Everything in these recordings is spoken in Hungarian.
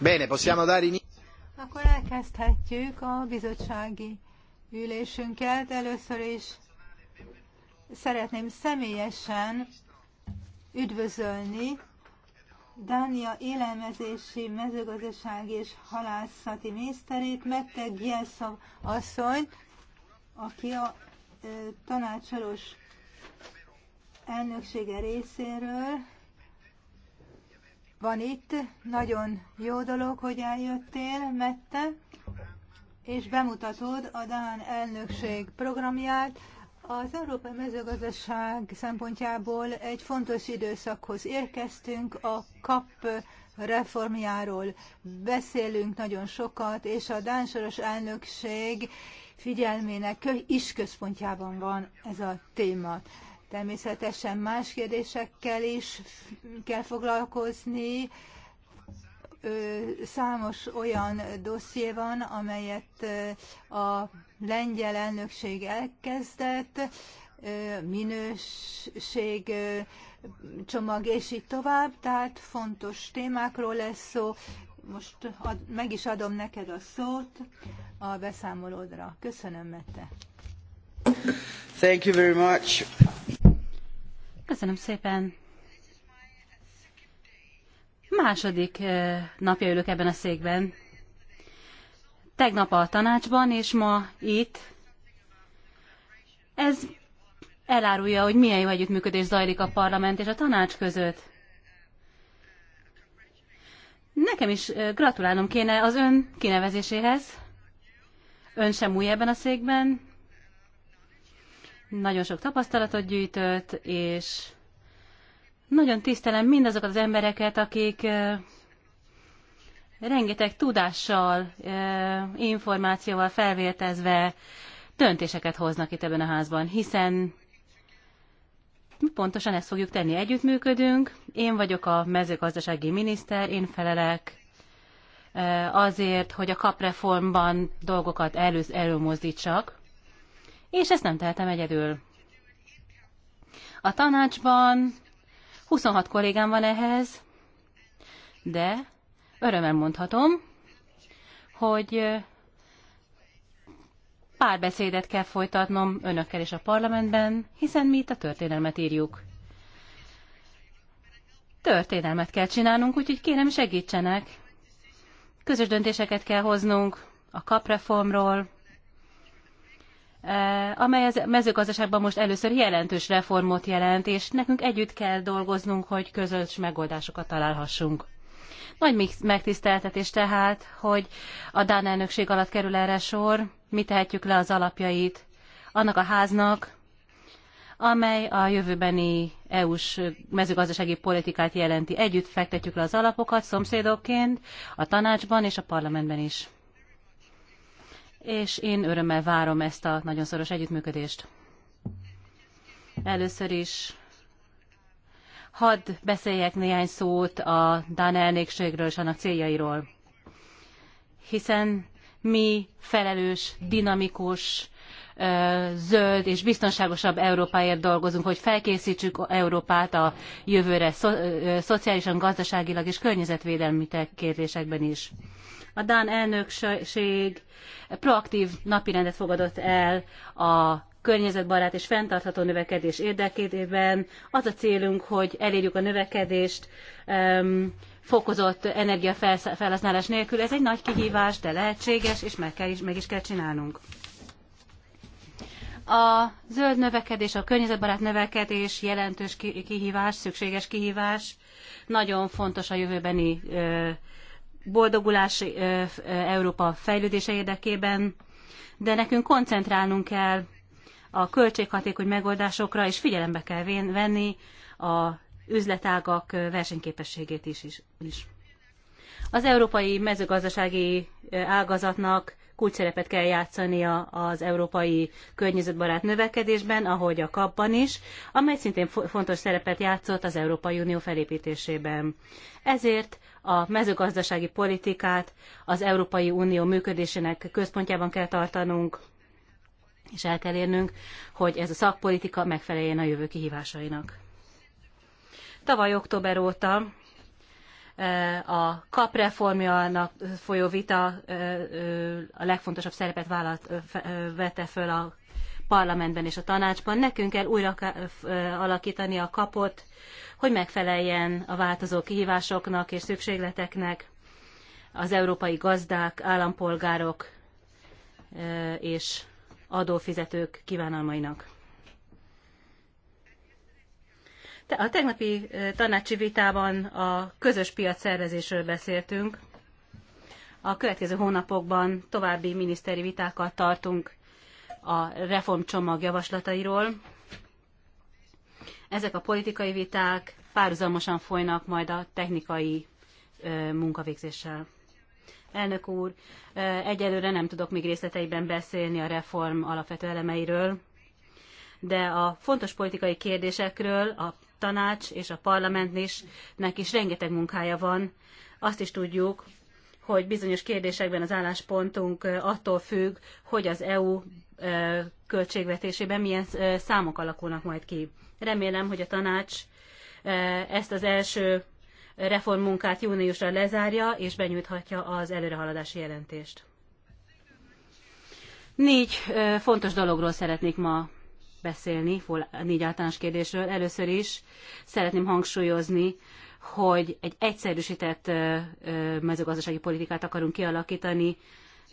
Bene, possiamo dare inizio. Akkor elkezdhetjük a bizottsági ülésünket. Először is szeretném személyesen üdvözölni Dánia élelmezési, mezőgazdasági és halászati miniszterét, Mette Gielszov asszony, aki a tanácsolós elnöksége részéről van itt. Nagyon jó dolog, hogy eljöttél, Mette, és bemutatod a Dán elnökség programját. Az európai mezőgazdaság szempontjából egy fontos időszakhoz érkeztünk, a KAP reformjáról beszélünk nagyon sokat, és a Dán soros elnökség figyelmének is központjában van ez a téma. Természetesen más kérdésekkel is kell foglalkozni. Számos olyan dosszié van, amelyet a lengyel elnökség elkezdett, minőség csomag, és így tovább, tehát fontos témákról lesz szó. Most ad, meg is adom neked a szót a beszámolódra. Köszönöm, Mette. Thank you very much. Köszönöm szépen. Második eh, napja ülök ebben a székben. Tegnap a tanácsban, és ma itt. Ez elárulja, hogy milyen jó együttműködés zajlik a parlament és a tanács között. Nekem is eh, gratulálnom kéne az ön kinevezéséhez. Ön sem új ebben a székben, nagyon sok tapasztalatot gyűjtött, és nagyon tisztelem mindazokat az embereket, akik rengeteg tudással, információval felvértezve döntéseket hoznak itt ebben a házban, hiszen pontosan ezt fogjuk tenni, együttműködünk. Én vagyok a mezőgazdasági miniszter, én felelek azért, hogy a kapreformban dolgokat elő, előmozdítsak és ezt nem tehetem egyedül. A tanácsban 26 kollégám van ehhez, de örömmel mondhatom, hogy pár beszédet kell folytatnom önökkel és a parlamentben, hiszen mi itt a történelmet írjuk. Történelmet kell csinálnunk, úgyhogy kérem segítsenek. Közös döntéseket kell hoznunk a kapreformról, Eh, amely a mezőgazdaságban most először jelentős reformot jelent, és nekünk együtt kell dolgoznunk, hogy közös megoldásokat találhassunk. Nagy megtiszteltetés tehát, hogy a Dán elnökség alatt kerül erre sor, mi tehetjük le az alapjait annak a háznak, amely a jövőbeni EU-s mezőgazdasági politikát jelenti. Együtt fektetjük le az alapokat szomszédokként, a tanácsban és a parlamentben is és én örömmel várom ezt a nagyon szoros együttműködést. Először is hadd beszéljek néhány szót a Dán elnökségről és annak céljairól, hiszen mi felelős, dinamikus, zöld és biztonságosabb Európáért dolgozunk, hogy felkészítsük Európát a jövőre szo szociálisan, gazdaságilag és környezetvédelmi kérdésekben is a Dán elnökség proaktív napirendet fogadott el a környezetbarát és fenntartható növekedés érdekében. Az a célunk, hogy elérjük a növekedést um, fokozott energiafelhasználás nélkül. Ez egy nagy kihívás, de lehetséges, és meg, kell is, meg is kell csinálnunk. A zöld növekedés, a környezetbarát növekedés jelentős kihívás, szükséges kihívás. Nagyon fontos a jövőbeni boldogulás Európa fejlődése érdekében, de nekünk koncentrálnunk kell a költséghatékony megoldásokra, és figyelembe kell venni a üzletágak versenyképességét is. is. Az európai mezőgazdasági ágazatnak kulcsszerepet kell játszania az európai környezetbarát növekedésben, ahogy a kapban is, amely szintén fontos szerepet játszott az Európai Unió felépítésében. Ezért a mezőgazdasági politikát az Európai Unió működésének központjában kell tartanunk, és el kell érnünk, hogy ez a szakpolitika megfeleljen a jövő kihívásainak. Tavaly október óta e, a KAP reformjának folyó vita e, e, a legfontosabb szerepet vállalt, vette föl a parlamentben és a tanácsban. Nekünk kell újra alakítani a kapot, hogy megfeleljen a változó kihívásoknak és szükségleteknek az európai gazdák, állampolgárok és adófizetők kívánalmainak. A tegnapi tanácsi vitában a közös piac szervezésről beszéltünk. A következő hónapokban további miniszteri vitákat tartunk a reformcsomag javaslatairól. Ezek a politikai viták párhuzamosan folynak majd a technikai munkavégzéssel. Elnök úr, egyelőre nem tudok még részleteiben beszélni a reform alapvető elemeiről, de a fontos politikai kérdésekről a tanács és a parlament is, nek is rengeteg munkája van. Azt is tudjuk, hogy bizonyos kérdésekben az álláspontunk attól függ, hogy az EU költségvetésében milyen számok alakulnak majd ki. Remélem, hogy a tanács ezt az első reformmunkát júniusra lezárja, és benyújthatja az előrehaladási jelentést. Négy fontos dologról szeretnék ma beszélni, négy általános kérdésről. Először is szeretném hangsúlyozni, hogy egy egyszerűsített mezőgazdasági politikát akarunk kialakítani,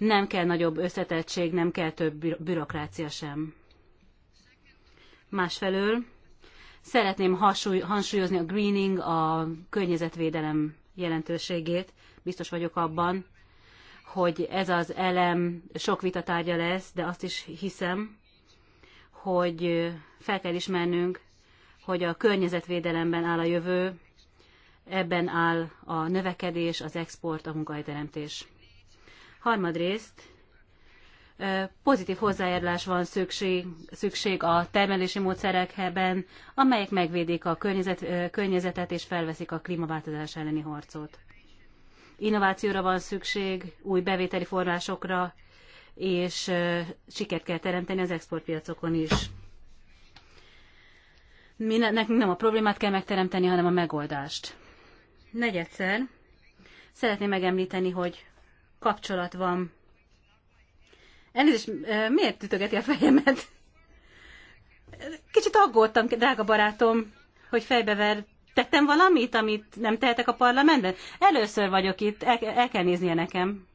nem kell nagyobb összetettség, nem kell több bürokrácia sem. Másfelől szeretném hangsúlyozni a greening, a környezetvédelem jelentőségét. Biztos vagyok abban, hogy ez az elem sok vitatárgya lesz, de azt is hiszem, hogy fel kell ismernünk, hogy a környezetvédelemben áll a jövő, ebben áll a növekedés, az export, a munkahelyteremtés. Harmadrészt pozitív hozzájárulás van szükség, szükség a termelési módszerekben, amelyek megvédik a környezet, környezetet és felveszik a klímaváltozás elleni harcot. Innovációra van szükség, új bevételi forrásokra, és sikert kell teremteni az exportpiacokon is. Mi ne, nekünk nem a problémát kell megteremteni, hanem a megoldást. Negyedszer szeretném megemlíteni, hogy kapcsolat van. Elnézést, miért ütögeti a fejemet? Kicsit aggódtam, drága barátom, hogy fejbever. Tettem valamit, amit nem tehetek a parlamentben? Először vagyok itt, el, el kell néznie nekem.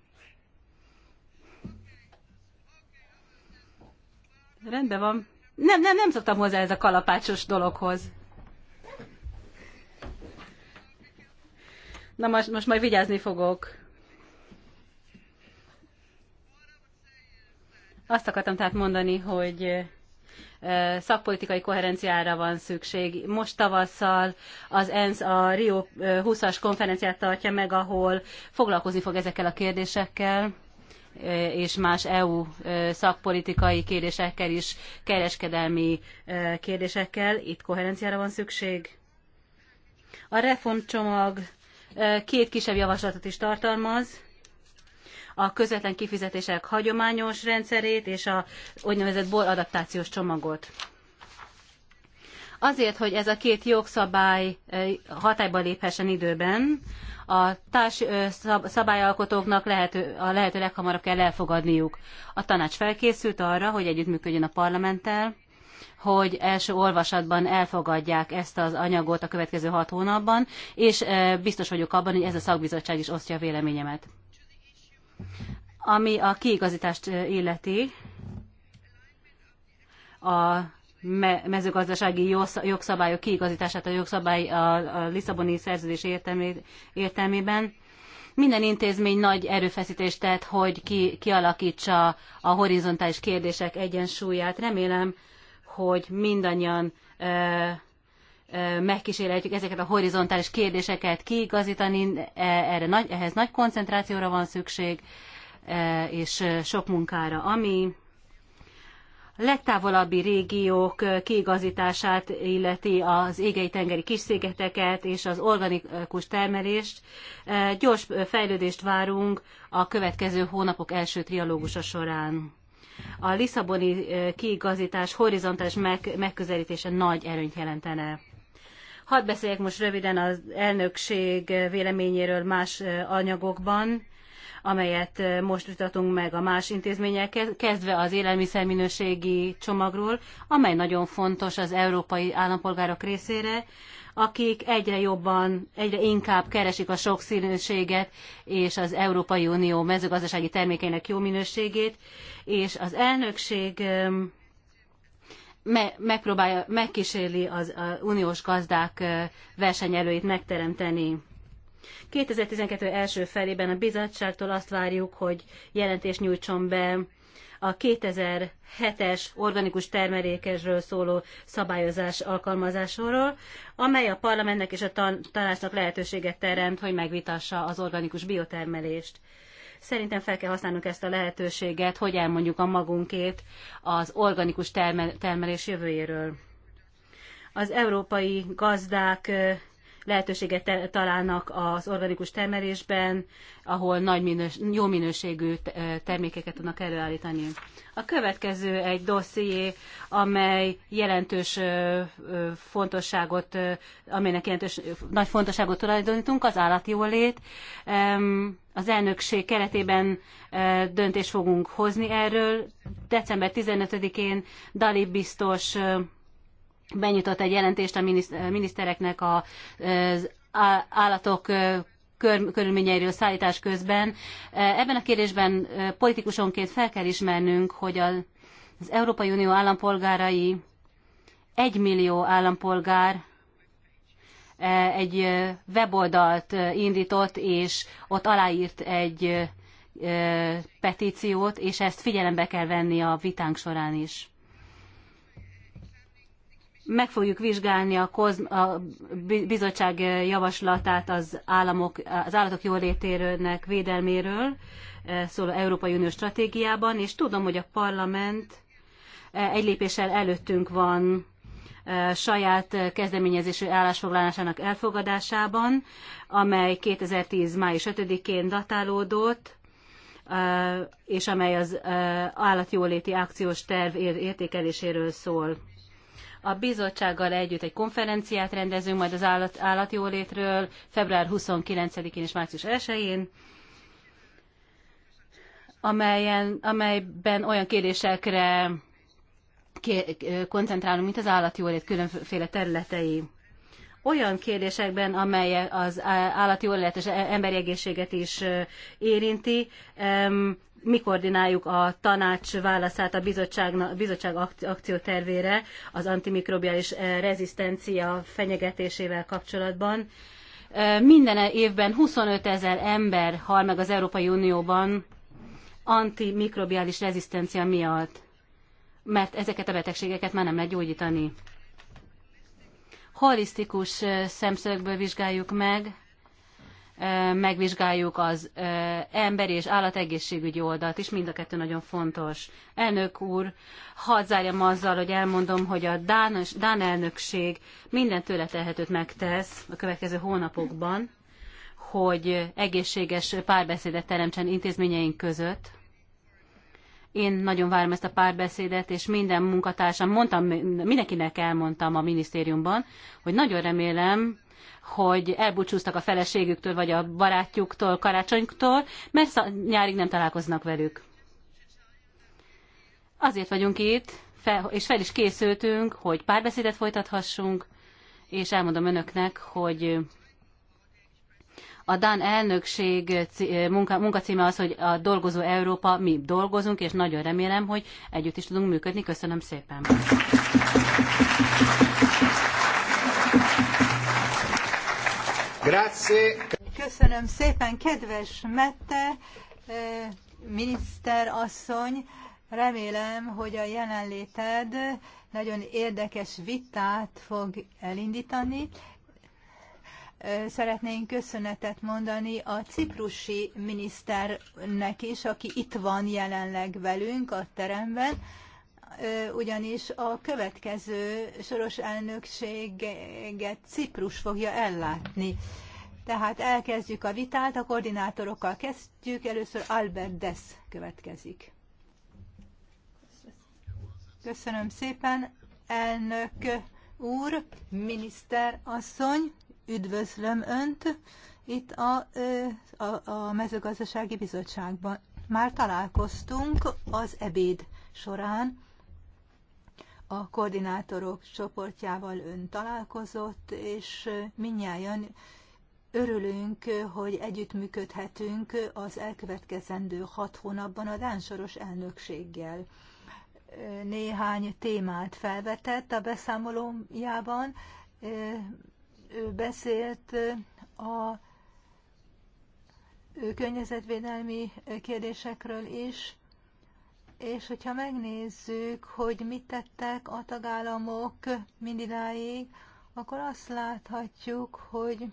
Rendben van. Nem, nem, nem szoktam hozzá ez a kalapácsos dologhoz. Na most, most majd vigyázni fogok. Azt akartam tehát mondani, hogy szakpolitikai koherenciára van szükség. Most tavasszal az ENSZ a Rio 20-as konferenciát tartja meg, ahol foglalkozni fog ezekkel a kérdésekkel és más EU szakpolitikai kérdésekkel is, kereskedelmi kérdésekkel. Itt koherenciára van szükség. A reformcsomag két kisebb javaslatot is tartalmaz a közvetlen kifizetések hagyományos rendszerét és a úgynevezett boradaptációs adaptációs csomagot. Azért, hogy ez a két jogszabály hatályba léphessen időben, a társ szabályalkotóknak lehető, a lehető leghamarabb kell elfogadniuk. A tanács felkészült arra, hogy együttműködjön a parlamenttel, hogy első olvasatban elfogadják ezt az anyagot a következő hat hónapban, és biztos vagyok abban, hogy ez a szakbizottság is osztja a véleményemet. Ami a kiigazítást illeti, a mezőgazdasági jogszabályok kiigazítását a jogszabály a Lisszaboni szerződés értelmében. Minden intézmény nagy erőfeszítést tett, hogy ki, kialakítsa a horizontális kérdések egyensúlyát. Remélem, hogy mindannyian megkísérhetjük ezeket a horizontális kérdéseket kiigazítani, e, erre nagy, ehhez nagy koncentrációra van szükség, e, és sok munkára, ami a legtávolabbi régiók kiigazítását illeti az égei tengeri kiszégeteket és az organikus termelést. Gyors fejlődést várunk a következő hónapok első trialógusa során. A Lisszaboni kiigazítás horizontális meg, megközelítése nagy erőnyt jelentene. Hadd beszéljek most röviden az elnökség véleményéről más anyagokban amelyet most vitatunk meg a más intézményekkel, kezdve az élelmiszerminőségi csomagról, amely nagyon fontos az európai állampolgárok részére, akik egyre jobban, egyre inkább keresik a sokszínűséget és az Európai Unió mezőgazdasági termékeinek jó minőségét, és az elnökség me, megpróbálja, megkísérli az uniós gazdák versenyelőit megteremteni. 2012 első felében a bizottságtól azt várjuk, hogy jelentést nyújtson be a 2007-es organikus termelékesről szóló szabályozás alkalmazásáról, amely a parlamentnek és a tanácsnak lehetőséget teremt, hogy megvitassa az organikus biotermelést. Szerintem fel kell használnunk ezt a lehetőséget, hogy elmondjuk a magunkét az organikus termelés jövőjéről. Az európai gazdák lehetőséget találnak az organikus termelésben, ahol nagy minős, jó minőségű termékeket tudnak előállítani. A következő egy dosszié, amely jelentős fontosságot, amelynek jelentős nagy fontosságot tulajdonítunk, az állatjólét. Az elnökség keretében döntést fogunk hozni erről. December 15-én Dali biztos benyújtott egy jelentést a eh, minisztereknek az eh, állatok eh, körülményeiről szállítás közben. Ebben a kérdésben politikusonként fel kell ismernünk, hogy az Európai Unió állampolgárai egy millió állampolgár egy weboldalt indított, és ott aláírt egy petíciót, és ezt figyelembe kell venni a vitánk során is meg fogjuk vizsgálni a, koz, a bizottság javaslatát az, államok, az állatok jólétérőnek védelméről e, szóló Európai Unió stratégiában, és tudom, hogy a parlament e, egy lépéssel előttünk van e, saját kezdeményezésű állásfoglalásának elfogadásában, amely 2010. május 5-én datálódott, és amely az állatjóléti akciós terv értékeléséről szól. A bizottsággal együtt egy konferenciát rendezünk majd az állat, állatjólétről február 29-én és március 1-én, amelyen, amelyben olyan kérdésekre koncentrálunk, mint az állatjólét különféle területei. Olyan kérdésekben, amely az állatjólétet és emberi egészséget is érinti, mi koordináljuk a tanács válaszát a bizottság, bizottság akciótervére az antimikrobiális eh, rezisztencia fenyegetésével kapcsolatban. Eh, minden évben 25 ezer ember hal meg az Európai Unióban antimikrobiális rezisztencia miatt, mert ezeket a betegségeket már nem lehet gyógyítani. Holisztikus eh, szemszögből vizsgáljuk meg megvizsgáljuk az emberi és állategészségügyi oldalt is, mind a kettő nagyon fontos. Elnök úr, hadd zárjam azzal, hogy elmondom, hogy a Dán, Dán elnökség minden tőle tehetőt megtesz a következő hónapokban, hogy egészséges párbeszédet teremtsen intézményeink között. Én nagyon várom ezt a párbeszédet, és minden munkatársam, mondtam, mindenkinek elmondtam a minisztériumban, hogy nagyon remélem, hogy elbúcsúztak a feleségüktől vagy a barátjuktól karácsonytól, mert nyárig nem találkoznak velük. Azért vagyunk itt, fel, és fel is készültünk, hogy párbeszédet folytathassunk, és elmondom önöknek, hogy a Dán elnökség munka, munkacíme az, hogy a dolgozó Európa, mi dolgozunk, és nagyon remélem, hogy együtt is tudunk működni. Köszönöm szépen! Köszönöm szépen, kedves Mette, eh, miniszter asszony. Remélem, hogy a jelenléted nagyon érdekes vitát fog elindítani. Eh, szeretnénk köszönetet mondani a ciprusi miniszternek is, aki itt van jelenleg velünk a teremben ugyanis a következő soros elnökséget Ciprus fogja ellátni. Tehát elkezdjük a vitát, a koordinátorokkal kezdjük. Először Albert Dess következik. Köszönöm szépen, elnök úr, miniszter asszony, üdvözlöm Önt itt a, a, a mezőgazdasági bizottságban. Már találkoztunk az ebéd során a koordinátorok csoportjával ön találkozott, és minnyáján örülünk, hogy együttműködhetünk az elkövetkezendő hat hónapban a Dánsoros elnökséggel. Néhány témát felvetett a beszámolójában, ő beszélt a környezetvédelmi kérdésekről is, és hogyha megnézzük, hogy mit tettek a tagállamok mindidáig, akkor azt láthatjuk, hogy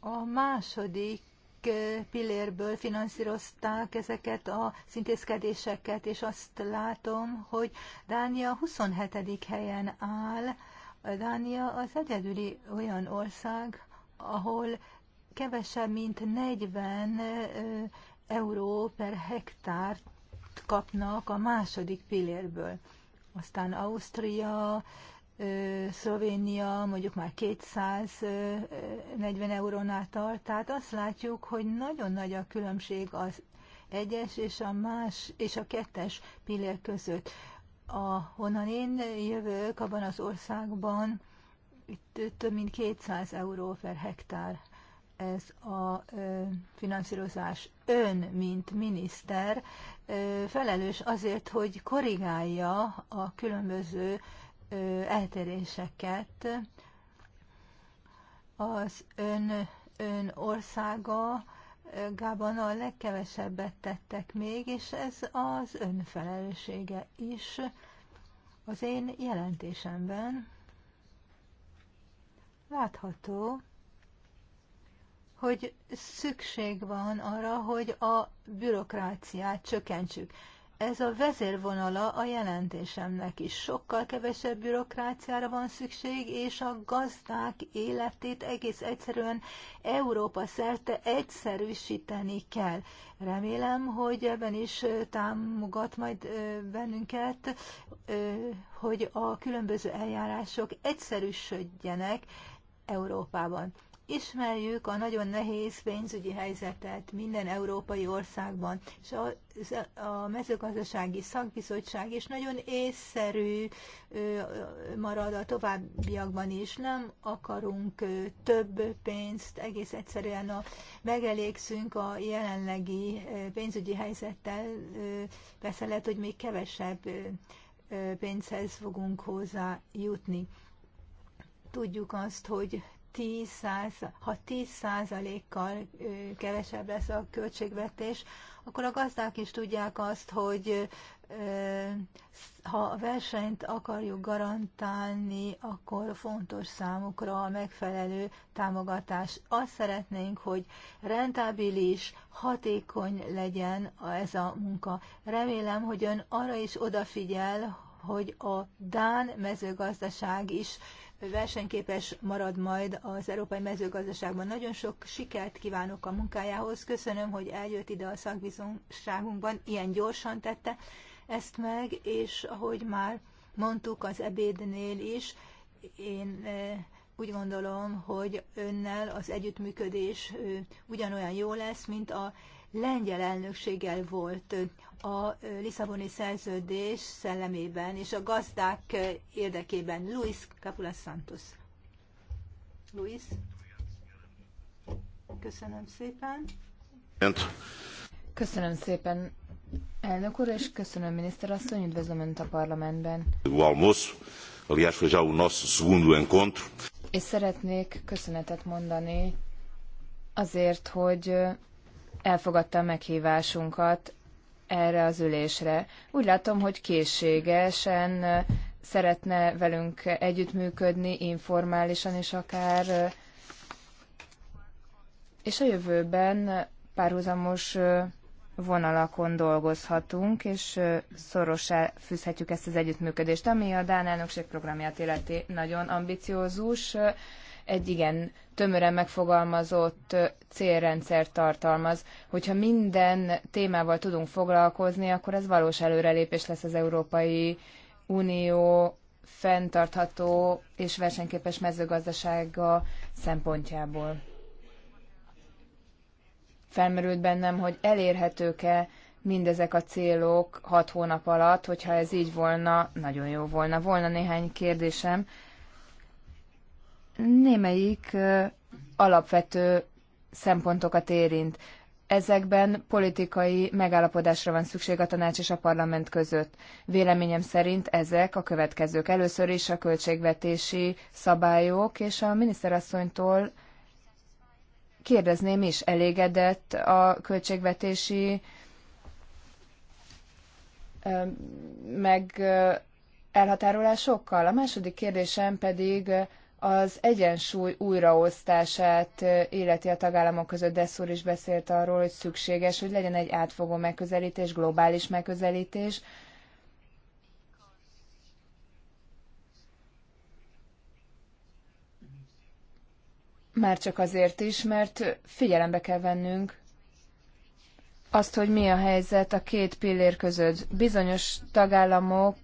a második eh, pillérből finanszírozták ezeket a szintézkedéseket és azt látom, hogy Dánia 27. helyen áll. Dánia az egyedüli olyan ország, ahol kevesebb, mint 40 eh, euró per hektárt kapnak a második pillérből. Aztán Ausztria, Szlovénia mondjuk már 240 eurónál tart, tehát azt látjuk, hogy nagyon nagy a különbség az egyes és a más és a kettes pillér között. A, honnan én jövök, abban az országban itt több mint 200 euró per hektár ez a finanszírozás. Ön, mint miniszter, felelős azért, hogy korrigálja a különböző eltéréseket. Az ön, ön országa Gában a legkevesebbet tettek még, és ez az ön felelőssége is az én jelentésemben látható, hogy szükség van arra, hogy a bürokráciát csökkentsük. Ez a vezérvonala a jelentésemnek is. Sokkal kevesebb bürokráciára van szükség, és a gazdák életét egész egyszerűen Európa szerte egyszerűsíteni kell. Remélem, hogy ebben is támogat majd bennünket, hogy a különböző eljárások egyszerűsödjenek Európában. Ismerjük a nagyon nehéz pénzügyi helyzetet minden európai országban, és a, a mezőgazdasági szakbizottság is nagyon észszerű marad a továbbiakban is. Nem akarunk több pénzt, egész egyszerűen a, megelégszünk a jelenlegi pénzügyi helyzettel, persze lehet, hogy még kevesebb pénzhez fogunk hozzá jutni. Tudjuk azt, hogy 10 ha 10 százalékkal kevesebb lesz a költségvetés, akkor a gazdák is tudják azt, hogy ha a versenyt akarjuk garantálni, akkor fontos számukra a megfelelő támogatás. Azt szeretnénk, hogy rentábilis, hatékony legyen ez a munka. Remélem, hogy ön arra is odafigyel, hogy a Dán mezőgazdaság is versenyképes marad majd az európai mezőgazdaságban. Nagyon sok sikert kívánok a munkájához. Köszönöm, hogy eljött ide a szakbizonságunkban, ilyen gyorsan tette ezt meg, és ahogy már mondtuk az ebédnél is, én e, úgy gondolom, hogy önnel az együttműködés e, ugyanolyan jó lesz, mint a lengyel elnökséggel volt a Lisszaboni szerződés szellemében és a gazdák érdekében. Luis Capula Santos. Luis. Köszönöm szépen. Köszönöm szépen, elnök úr, és köszönöm asszony, üdvözlöm Önt a parlamentben. És szeretnék köszönetet mondani azért, hogy elfogadta a meghívásunkat erre az ülésre. Úgy látom, hogy készségesen szeretne velünk együttműködni, informálisan is akár, és a jövőben párhuzamos vonalakon dolgozhatunk, és szorosá fűzhetjük ezt az együttműködést, ami a Dán elnökség programját illeti nagyon ambiciózus egy igen tömören megfogalmazott célrendszer tartalmaz. Hogyha minden témával tudunk foglalkozni, akkor ez valós előrelépés lesz az Európai Unió fenntartható és versenyképes mezőgazdasága szempontjából. Felmerült bennem, hogy elérhetők-e mindezek a célok hat hónap alatt, hogyha ez így volna, nagyon jó volna. Volna néhány kérdésem némelyik alapvető szempontokat érint. Ezekben politikai megállapodásra van szükség a tanács és a parlament között. Véleményem szerint ezek a következők. Először is a költségvetési szabályok, és a miniszterasszonytól kérdezném is, elégedett a költségvetési meg elhatárolásokkal? A második kérdésem pedig az egyensúly újraosztását illeti a tagállamok között. Dessur is beszélt arról, hogy szükséges, hogy legyen egy átfogó megközelítés, globális megközelítés, Már csak azért is, mert figyelembe kell vennünk azt, hogy mi a helyzet a két pillér között. Bizonyos tagállamok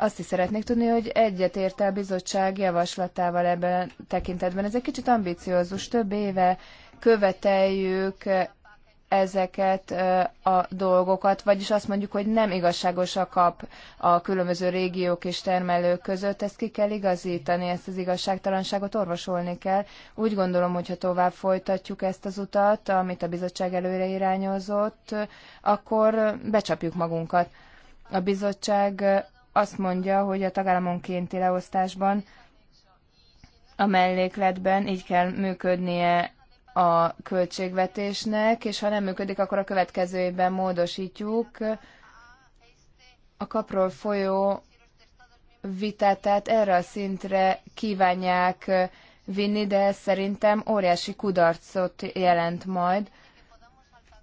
azt is szeretnék tudni, hogy egyetért a bizottság javaslatával ebben tekintetben. Ez egy kicsit ambiciózus, több éve követeljük ezeket a dolgokat, vagyis azt mondjuk, hogy nem igazságos a kap a különböző régiók és termelők között, ezt ki kell igazítani, ezt az igazságtalanságot orvosolni kell. Úgy gondolom, hogyha tovább folytatjuk ezt az utat, amit a bizottság előre irányozott, akkor becsapjuk magunkat. A bizottság azt mondja, hogy a tagállamonkénti leosztásban a mellékletben így kell működnie a költségvetésnek, és ha nem működik, akkor a következő évben módosítjuk a kapról folyó vitát, tehát erre a szintre kívánják vinni, de ez szerintem óriási kudarcot jelent majd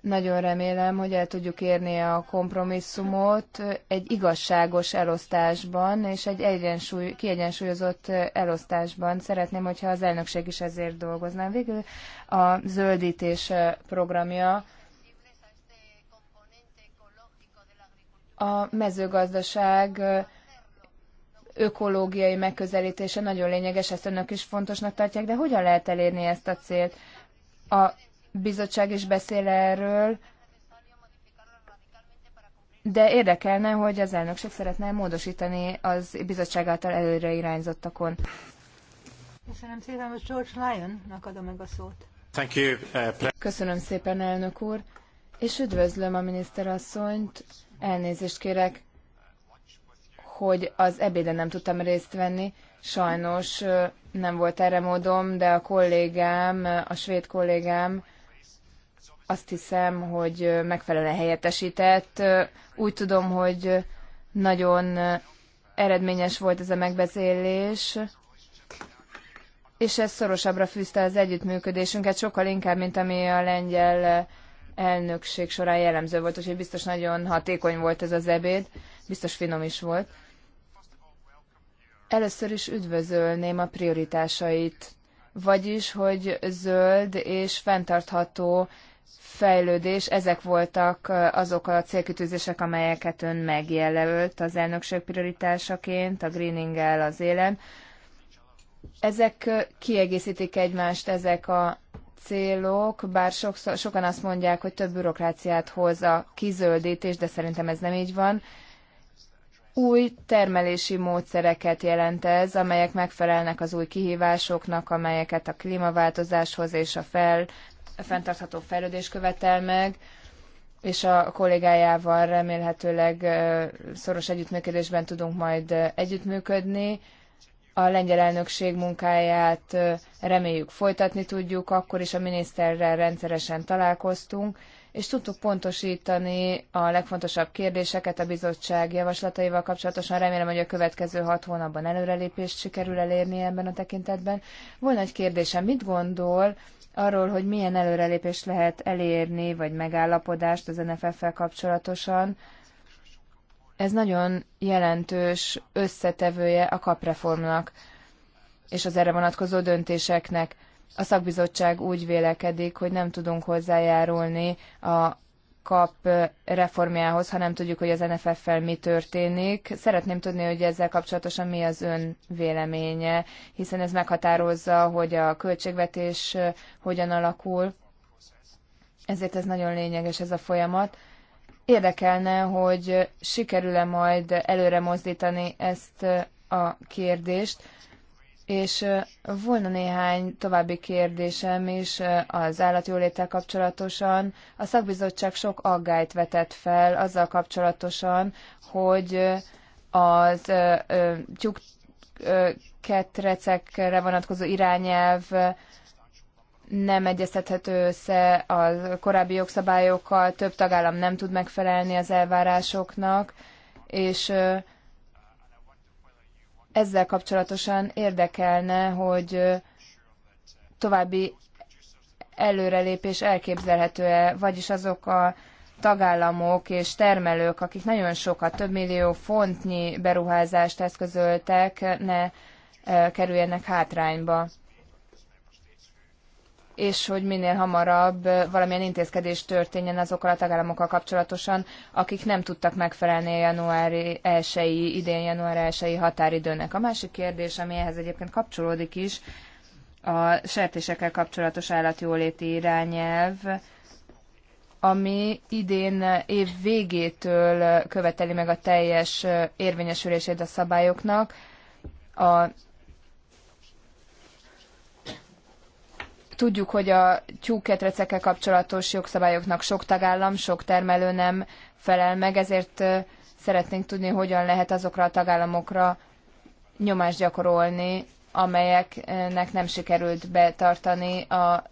nagyon remélem, hogy el tudjuk érni a kompromisszumot egy igazságos elosztásban és egy egyensúly, kiegyensúlyozott elosztásban. Szeretném, hogyha az elnökség is ezért dolgozná. Végül a zöldítés programja a mezőgazdaság ökológiai megközelítése nagyon lényeges, ezt önök is fontosnak tartják, de hogyan lehet elérni ezt a célt? A bizottság is beszél erről, de érdekelne, hogy az elnökség szeretne módosítani az bizottság által előre irányzottakon. Köszönöm szépen, most George Lyonnak adom meg a szót. Thank you, uh, Köszönöm szépen, elnök úr, és üdvözlöm a miniszterasszonyt. Elnézést kérek, hogy az ebéden nem tudtam részt venni. Sajnos nem volt erre módom, de a kollégám, a svéd kollégám azt hiszem, hogy megfelelően helyettesített. Úgy tudom, hogy nagyon eredményes volt ez a megbeszélés, és ez szorosabbra fűzte az együttműködésünket, sokkal inkább, mint ami a lengyel elnökség során jellemző volt, úgyhogy biztos nagyon hatékony volt ez az ebéd, biztos finom is volt. Először is üdvözölném a prioritásait, vagyis, hogy zöld és fenntartható fejlődés, ezek voltak azok a célkütőzések, amelyeket ön megjelölt az elnökség prioritásaként, a greeninggel az élen. Ezek kiegészítik egymást, ezek a célok, bár sokszor, sokan azt mondják, hogy több bürokráciát hoz a kizöldítés, de szerintem ez nem így van. Új termelési módszereket jelent ez, amelyek megfelelnek az új kihívásoknak, amelyeket a klímaváltozáshoz és a fel fenntartható fejlődés követel meg, és a kollégájával remélhetőleg szoros együttműködésben tudunk majd együttműködni. A lengyel elnökség munkáját reméljük folytatni tudjuk, akkor is a miniszterrel rendszeresen találkoztunk, és tudtuk pontosítani a legfontosabb kérdéseket a bizottság javaslataival kapcsolatosan. Remélem, hogy a következő hat hónapban előrelépést sikerül elérni ebben a tekintetben. Volna egy kérdésem, mit gondol arról, hogy milyen előrelépést lehet elérni, vagy megállapodást az NFF-fel kapcsolatosan. Ez nagyon jelentős összetevője a kapreformnak és az erre vonatkozó döntéseknek. A szakbizottság úgy vélekedik, hogy nem tudunk hozzájárulni a kap reformjához, ha nem tudjuk, hogy az NFF-fel mi történik. Szeretném tudni, hogy ezzel kapcsolatosan mi az ön véleménye, hiszen ez meghatározza, hogy a költségvetés hogyan alakul. Ezért ez nagyon lényeges ez a folyamat. Érdekelne, hogy sikerül-e majd előre mozdítani ezt a kérdést és volna néhány további kérdésem is az állatjóléttel kapcsolatosan. A szakbizottság sok aggályt vetett fel azzal kapcsolatosan, hogy az tyúkketrecekre vonatkozó irányelv nem egyeztethető össze a korábbi jogszabályokkal, több tagállam nem tud megfelelni az elvárásoknak, és ezzel kapcsolatosan érdekelne, hogy további előrelépés elképzelhető-e, vagyis azok a tagállamok és termelők, akik nagyon sokat, több millió fontnyi beruházást eszközöltek, ne kerüljenek hátrányba és hogy minél hamarabb valamilyen intézkedés történjen azokkal a tagállamokkal kapcsolatosan, akik nem tudtak megfelelni a januári elsői, idén január elsői határidőnek. A másik kérdés, ami ehhez egyébként kapcsolódik is, a sertésekkel kapcsolatos állatjóléti irányelv, ami idén év végétől követeli meg a teljes érvényesülését a szabályoknak. A Tudjuk, hogy a tyúkketrecekkel kapcsolatos jogszabályoknak sok tagállam, sok termelő nem felel meg, ezért szeretnénk tudni, hogyan lehet azokra a tagállamokra nyomást gyakorolni, amelyeknek nem sikerült betartani a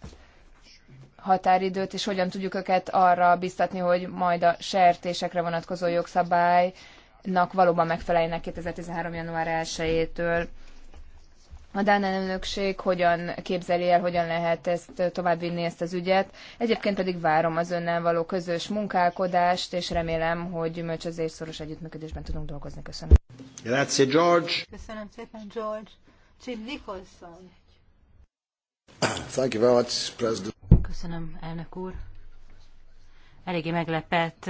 határidőt, és hogyan tudjuk őket arra biztatni, hogy majd a sertésekre vonatkozó jogszabálynak valóban megfeleljenek 2013. január 1-től a Dán elnökség hogyan képzeli el, hogyan lehet ezt továbbvinni ezt az ügyet. Egyébként pedig várom az önnel való közös munkálkodást, és remélem, hogy az szoros együttműködésben tudunk dolgozni. Köszönöm. Grazie, George. Köszönöm szépen, George. Jim Nicholson. Thank you very much, President. Köszönöm, elnök úr. Eléggé meglepett,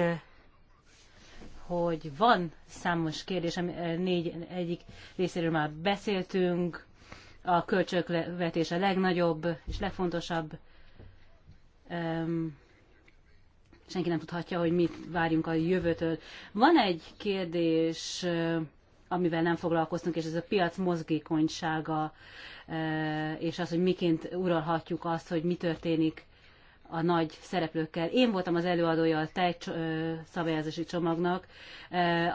hogy van számos kérdés, ami eh, négy egyik részéről már beszéltünk, a költségvetés a legnagyobb és legfontosabb. Um, senki nem tudhatja, hogy mit várjunk a jövőtől. Van egy kérdés, eh, amivel nem foglalkoztunk, és ez a piac mozgékonysága, eh, és az, hogy miként uralhatjuk azt, hogy mi történik a nagy szereplőkkel. Én voltam az előadója a tej eh, szabályozási csomagnak,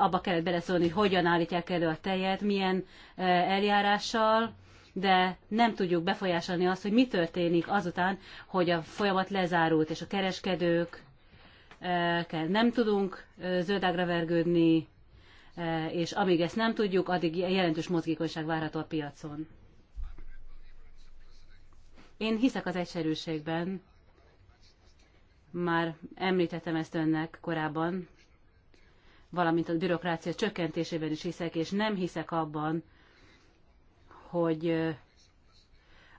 abba kellett beleszólni, hogy hogyan állítják elő a tejet, milyen eljárással, de nem tudjuk befolyásolni azt, hogy mi történik azután, hogy a folyamat lezárult, és a kereskedők eh, nem tudunk eh, zöldágra vergődni, eh, és amíg ezt nem tudjuk, addig jelentős mozgékonyság várható a piacon. Én hiszek az egyszerűségben, már említettem ezt önnek korábban, valamint a bürokrácia csökkentésében is hiszek, és nem hiszek abban, hogy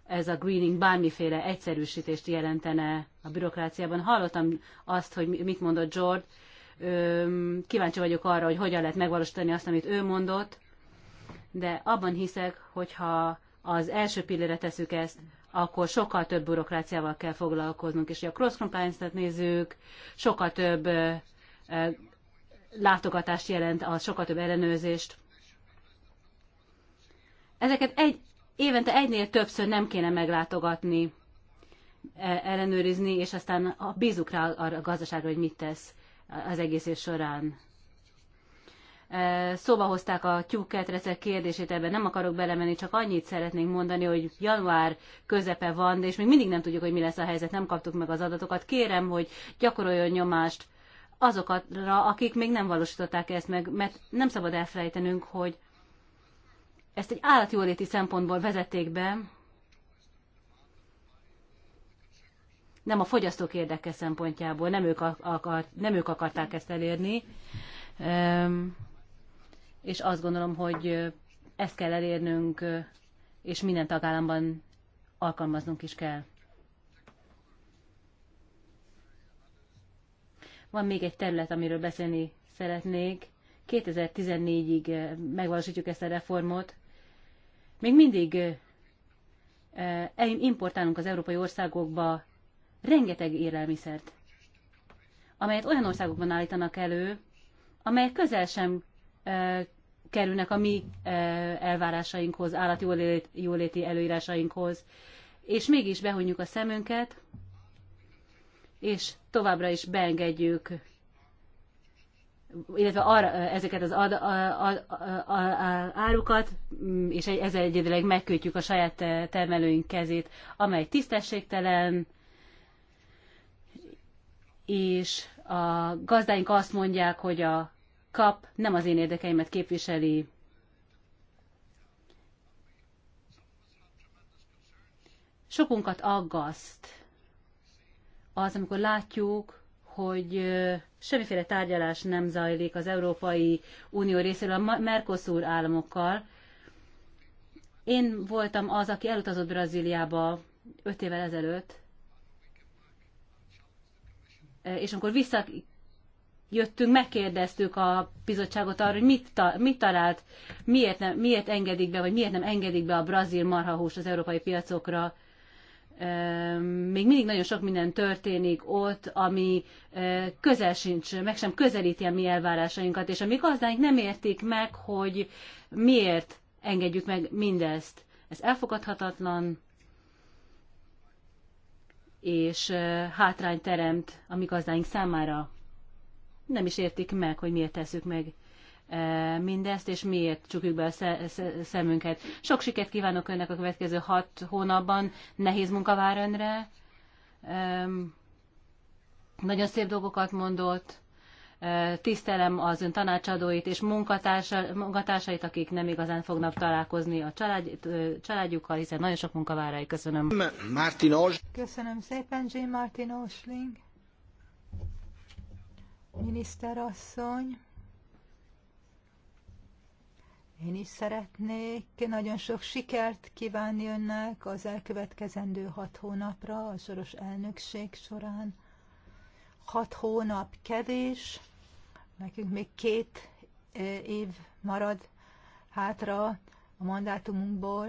ez a greening bármiféle egyszerűsítést jelentene a bürokráciában. Hallottam azt, hogy mit mondott George, kíváncsi vagyok arra, hogy hogyan lehet megvalósítani azt, amit ő mondott, de abban hiszek, hogyha az első pillére teszük ezt, akkor sokkal több bürokráciával kell foglalkoznunk, és ha a cross compliance-et nézzük, sokkal több látogatást jelent, a sokkal több ellenőrzést, ezeket egy, évente egynél többször nem kéne meglátogatni, e, ellenőrizni, és aztán bízunk rá a gazdaságra, hogy mit tesz az egész év során. E, szóba hozták a tyúkketrecek kérdését, ebben nem akarok belemenni, csak annyit szeretnénk mondani, hogy január közepe van, és még mindig nem tudjuk, hogy mi lesz a helyzet, nem kaptuk meg az adatokat. Kérem, hogy gyakoroljon nyomást azokra, akik még nem valósították ezt meg, mert nem szabad elfelejtenünk, hogy ezt egy állatjóléti szempontból vezették be, nem a fogyasztók érdeke szempontjából, nem ők, akar, nem ők akarták ezt elérni, és azt gondolom, hogy ezt kell elérnünk, és minden tagállamban alkalmaznunk is kell. Van még egy terület, amiről beszélni szeretnék. 2014-ig megvalósítjuk ezt a reformot, még mindig importálunk az európai országokba rengeteg élelmiszert, amelyet olyan országokban állítanak elő, amelyek közel sem kerülnek a mi elvárásainkhoz, jóléti előírásainkhoz, és mégis behunjuk a szemünket, és továbbra is beengedjük illetve arra, ezeket az ad, a, a, a, a, árukat, mm, és ezzel egyedileg megkötjük a saját termelőink kezét, amely tisztességtelen, és a gazdáink azt mondják, hogy a kap nem az én érdekeimet képviseli. Sokunkat aggaszt az, amikor látjuk, hogy semmiféle tárgyalás nem zajlik az Európai Unió részéről a Mercosur államokkal. Én voltam az, aki elutazott Brazíliába öt évvel ezelőtt, e, és amikor visszajöttünk, megkérdeztük a bizottságot arra, hogy mit, ta, mit talált, miért, nem, miért engedik be, vagy miért nem engedik be a brazil marhahús az európai piacokra, még mindig nagyon sok minden történik ott, ami eh, közel sincs, meg sem közelíti a mi elvárásainkat, és a mi gazdáink nem értik meg, hogy miért engedjük meg mindezt. Ez elfogadhatatlan, és eh, hátrány teremt a mi gazdáink számára. Nem is értik meg, hogy miért tesszük meg mindezt, és miért csukjuk be a szemünket. Sok sikert kívánok önnek a következő hat hónapban, nehéz munka vár önre. Nagyon szép dolgokat mondott, tisztelem az ön tanácsadóit és munkatársait, akik nem igazán fognak találkozni a család, családjukkal, hiszen nagyon sok munka vár Köszönöm. Martinos. Köszönöm szépen, Jean Martin Osling. Miniszterasszony. Én is szeretnék nagyon sok sikert kívánni önnek az elkövetkezendő hat hónapra, a soros elnökség során. Hat hónap kevés, nekünk még két év marad hátra a mandátumunkból.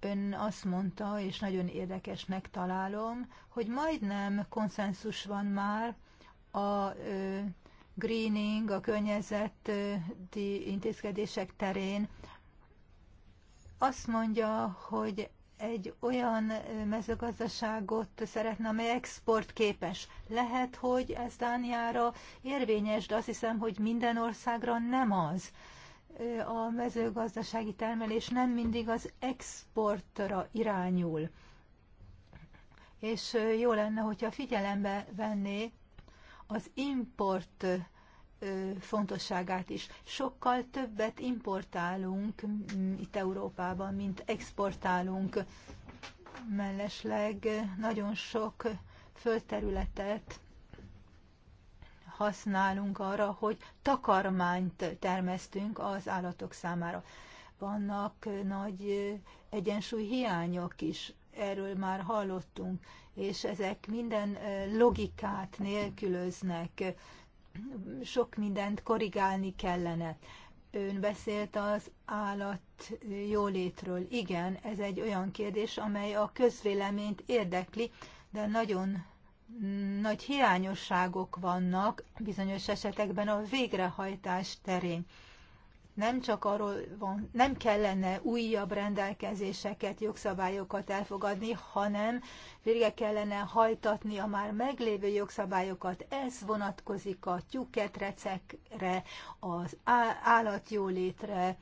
Ön azt mondta, és nagyon érdekesnek találom, hogy majdnem konszenzus van már a greening, a környezeti intézkedések terén azt mondja, hogy egy olyan mezőgazdaságot szeretne, amely exportképes. Lehet, hogy ez Dániára érvényes, de azt hiszem, hogy minden országra nem az. A mezőgazdasági termelés nem mindig az exportra irányul. És jó lenne, hogyha figyelembe venné az import fontosságát is. Sokkal többet importálunk mm, itt Európában, mint exportálunk. Mellesleg nagyon sok földterületet használunk arra, hogy takarmányt termesztünk az állatok számára. Vannak nagy egyensúlyhiányok is, erről már hallottunk, és ezek minden logikát nélkülöznek, sok mindent korrigálni kellene. Ön beszélt az állat jólétről. Igen, ez egy olyan kérdés, amely a közvéleményt érdekli, de nagyon nagy hiányosságok vannak bizonyos esetekben a végrehajtás terén nem csak arról van, nem kellene újabb rendelkezéseket, jogszabályokat elfogadni, hanem végre kellene hajtatni a már meglévő jogszabályokat. Ez vonatkozik a tyúketrecekre, az állatjólétre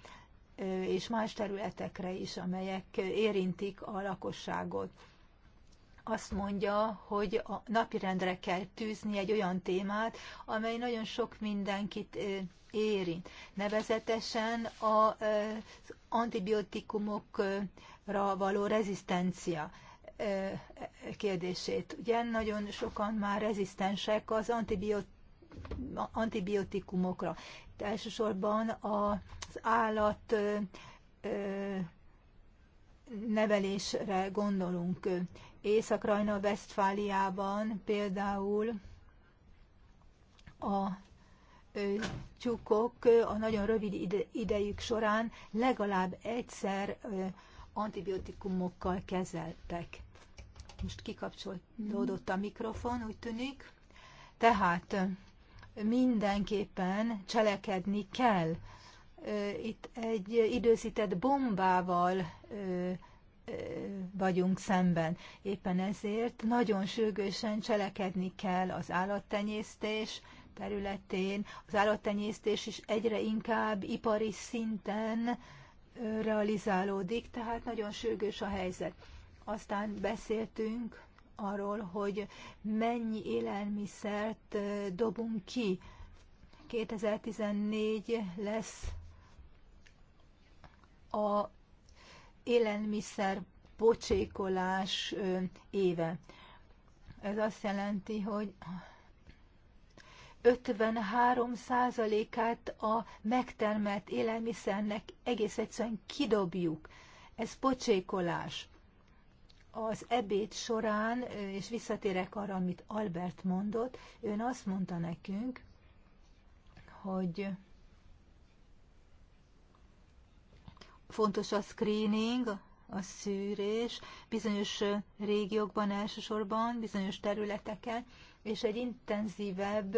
és más területekre is, amelyek érintik a lakosságot azt mondja, hogy a napirendre kell tűzni egy olyan témát, amely nagyon sok mindenkit érint. Nevezetesen az antibiotikumokra való rezisztencia kérdését. Ugye nagyon sokan már rezisztensek az antibiotikumokra. Elsősorban az állat nevelésre gondolunk. Észak-Rajna-Vesztfáliában például a csukok a nagyon rövid idejük során legalább egyszer antibiotikumokkal kezeltek. Most kikapcsolódott a mikrofon, úgy tűnik. Tehát mindenképpen cselekedni kell itt egy időzített bombával vagyunk szemben. Éppen ezért nagyon sürgősen cselekedni kell az állattenyésztés területén. Az állattenyésztés is egyre inkább ipari szinten realizálódik, tehát nagyon sürgős a helyzet. Aztán beszéltünk arról, hogy mennyi élelmiszert dobunk ki. 2014 lesz a élelmiszer pocsékolás éve. Ez azt jelenti, hogy 53%-át a megtermelt élelmiszernek egész egyszerűen kidobjuk. Ez pocsékolás. Az ebéd során, és visszatérek arra, amit Albert mondott, ő azt mondta nekünk, hogy Fontos a screening, a szűrés bizonyos régiókban elsősorban, bizonyos területeken, és egy intenzívebb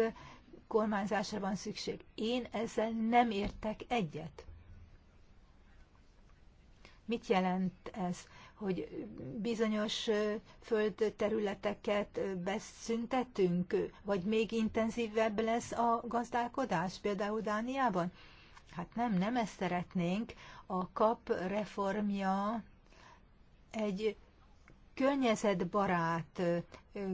kormányzásra van szükség. Én ezzel nem értek egyet. Mit jelent ez? Hogy bizonyos földterületeket beszüntetünk, vagy még intenzívebb lesz a gazdálkodás, például Dániában? Hát nem, nem ezt szeretnénk. A kap reformja egy környezetbarát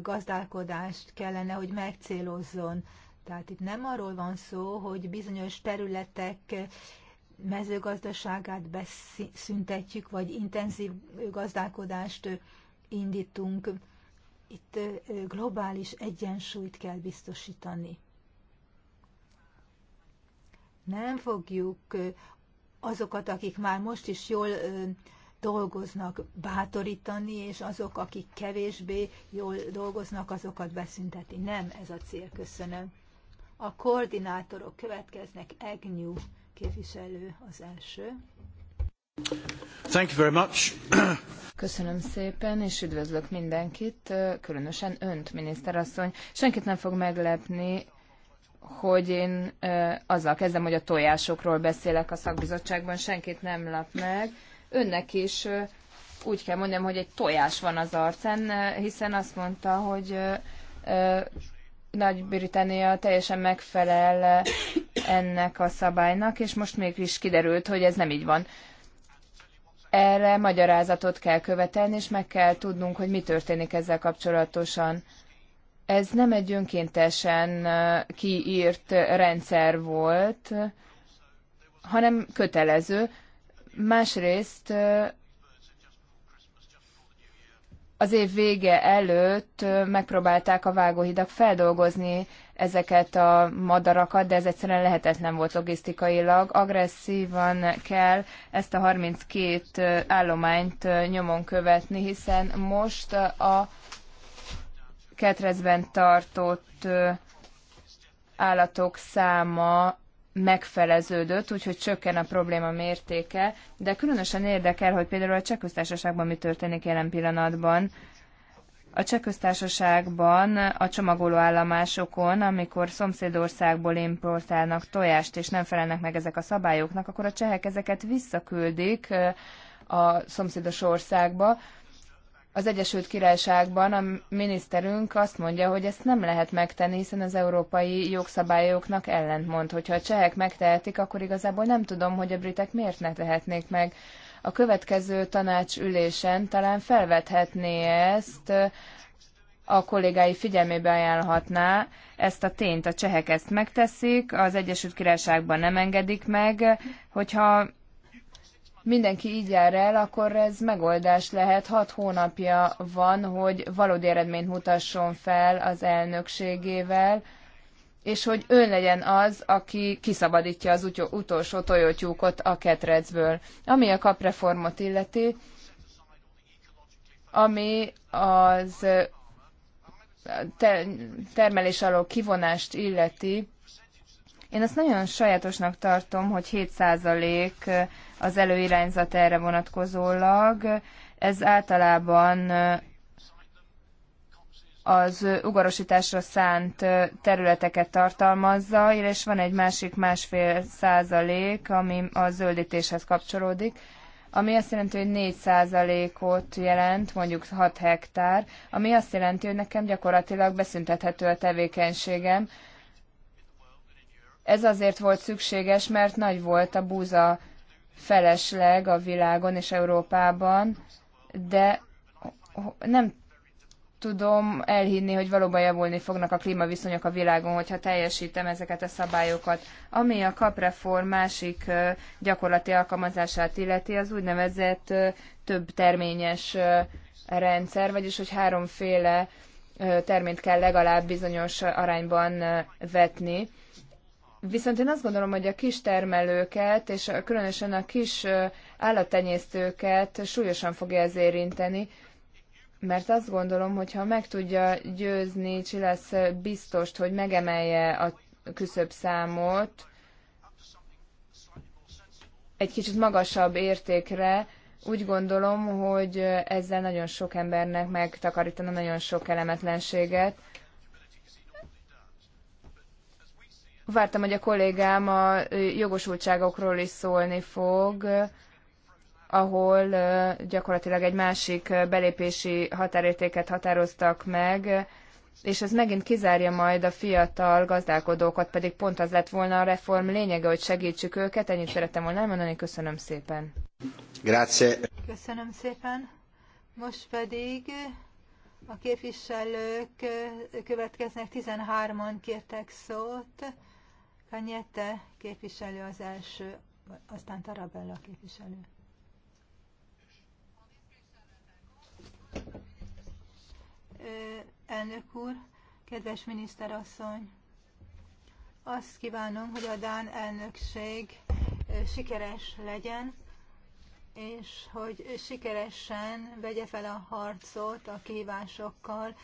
gazdálkodást kellene, hogy megcélozzon. Tehát itt nem arról van szó, hogy bizonyos területek mezőgazdaságát beszüntetjük, vagy intenzív gazdálkodást indítunk. Itt globális egyensúlyt kell biztosítani nem fogjuk azokat, akik már most is jól dolgoznak, bátorítani, és azok, akik kevésbé jól dolgoznak, azokat beszünteti. Nem ez a cél, köszönöm. A koordinátorok következnek, Egnyú képviselő az első. Thank you very much. Köszönöm szépen, és üdvözlök mindenkit, különösen önt, miniszterasszony. Senkit nem fog meglepni, hogy én azzal kezdem, hogy a tojásokról beszélek a szakbizottságban, senkit nem lap meg. Önnek is úgy kell mondjam, hogy egy tojás van az arcán, hiszen azt mondta, hogy Nagy-Britannia teljesen megfelel ennek a szabálynak, és most mégis kiderült, hogy ez nem így van. Erre magyarázatot kell követelni, és meg kell tudnunk, hogy mi történik ezzel kapcsolatosan. Ez nem egy önkéntesen kiírt rendszer volt, hanem kötelező. Másrészt az év vége előtt megpróbálták a vágóhidak feldolgozni ezeket a madarakat, de ez egyszerűen lehetetlen volt logisztikailag. Agresszívan kell ezt a 32 állományt nyomon követni, hiszen most a ketrezben tartott állatok száma megfeleződött, úgyhogy csökken a probléma mértéke, de különösen érdekel, hogy például a Csekköztársaságban mi történik jelen pillanatban. A Csekköztársaságban a csomagoló állomásokon, amikor szomszédországból importálnak tojást, és nem felelnek meg ezek a szabályoknak, akkor a csehek ezeket visszaküldik a szomszédos országba, az Egyesült Királyságban a miniszterünk azt mondja, hogy ezt nem lehet megtenni, hiszen az európai jogszabályoknak ellentmond. Hogyha a csehek megtehetik, akkor igazából nem tudom, hogy a britek miért ne tehetnék meg. A következő tanács ülésen talán felvethetné ezt, a kollégái figyelmébe ajánlhatná ezt a tényt. A csehek ezt megteszik, az Egyesült Királyságban nem engedik meg, hogyha mindenki így jár el, akkor ez megoldás lehet. Hat hónapja van, hogy valódi eredményt mutasson fel az elnökségével, és hogy ön legyen az, aki kiszabadítja az utolsó tojótyúkot a ketrecből. Ami a kapreformot illeti, ami az termelés alól kivonást illeti, én azt nagyon sajátosnak tartom, hogy 7 az előirányzat erre vonatkozólag. Ez általában az ugarosításra szánt területeket tartalmazza, és van egy másik másfél százalék, ami a zöldítéshez kapcsolódik, ami azt jelenti, hogy 4 százalékot jelent, mondjuk 6 hektár, ami azt jelenti, hogy nekem gyakorlatilag beszüntethető a tevékenységem. Ez azért volt szükséges, mert nagy volt a búza felesleg a világon és Európában, de nem tudom elhinni, hogy valóban javulni fognak a klímaviszonyok a világon, hogyha teljesítem ezeket a szabályokat. Ami a kapreform másik gyakorlati alkalmazását illeti, az úgynevezett több terményes rendszer, vagyis hogy háromféle terményt kell legalább bizonyos arányban vetni. Viszont én azt gondolom, hogy a kis termelőket, és különösen a kis állattenyésztőket súlyosan fogja ez érinteni, mert azt gondolom, hogy ha meg tudja győzni lesz biztost, hogy megemelje a küszöbb számot egy kicsit magasabb értékre, úgy gondolom, hogy ezzel nagyon sok embernek megtakarítana nagyon sok elemetlenséget, Vártam, hogy a kollégám a jogosultságokról is szólni fog, ahol gyakorlatilag egy másik belépési határértéket határoztak meg, és ez megint kizárja majd a fiatal gazdálkodókat, pedig pont az lett volna a reform lényege, hogy segítsük őket. Ennyit szerettem volna elmondani, köszönöm szépen. Grazie. Köszönöm szépen. Most pedig a képviselők következnek, 13-an kértek szót. Kanyette képviselő az első, aztán Tarabella képviselő. Elnök úr, kedves miniszterasszony, azt kívánom, hogy a Dán elnökség sikeres legyen, és hogy sikeresen vegye fel a harcot a kívásokkal,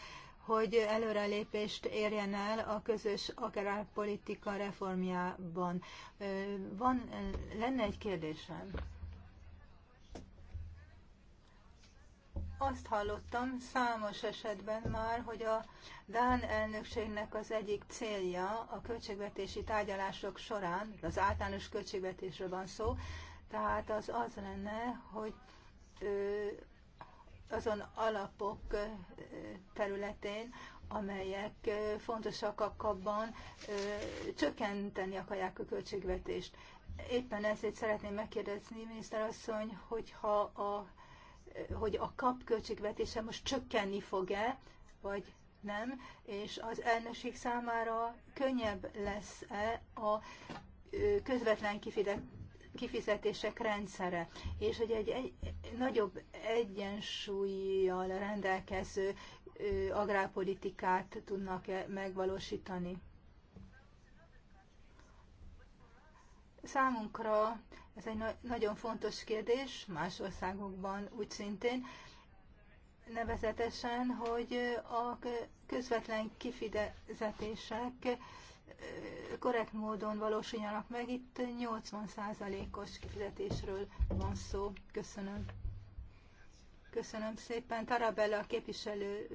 hogy előrelépést érjen el a közös agrárpolitika reformjában. Van, lenne egy kérdésem. Azt hallottam számos esetben már, hogy a Dán elnökségnek az egyik célja a költségvetési tárgyalások során, az általános költségvetésről van szó, tehát az az lenne, hogy azon alapok területén, amelyek fontosak abban csökkenteni akarják a költségvetést. Éppen ezért szeretném megkérdezni, miniszterasszony, hogyha a, hogy a kap költségvetése most csökkenni fog-e, vagy nem, és az elnökség számára könnyebb lesz-e a közvetlen kifizetések rendszere, és hogy egy, egy nagyobb egyensúlyjal rendelkező agrárpolitikát tudnak -e megvalósítani. Számunkra ez egy na- nagyon fontos kérdés, más országokban úgy szintén, nevezetesen, hogy a közvetlen kifizetések korrekt módon valósuljanak meg. Itt 80%-os kifizetésről van szó. Köszönöm. Köszönöm szépen. Tarabella képviselő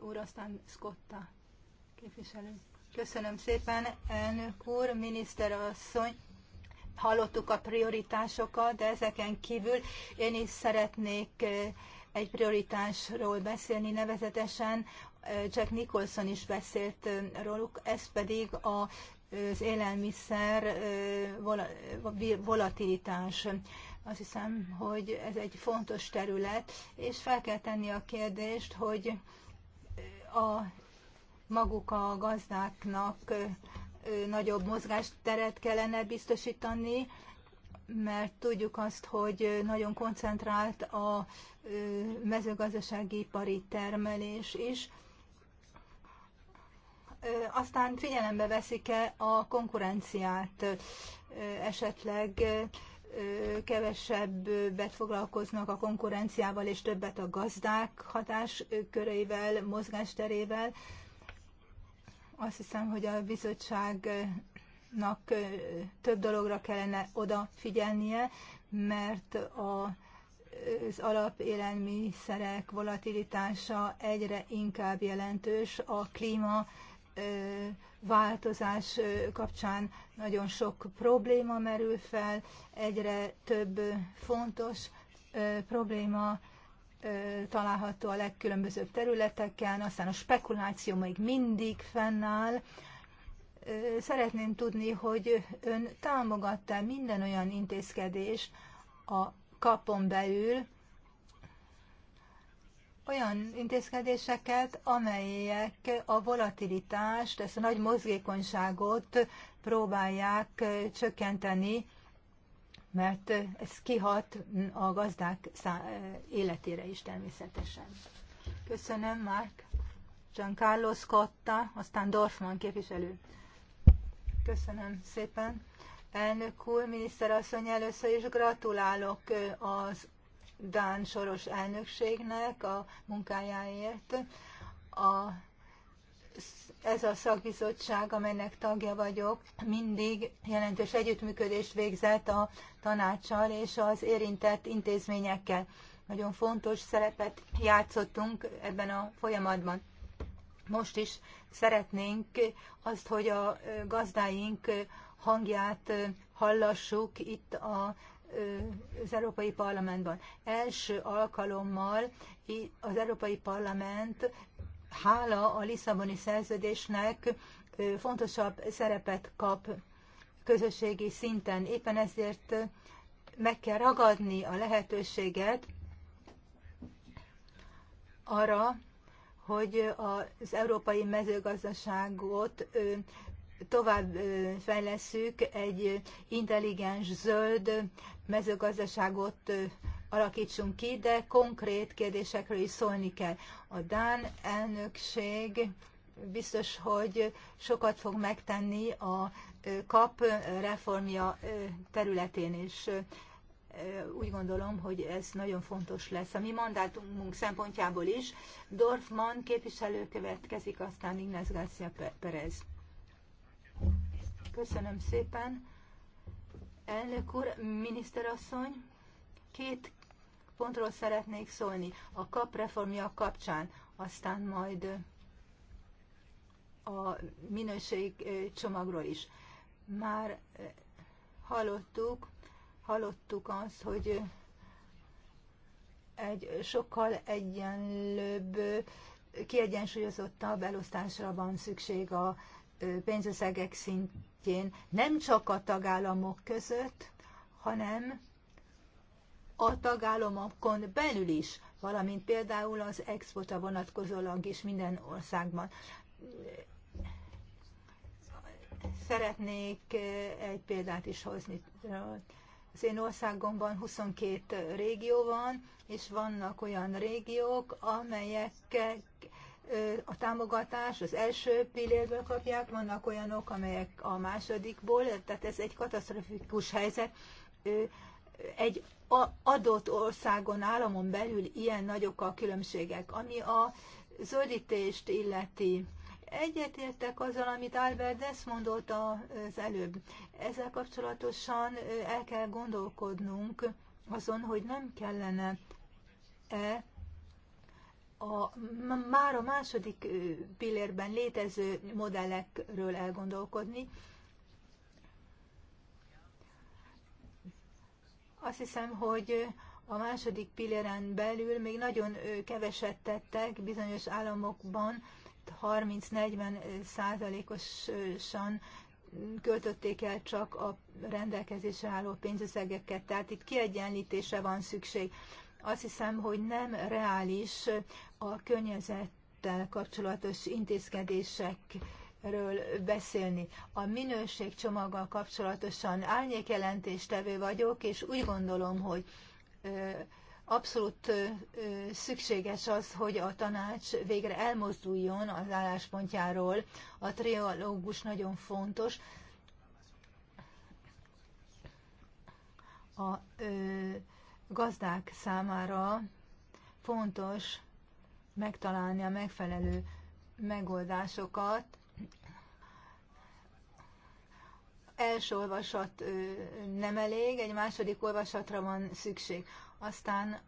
úr, aztán Scotta képviselő. Köszönöm szépen, elnök úr, miniszter asszony. Hallottuk a prioritásokat, de ezeken kívül én is szeretnék egy prioritásról beszélni, nevezetesen Jack Nicholson is beszélt róluk, ez pedig a az élelmiszer volatilitás. Azt hiszem, hogy ez egy fontos terület, és fel kell tenni a kérdést, hogy a maguk a gazdáknak nagyobb mozgásteret kellene biztosítani, mert tudjuk azt, hogy nagyon koncentrált a mezőgazdasági ipari termelés is, aztán figyelembe veszik-e a konkurenciát, esetleg kevesebbet foglalkoznak a konkurenciával és többet a gazdák hatásköreivel, mozgásterével. Azt hiszem, hogy a bizottságnak több dologra kellene odafigyelnie, mert a az alapélelmiszerek volatilitása egyre inkább jelentős, a klíma változás kapcsán nagyon sok probléma merül fel, egyre több fontos probléma található a legkülönbözőbb területeken, aztán a spekuláció még mindig fennáll. Szeretném tudni, hogy ön támogatta minden olyan intézkedést a kapon belül, olyan intézkedéseket, amelyek a volatilitást, ezt a nagy mozgékonyságot próbálják csökkenteni, mert ez kihat a gazdák életére is természetesen. Köszönöm, Márk. Giancarlo Scotta, aztán Dorfman képviselő. Köszönöm szépen. Elnök úr, miniszterasszony, először is gratulálok az Dán soros elnökségnek a munkájáért. A, ez a szakbizottság, amelynek tagja vagyok, mindig jelentős együttműködést végzett a tanácssal és az érintett intézményekkel. Nagyon fontos szerepet játszottunk ebben a folyamatban. Most is szeretnénk azt, hogy a gazdáink hangját hallassuk itt a az Európai Parlamentben. Első alkalommal az Európai Parlament hála a Lisszaboni szerződésnek fontosabb szerepet kap közösségi szinten. Éppen ezért meg kell ragadni a lehetőséget arra, hogy az európai mezőgazdaságot tovább fejleszük egy intelligens, zöld mezőgazdaságot alakítsunk ki, de konkrét kérdésekről is szólni kell. A Dán elnökség biztos, hogy sokat fog megtenni a kap reformja területén is. Úgy gondolom, hogy ez nagyon fontos lesz a mi mandátumunk szempontjából is. Dorfman képviselő következik, aztán Ignaz García Perez. Köszönöm szépen. Elnök úr, miniszterasszony, két pontról szeretnék szólni. A KAP reformja kapcsán, aztán majd a csomagról is. Már hallottuk, hallottuk azt, hogy egy sokkal egyenlőbb, kiegyensúlyozottabb elosztásra van szükség a pénzösszegek szintjén nem csak a tagállamok között, hanem a tagállamokon belül is, valamint például az exporta vonatkozólag is minden országban. Szeretnék egy példát is hozni. Az én országomban 22 régió van, és vannak olyan régiók, amelyek a támogatás, az első pillérből kapják, vannak olyanok, amelyek a másodikból, tehát ez egy katasztrofikus helyzet. Egy adott országon, államon belül ilyen nagyok a különbségek. Ami a zöldítést illeti, egyetértek azzal, amit Albert Dess mondott az előbb. Ezzel kapcsolatosan el kell gondolkodnunk azon, hogy nem kellene-e a már a második pillérben létező modellekről elgondolkodni. Azt hiszem, hogy a második pilléren belül még nagyon keveset tettek bizonyos államokban, 30-40 százalékosan költötték el csak a rendelkezésre álló pénzösszegeket, tehát itt kiegyenlítésre van szükség. Azt hiszem, hogy nem reális a környezettel kapcsolatos intézkedésekről beszélni. A minőségcsomaggal kapcsolatosan árnyékjelentéstevő vagyok, és úgy gondolom, hogy abszolút szükséges az, hogy a tanács végre elmozduljon az álláspontjáról. A triológus nagyon fontos. A gazdák számára fontos megtalálni a megfelelő megoldásokat. Első olvasat nem elég, egy második olvasatra van szükség. Aztán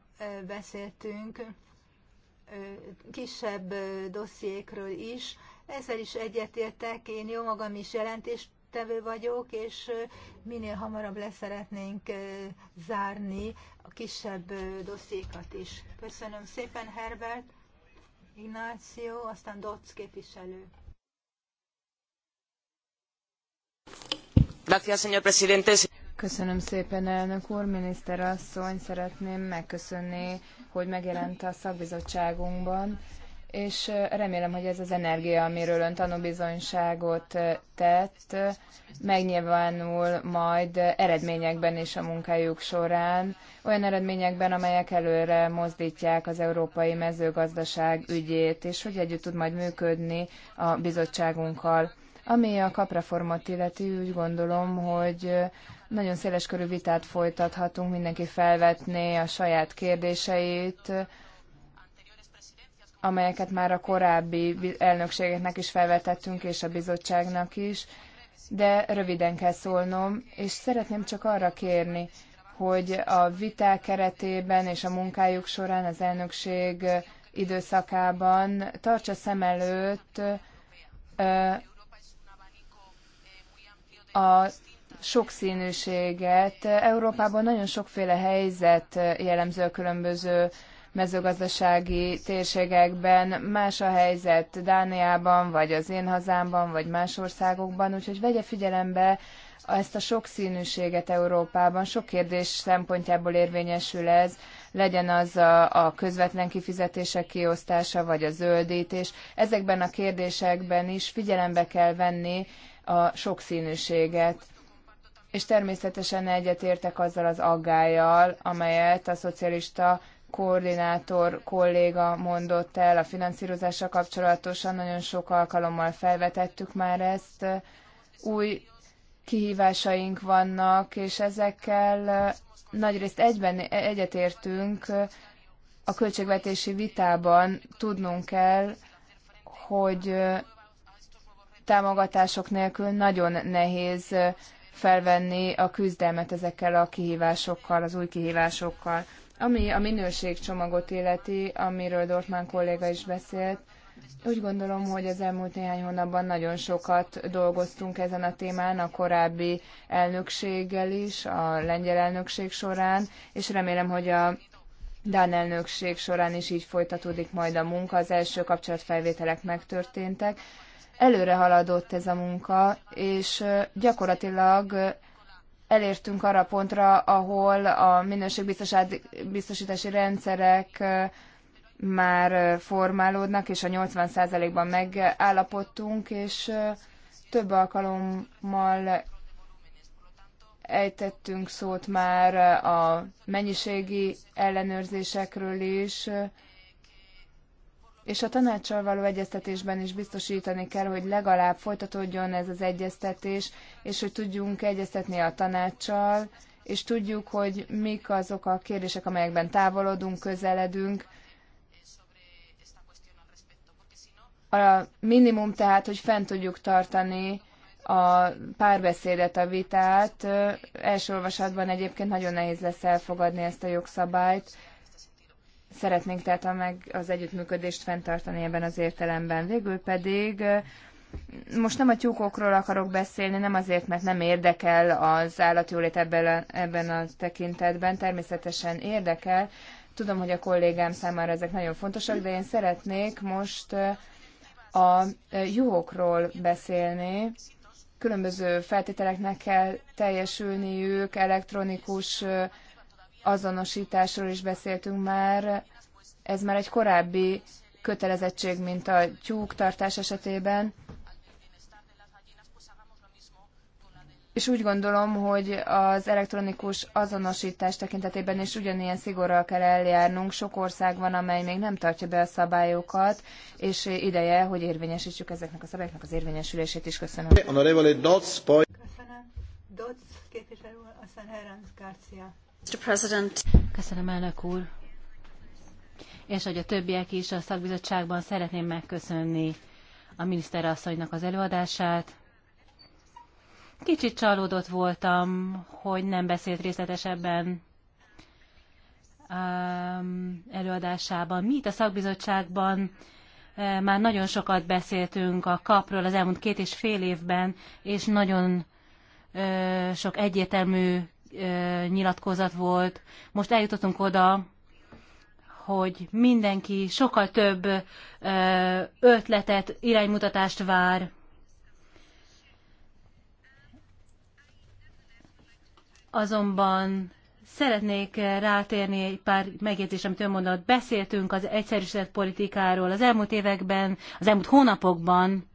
beszéltünk kisebb dossziékről is. Ezzel is egyetértek, én jó magam is jelentést Tevő vagyok, és minél hamarabb leszeretnénk zárni a kisebb dosszékat is. Köszönöm szépen, Herbert, Ignáció, aztán Dotz képviselő. Köszönöm szépen, elnök úr, miniszter asszony, szeretném megköszönni, hogy megjelent a szakbizottságunkban és remélem, hogy ez az energia, amiről ön tanúbizonyságot tett, megnyilvánul majd eredményekben is a munkájuk során, olyan eredményekben, amelyek előre mozdítják az európai mezőgazdaság ügyét, és hogy együtt tud majd működni a bizottságunkkal. Ami a kapreformot illeti, úgy gondolom, hogy nagyon széleskörű vitát folytathatunk, mindenki felvetné a saját kérdéseit, amelyeket már a korábbi elnökségeknek is felvetettünk, és a bizottságnak is, de röviden kell szólnom, és szeretném csak arra kérni, hogy a viták keretében és a munkájuk során az elnökség időszakában tartsa szem előtt a sokszínűséget. Európában nagyon sokféle helyzet jellemző a különböző mezőgazdasági térségekben más a helyzet Dániában, vagy az én hazámban, vagy más országokban, úgyhogy vegye figyelembe ezt a sokszínűséget Európában, sok kérdés szempontjából érvényesül ez, legyen az a, a közvetlen kifizetések kiosztása, vagy a zöldítés. Ezekben a kérdésekben is figyelembe kell venni a sokszínűséget. És természetesen egyetértek azzal az aggájjal, amelyet a szocialista koordinátor kolléga mondott el a finanszírozással kapcsolatosan, nagyon sok alkalommal felvetettük már ezt. Új kihívásaink vannak, és ezekkel nagyrészt egyben egyetértünk, a költségvetési vitában tudnunk kell, hogy támogatások nélkül nagyon nehéz felvenni a küzdelmet ezekkel a kihívásokkal, az új kihívásokkal. Ami a minőségcsomagot illeti, amiről Dortmán kolléga is beszélt, úgy gondolom, hogy az elmúlt néhány hónapban nagyon sokat dolgoztunk ezen a témán, a korábbi elnökséggel is, a lengyel elnökség során, és remélem, hogy a Dán elnökség során is így folytatódik majd a munka, az első kapcsolatfelvételek megtörténtek. Előre haladott ez a munka, és gyakorlatilag elértünk arra a pontra, ahol a minőségbiztosítási rendszerek már formálódnak, és a 80%-ban megállapodtunk, és több alkalommal ejtettünk szót már a mennyiségi ellenőrzésekről is, és a tanácssal való egyeztetésben is biztosítani kell, hogy legalább folytatódjon ez az egyeztetés, és hogy tudjunk egyeztetni a tanácssal, és tudjuk, hogy mik azok a kérdések, amelyekben távolodunk, közeledünk. A minimum tehát, hogy fent tudjuk tartani a párbeszédet, a vitát. Első olvasatban egyébként nagyon nehéz lesz elfogadni ezt a jogszabályt, Szeretnénk tehát a meg az együttműködést fenntartani ebben az értelemben. Végül pedig eh, most nem a tyúkokról akarok beszélni, nem azért, mert nem érdekel az állatjólét ebben a, ebben a tekintetben, természetesen érdekel. Tudom, hogy a kollégám számára ezek nagyon fontosak, de én szeretnék most eh, a eh, juhokról beszélni. Különböző feltételeknek kell teljesülniük, elektronikus azonosításról is beszéltünk már, ez már egy korábbi kötelezettség, mint a tyúk tartás esetében. És úgy gondolom, hogy az elektronikus azonosítás tekintetében is ugyanilyen szigorral kell eljárnunk. Sok ország van, amely még nem tartja be a szabályokat, és ideje, hogy érvényesítsük ezeknek a szabályoknak az érvényesülését is. Köszönöm. Köszönöm. Dodds képviselő, aztán Garcia. Köszönöm, elnök úr. És hogy a többiek is a szakbizottságban szeretném megköszönni a miniszter asszonynak az előadását. Kicsit csalódott voltam, hogy nem beszélt részletesebben előadásában. Mi itt a szakbizottságban e, már nagyon sokat beszéltünk a kapról az elmúlt két és fél évben, és nagyon e, sok egyértelmű nyilatkozat volt. Most eljutottunk oda, hogy mindenki sokkal több ötletet, iránymutatást vár. Azonban szeretnék rátérni egy pár megjegyzésre, amit ön mondott. Beszéltünk az egyszerűsített politikáról az elmúlt években, az elmúlt hónapokban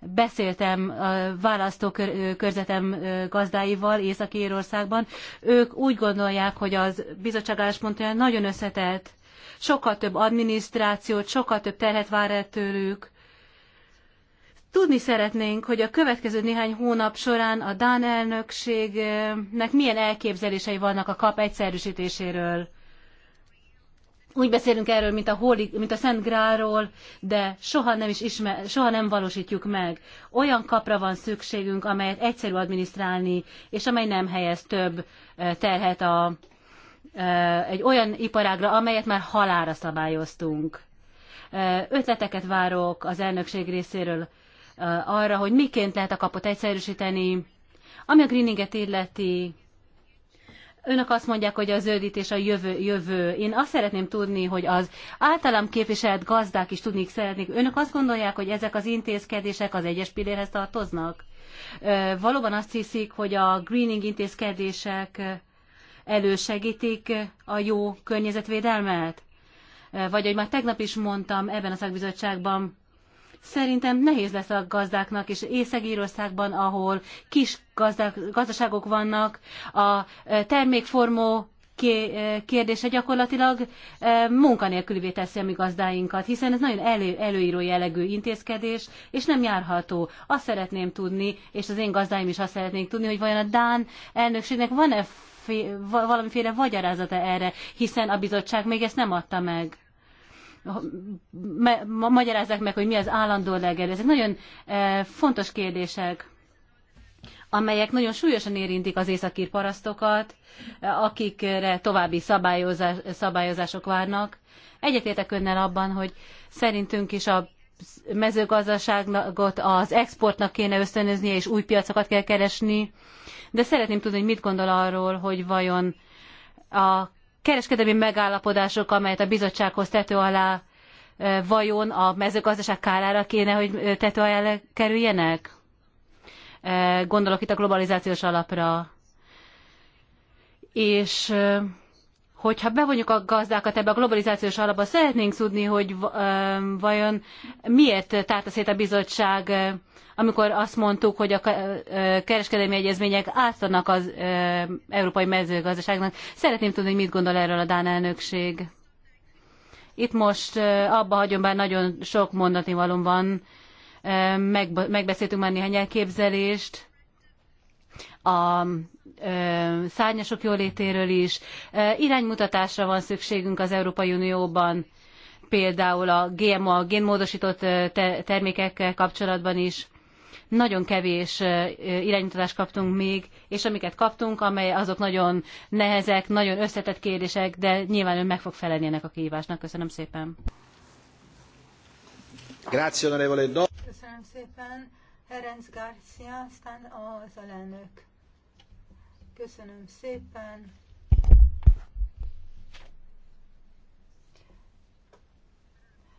beszéltem a választókörzetem gazdáival Észak-Írországban. Ők úgy gondolják, hogy az bizottság álláspontja nagyon összetett, sokkal több adminisztrációt, sokkal több terhet vár el tőlük. Tudni szeretnénk, hogy a következő néhány hónap során a Dán elnökségnek milyen elképzelései vannak a kap egyszerűsítéséről úgy beszélünk erről, mint a, Holy, mint a Szent Grálról, de soha nem, is ismer, soha nem valósítjuk meg. Olyan kapra van szükségünk, amelyet egyszerű adminisztrálni, és amely nem helyez több eh, terhet a, eh, egy olyan iparágra, amelyet már halára szabályoztunk. Eh, ötleteket várok az elnökség részéről arra, hogy miként lehet a kapot egyszerűsíteni, ami a greeninget illeti, Önök azt mondják, hogy a zöldítés a jövő, jövő. Én azt szeretném tudni, hogy az általam képviselt gazdák is tudnék szeretnék. Önök azt gondolják, hogy ezek az intézkedések az egyes pillérhez tartoznak? Valóban azt hiszik, hogy a greening intézkedések elősegítik a jó környezetvédelmet? Vagy, hogy már tegnap is mondtam ebben a szakbizottságban, Szerintem nehéz lesz a gazdáknak, és Észak-Írországban, ahol kis gazdák, gazdaságok vannak, a e, termékformó e, kérdése gyakorlatilag e, munkanélkülivé teszi a mi gazdáinkat, hiszen ez nagyon elő, előíró jellegű intézkedés, és nem járható. Azt szeretném tudni, és az én gazdáim is azt szeretnék tudni, hogy vajon a Dán elnökségnek van-e valamiféle vagyarázata erre, hiszen a bizottság még ezt nem adta meg magyarázzák meg, hogy mi az állandó legelő. Ezek nagyon eh, fontos kérdések amelyek nagyon súlyosan érintik az északír parasztokat, eh, akikre további szabályozások várnak. Egyetértek önnel abban, hogy szerintünk is a mezőgazdaságot az exportnak kéne ösztönöznie, és új piacokat kell keresni, de szeretném tudni, hogy mit gondol arról, hogy vajon a kereskedelmi megállapodások, amelyet a bizottsághoz tető alá e, vajon a mezőgazdaság kárára kéne, hogy e, tető alá kerüljenek? E, gondolok itt a globalizációs alapra. És hogyha bevonjuk a gazdákat ebbe a globalizációs alapba, szeretnénk tudni, hogy vajon miért tárta szét a bizottság, amikor azt mondtuk, hogy a kereskedelmi egyezmények átadnak az európai mezőgazdaságnak. Szeretném tudni, hogy mit gondol erről a Dán elnökség. Itt most abba hagyom, bár nagyon sok mondatni valóban van, megbeszéltünk már néhány elképzelést a szárnyasok jólétéről is. Iránymutatásra van szükségünk az Európai Unióban, például a GMO, a génmódosított termékekkel kapcsolatban is. Nagyon kevés iránymutatást kaptunk még, és amiket kaptunk, amely azok nagyon nehezek, nagyon összetett kérdések, de nyilván ön meg fog felelni ennek a kihívásnak. Köszönöm szépen. Köszönöm szépen. Herenc Garcia, aztán az alelnök. Köszönöm szépen.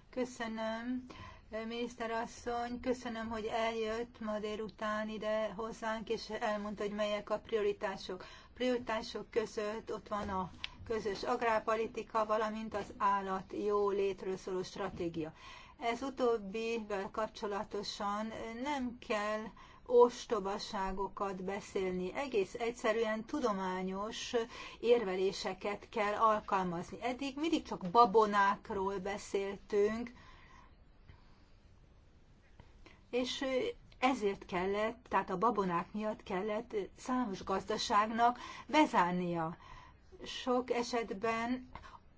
Köszönöm, miniszterasszony, köszönöm, hogy eljött ma délután ide hozzánk, és elmondta, hogy melyek a prioritások. A prioritások között ott van a közös agrárpolitika, valamint az állat jó létről szóló stratégia. Ez utóbbivel kapcsolatosan nem kell ostobaságokat beszélni. Egész egyszerűen tudományos érveléseket kell alkalmazni. Eddig mindig csak babonákról beszéltünk, és ezért kellett, tehát a babonák miatt kellett számos gazdaságnak bezárnia. Sok esetben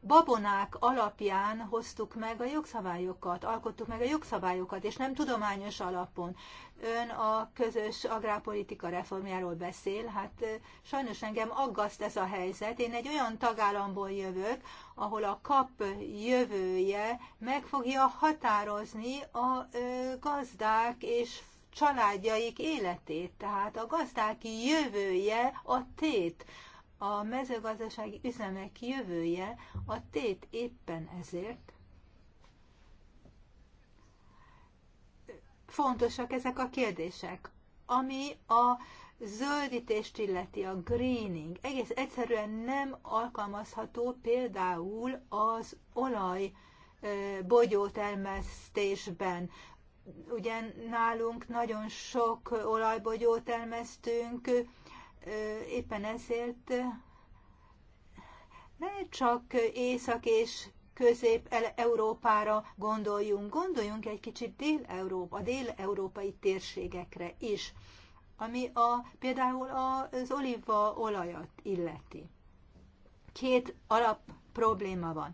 babonák alapján hoztuk meg a jogszabályokat, alkottuk meg a jogszabályokat, és nem tudományos alapon. Ön a közös agrárpolitika reformjáról beszél, hát sajnos engem aggaszt ez a helyzet. Én egy olyan tagállamból jövök, ahol a kap jövője meg fogja határozni a gazdák és családjaik életét, tehát a gazdák jövője a tét a mezőgazdasági üzemek jövője a tét éppen ezért. Fontosak ezek a kérdések, ami a zöldítést illeti, a greening. Egész egyszerűen nem alkalmazható például az olaj bogyótermesztésben ugye nálunk nagyon sok olajbogyót termesztünk, éppen ezért ne csak Észak és Közép-Európára gondoljunk, gondoljunk egy kicsit Dél-Európa, dél-európai térségekre is, ami a, például az olíva olajat illeti. Két alap probléma van.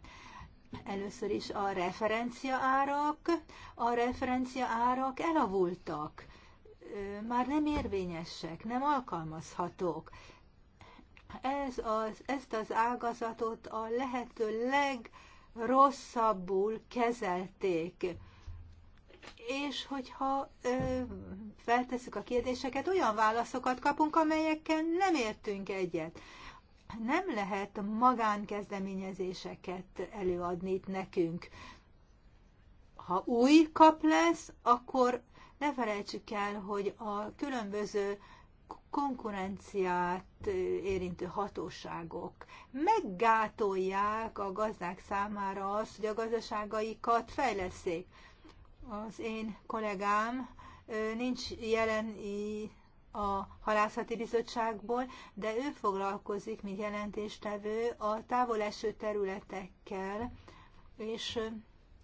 Először is a referencia árak. A referencia árak elavultak már nem érvényesek, nem alkalmazhatók. Ez az, ezt az ágazatot a lehető legrosszabbul kezelték. És hogyha ö, feltesszük a kérdéseket, olyan válaszokat kapunk, amelyekkel nem értünk egyet. Nem lehet magánkezdeményezéseket előadni itt nekünk. Ha új kap lesz, akkor ne felejtsük el, hogy a különböző konkurenciát érintő hatóságok meggátolják a gazdák számára azt, hogy a gazdaságaikat fejleszék. Az én kollégám nincs jelen a halászati bizottságból, de ő foglalkozik, mint jelentéstevő a távol eső területekkel, és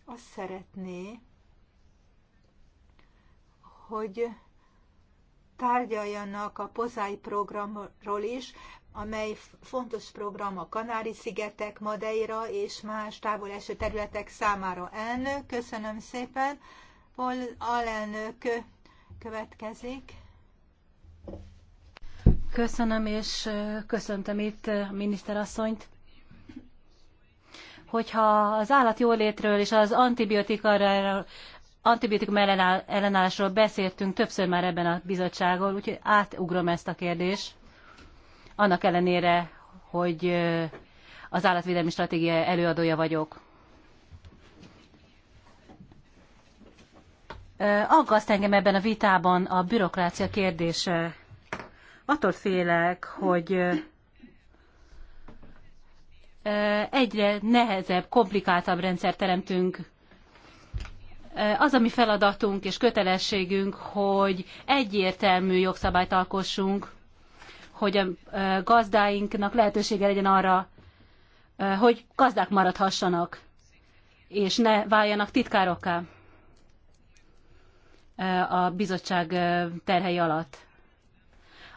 azt szeretné, hogy tárgyaljanak a pozai programról is, amely fontos program a Kanári-szigetek, Madeira és más távol eső területek számára. Elnök, köszönöm szépen. Paul alelnök következik. Köszönöm, és köszöntöm itt a miniszterasszonyt. Hogyha az állat jólétről és az antibiotikáról antibiotikum ellenállásról beszéltünk többször már ebben a bizottságon, úgyhogy átugrom ezt a kérdést. Annak ellenére, hogy az állatvédelmi stratégia előadója vagyok. Aggaszt engem ebben a vitában a bürokrácia kérdése. Attól félek, hogy egyre nehezebb, komplikáltabb rendszer teremtünk Eh, az a mi feladatunk és kötelességünk, hogy egyértelmű jogszabályt alkossunk, hogy a eh, gazdáinknak lehetősége legyen arra, eh, hogy gazdák maradhassanak, és ne váljanak titkárokká a bizottság terhei alatt.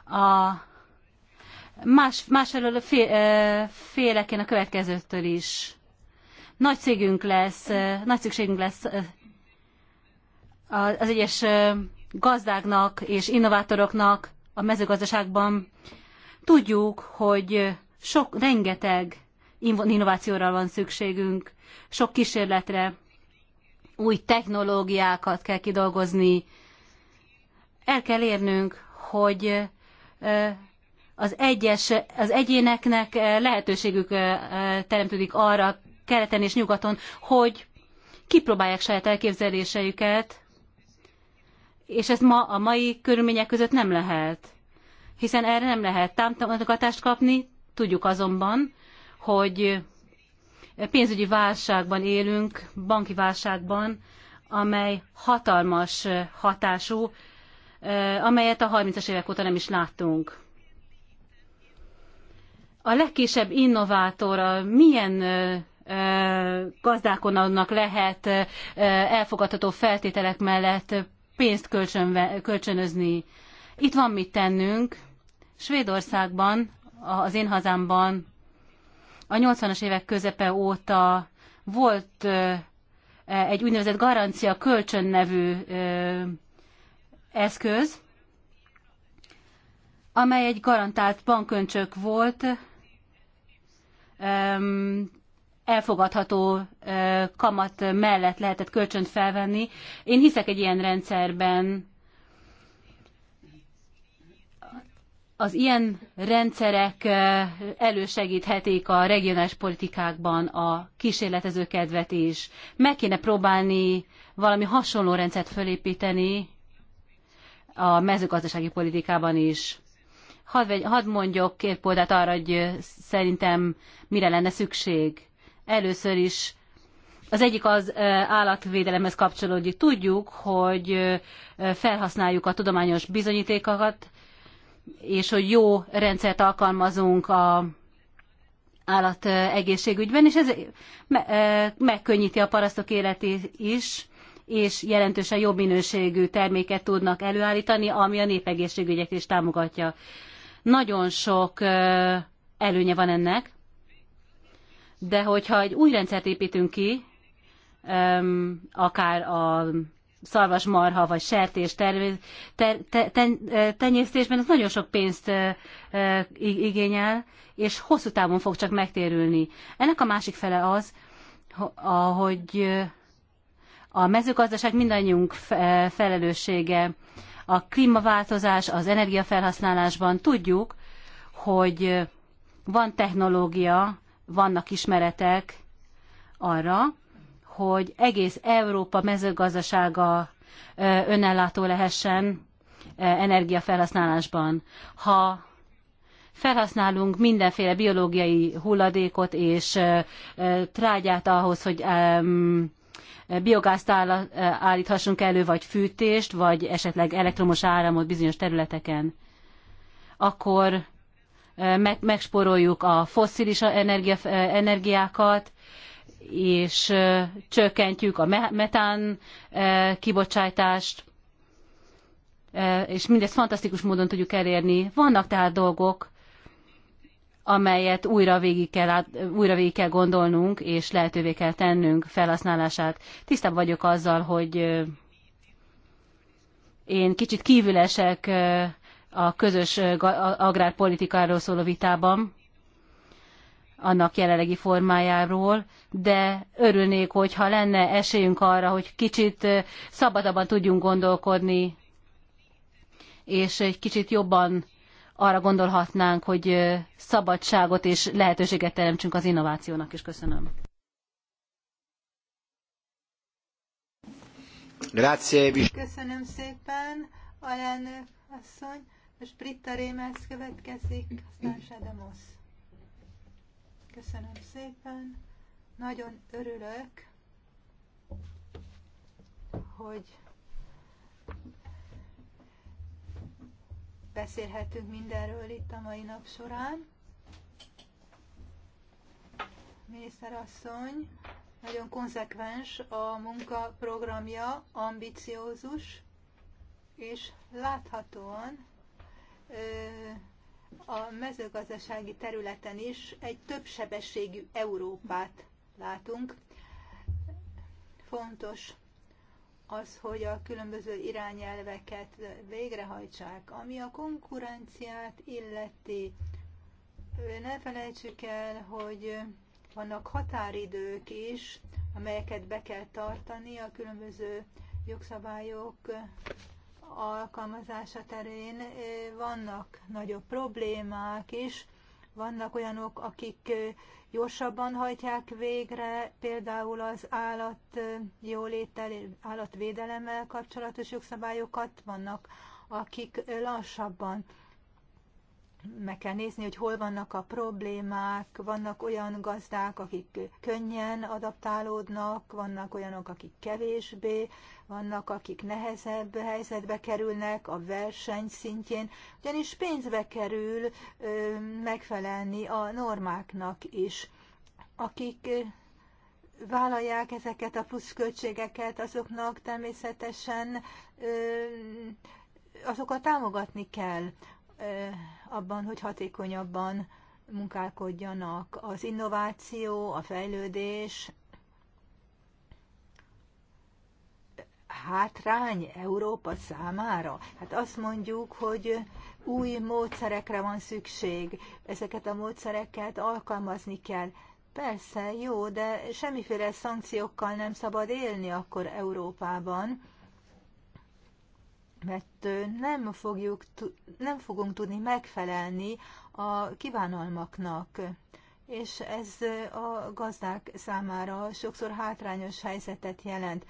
A más, másfelől félek én a következőtől is. Nagy cégünk lesz, nagy szükségünk lesz az egyes gazdáknak és innovátoroknak a mezőgazdaságban tudjuk, hogy sok, rengeteg innovációra van szükségünk, sok kísérletre, új technológiákat kell kidolgozni. El kell érnünk, hogy az, egyes, az egyéneknek lehetőségük teremtődik arra keleten és nyugaton, hogy kipróbálják saját elképzeléseiket, és ez ma a mai körülmények között nem lehet, hiszen erre nem lehet támogatást kapni, tudjuk azonban, hogy pénzügyi válságban élünk, banki válságban, amely hatalmas hatású, eh, amelyet a 30-as évek óta nem is láttunk. A legkisebb innovátor milyen eh, eh, gazdálkodónak lehet elfogadható feltételek mellett pénzt kölcsönözni. Itt van mit tennünk. Svédországban, az én hazámban a 80-as évek közepe óta volt e, egy úgynevezett garancia kölcsön nevű eszköz, amely egy garantált bankköncsök volt, elfogadható kamat mellett lehetett kölcsönt felvenni. Én hiszek egy ilyen rendszerben. Az ilyen rendszerek elősegíthetik a regionális politikákban a kísérletező kedvet is. Meg kéne próbálni valami hasonló rendszert fölépíteni a mezőgazdasági politikában is hadd, hadd mondjak két példát arra, hogy szerintem mire lenne szükség. Először is az egyik az állatvédelemhez kapcsolódik. Tudjuk, hogy felhasználjuk a tudományos bizonyítékokat, és hogy jó rendszert alkalmazunk a állat egészségügyben, és ez megkönnyíti a parasztok életét is, és jelentősen jobb minőségű terméket tudnak előállítani, ami a népegészségügyet is támogatja. Nagyon sok előnye van ennek, de hogyha egy új rendszert építünk ki, akár a szarvasmarha vagy sertés ter, ter, ter, ten, tenyésztésben, ez nagyon sok pénzt igényel, és hosszú távon fog csak megtérülni. Ennek a másik fele az, hogy a mezőgazdaság mindannyiunk felelőssége, a klímaváltozás, az energiafelhasználásban tudjuk, hogy van technológia, vannak ismeretek arra, hogy egész Európa mezőgazdasága önellátó lehessen energiafelhasználásban. Ha felhasználunk mindenféle biológiai hulladékot és trágyát ahhoz, hogy biogázt állíthassunk elő, vagy fűtést, vagy esetleg elektromos áramot bizonyos területeken, akkor megsporoljuk a fosszilis energia, energiákat, és csökkentjük a metán kibocsátást, és mindezt fantasztikus módon tudjuk elérni. Vannak tehát dolgok, amelyet újra végig kell, át, újra végig kell gondolnunk, és lehetővé kell tennünk felhasználását. Tisztább vagyok azzal, hogy én kicsit kívülesek a közös agrárpolitikáról szóló vitában, annak jelenlegi formájáról, de örülnék, hogyha lenne esélyünk arra, hogy kicsit szabadabban tudjunk gondolkodni, és egy kicsit jobban arra gondolhatnánk, hogy szabadságot és lehetőséget teremtsünk az innovációnak is. Köszönöm. Grazie. Köszönöm szépen, alelnök asszony. És Britta Rémelsz következik, aztán Sedemosz. Köszönöm szépen. Nagyon örülök, hogy beszélhetünk mindenről itt a mai nap során. Miniszterasszony, nagyon konzekvens a munkaprogramja, ambiciózus, és láthatóan a mezőgazdasági területen is egy többsebességű Európát látunk. Fontos az, hogy a különböző irányelveket végrehajtsák, ami a konkurenciát illeti. Ne felejtsük el, hogy vannak határidők is, amelyeket be kell tartani a különböző jogszabályok alkalmazása terén eh, vannak nagyobb problémák is. Vannak olyanok, akik eh, gyorsabban hajtják végre például az állat eh, jólétel, állatvédelemmel kapcsolatos jogszabályokat, vannak akik lassabban meg kell nézni, hogy hol vannak a problémák, vannak olyan gazdák, akik könnyen adaptálódnak, vannak olyanok, akik kevésbé, vannak, akik nehezebb helyzetbe kerülnek a verseny szintjén, ugyanis pénzbe kerül ö, megfelelni a normáknak is. Akik vállalják ezeket a pluszköltségeket, azoknak természetesen ö, azokat támogatni kell. Eh, abban, hogy hatékonyabban munkálkodjanak. Az innováció, a fejlődés hátrány Európa számára? Hát azt mondjuk, hogy új módszerekre van szükség, ezeket a módszereket alkalmazni kell. Persze, jó, de semmiféle szankciókkal nem szabad élni akkor Európában mert nem, fogjuk, nem fogunk tudni megfelelni a kívánalmaknak, és ez a gazdák számára sokszor hátrányos helyzetet jelent.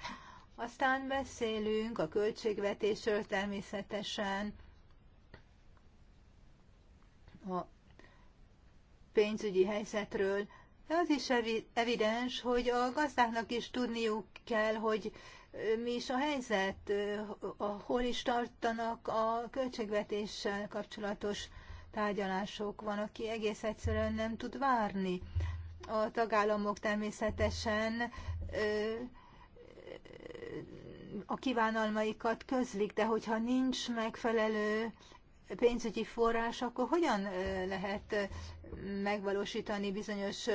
Aztán beszélünk a költségvetésről természetesen, a pénzügyi helyzetről, de az is evidens, hogy a gazdáknak is tudniuk kell, hogy mi is a helyzet, hol is tartanak a költségvetéssel kapcsolatos tárgyalások. Van, aki egész egyszerűen nem tud várni. A tagállamok természetesen a kívánalmaikat közlik, de hogyha nincs megfelelő pénzügyi forrás, akkor hogyan lehet megvalósítani bizonyos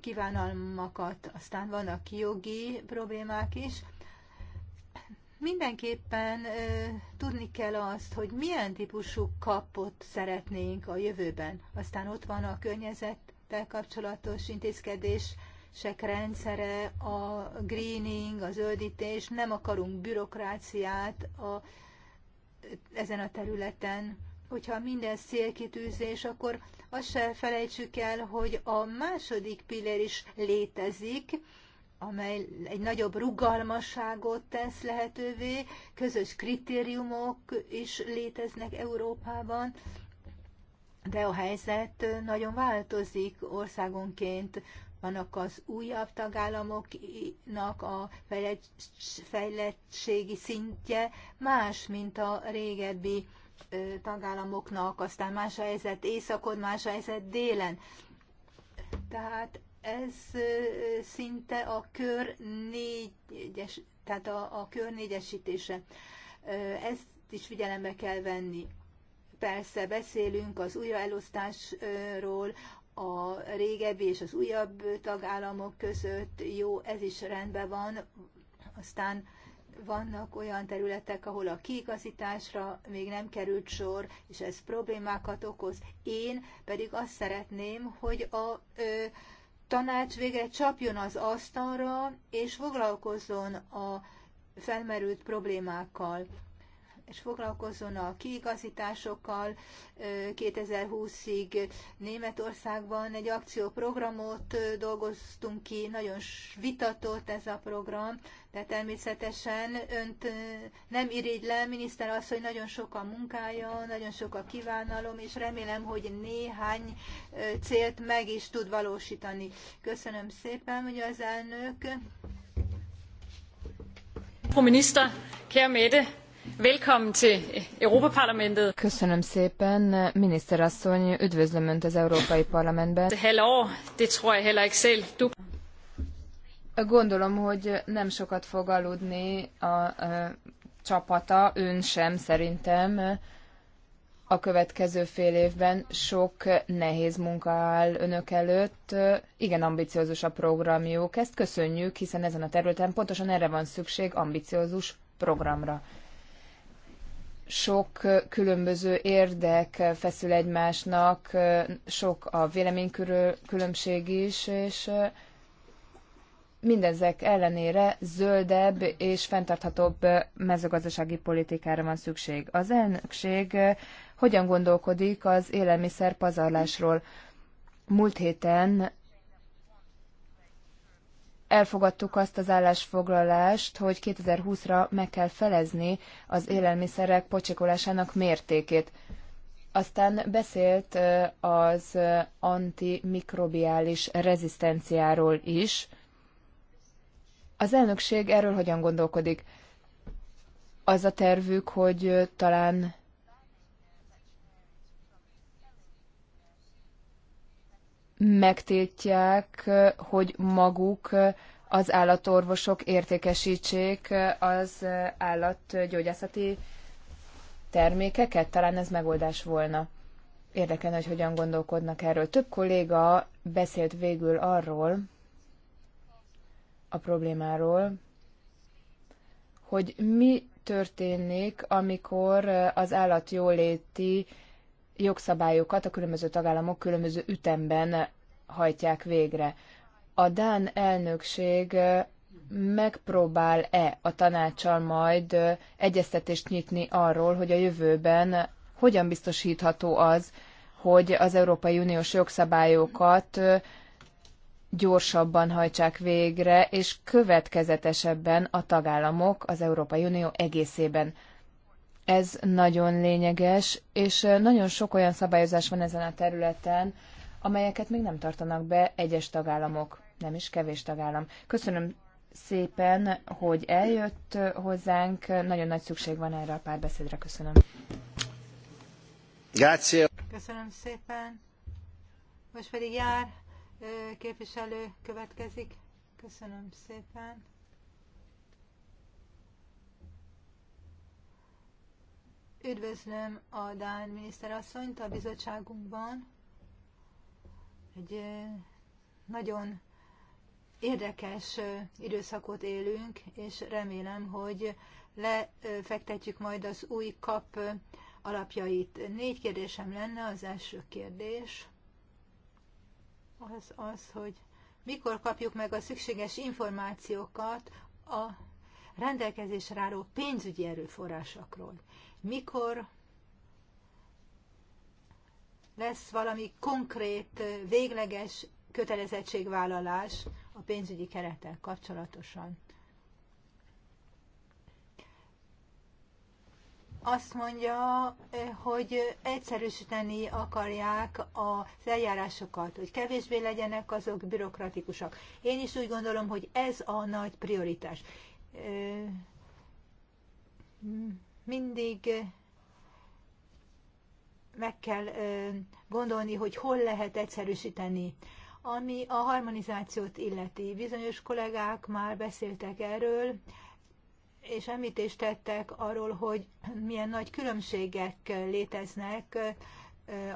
kívánalmakat? Aztán vannak jogi problémák is. Mindenképpen tudni kell azt, hogy milyen típusú kapot szeretnénk a jövőben. Aztán ott van a környezettel kapcsolatos intézkedés, sek rendszere, a greening, a zöldítés, nem akarunk bürokráciát a, ezen a területen. Hogyha minden célkitűzés, akkor azt se felejtsük el, hogy a második pillér is létezik, amely egy nagyobb rugalmasságot tesz lehetővé, közös kritériumok is léteznek Európában, de a helyzet nagyon változik országonként. Vannak az újabb tagállamoknak a fejlettségi szintje más, mint a régebbi tagállamoknak, aztán más a helyzet északon, más a helyzet délen. Tehát ez szinte a kör négyes, tehát a, a kör négyesítése. Ezt is figyelembe kell venni. Persze beszélünk az újraelosztásról, a régebbi és az újabb tagállamok között, jó, ez is rendben van, aztán vannak olyan területek, ahol a kiigazításra még nem került sor, és ez problémákat okoz. Én pedig azt szeretném, hogy a ö, tanács végre csapjon az asztalra, és foglalkozzon a felmerült problémákkal és foglalkozzon a kiigazításokkal 2020-ig Németországban. Egy akcióprogramot dolgoztunk ki, nagyon vitatott ez a program, de természetesen önt nem le, miniszter az, hogy nagyon sok a munkája, nagyon sok a kívánalom, és remélem, hogy néhány célt meg is tud valósítani. Köszönöm szépen, hogy az elnök. Frau minister, kære Velkommen til Europaparlamentet. Köszönöm szépen, miniszterasszony, üdvözlöm Önt az Európai Parlamentben. Hello, det tror jeg heller ikke selv. Du... Gondolom, hogy nem sokat fog aludni a, a csapata, ön sem szerintem a következő fél évben sok nehéz munka áll önök előtt. Igen, ambiciózus a programjuk. Ezt köszönjük, hiszen ezen a területen pontosan erre van szükség, ambiciózus programra sok különböző érdek feszül egymásnak, sok a véleménykülönbség is, és mindezek ellenére zöldebb és fenntarthatóbb mezőgazdasági politikára van szükség. Az elnökség hogyan gondolkodik az élelmiszer pazarlásról? Múlt héten elfogadtuk azt az állásfoglalást, hogy 2020-ra meg kell felezni az élelmiszerek pocsikolásának mértékét. Aztán beszélt az antimikrobiális rezisztenciáról is. Az elnökség erről hogyan gondolkodik? Az a tervük, hogy talán megtiltják, hogy maguk az állatorvosok értékesítsék az állatgyógyászati termékeket? Talán ez megoldás volna. Érdekelne, hogy hogyan gondolkodnak erről. Több kolléga beszélt végül arról, a problémáról, hogy mi történik, amikor az állatjóléti jogszabályokat a különböző tagállamok különböző ütemben hajtják végre. A Dán elnökség megpróbál-e a tanácsal majd egyeztetést nyitni arról, hogy a jövőben hogyan biztosítható az, hogy az Európai Uniós jogszabályokat gyorsabban hajtsák végre, és következetesebben a tagállamok az Európai Unió egészében. Ez nagyon lényeges, és nagyon sok olyan szabályozás van ezen a területen, amelyeket még nem tartanak be egyes tagállamok, nem is kevés tagállam. Köszönöm szépen, hogy eljött hozzánk. Nagyon nagy szükség van erre a párbeszédre. Köszönöm. Grazie. Köszönöm szépen. Most pedig jár képviselő következik. Köszönöm szépen. Üdvözlöm a Dán miniszterasszonyt a bizottságunkban. Egy nagyon érdekes időszakot élünk, és remélem, hogy lefektetjük majd az új kap alapjait. Négy kérdésem lenne. Az első kérdés az az, hogy mikor kapjuk meg a szükséges információkat a rendelkezésre álló pénzügyi erőforrásokról mikor lesz valami konkrét, végleges kötelezettségvállalás a pénzügyi kerettel kapcsolatosan. Azt mondja, hogy egyszerűsíteni akarják az eljárásokat, hogy kevésbé legyenek azok bürokratikusak. Én is úgy gondolom, hogy ez a nagy prioritás mindig meg kell gondolni, hogy hol lehet egyszerűsíteni. Ami a harmonizációt illeti, bizonyos kollégák már beszéltek erről, és említést tettek arról, hogy milyen nagy különbségek léteznek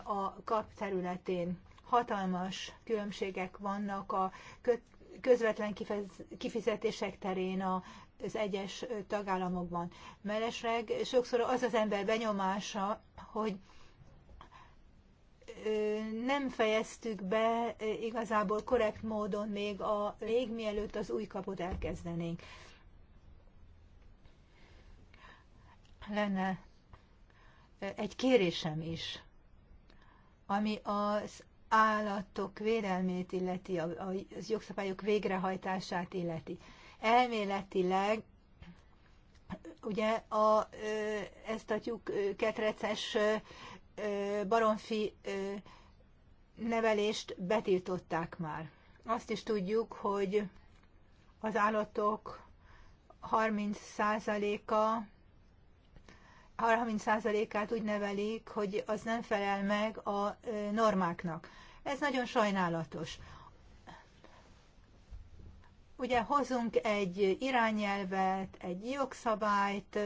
a kap területén. Hatalmas különbségek vannak a közvetlen kifizetések terén, a az egyes tagállamokban. Mellesleg sokszor az az ember benyomása, hogy nem fejeztük be igazából korrekt módon még a még mielőtt az új kapot elkezdenénk. Lenne egy kérésem is, ami az állatok védelmét illeti, az jogszabályok végrehajtását illeti. Elméletileg ugye a, ezt a tyúk ketreces baromfi nevelést betiltották már. Azt is tudjuk, hogy az állatok 30%-a 30%-át úgy nevelik, hogy az nem felel meg a normáknak. Ez nagyon sajnálatos. Ugye hozunk egy irányelvet, egy jogszabályt,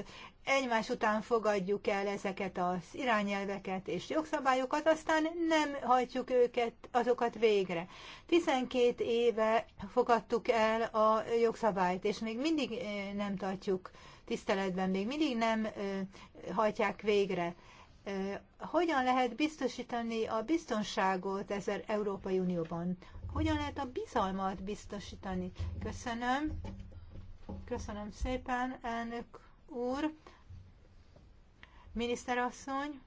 egymás után fogadjuk el ezeket az irányelveket és jogszabályokat, aztán nem hajtjuk őket, azokat végre. 12 éve fogadtuk el a jogszabályt, és még mindig eh, nem tartjuk tiszteletben, még mindig nem eh, hajtják végre. Eh, hogyan lehet biztosítani a biztonságot ezer Európai Unióban? Hogyan lehet a bizalmat biztosítani? Köszönöm. Köszönöm szépen, elnök úr. Miniszterasszony,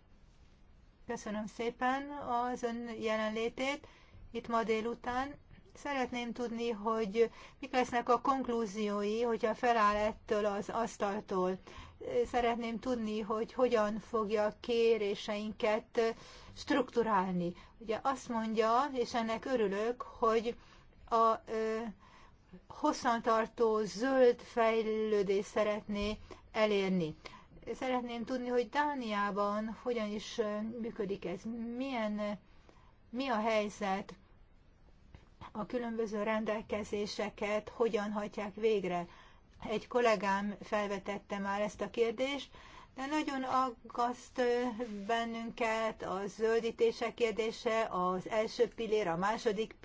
köszönöm szépen az ön jelenlétét itt ma délután. Szeretném tudni, hogy mik lesznek a konklúziói, hogyha feláll ettől az asztaltól. Szeretném tudni, hogy hogyan fogja kéréseinket strukturálni. Ugye azt mondja, és ennek örülök, hogy a ö, hosszantartó zöld fejlődést szeretné elérni. Szeretném tudni, hogy Dániában hogyan is működik ez, milyen, mi a helyzet, a különböző rendelkezéseket hogyan hagyják végre. Egy kollégám felvetette már ezt a kérdést, de nagyon aggaszt bennünket a zöldítések kérdése, az első pillér, a második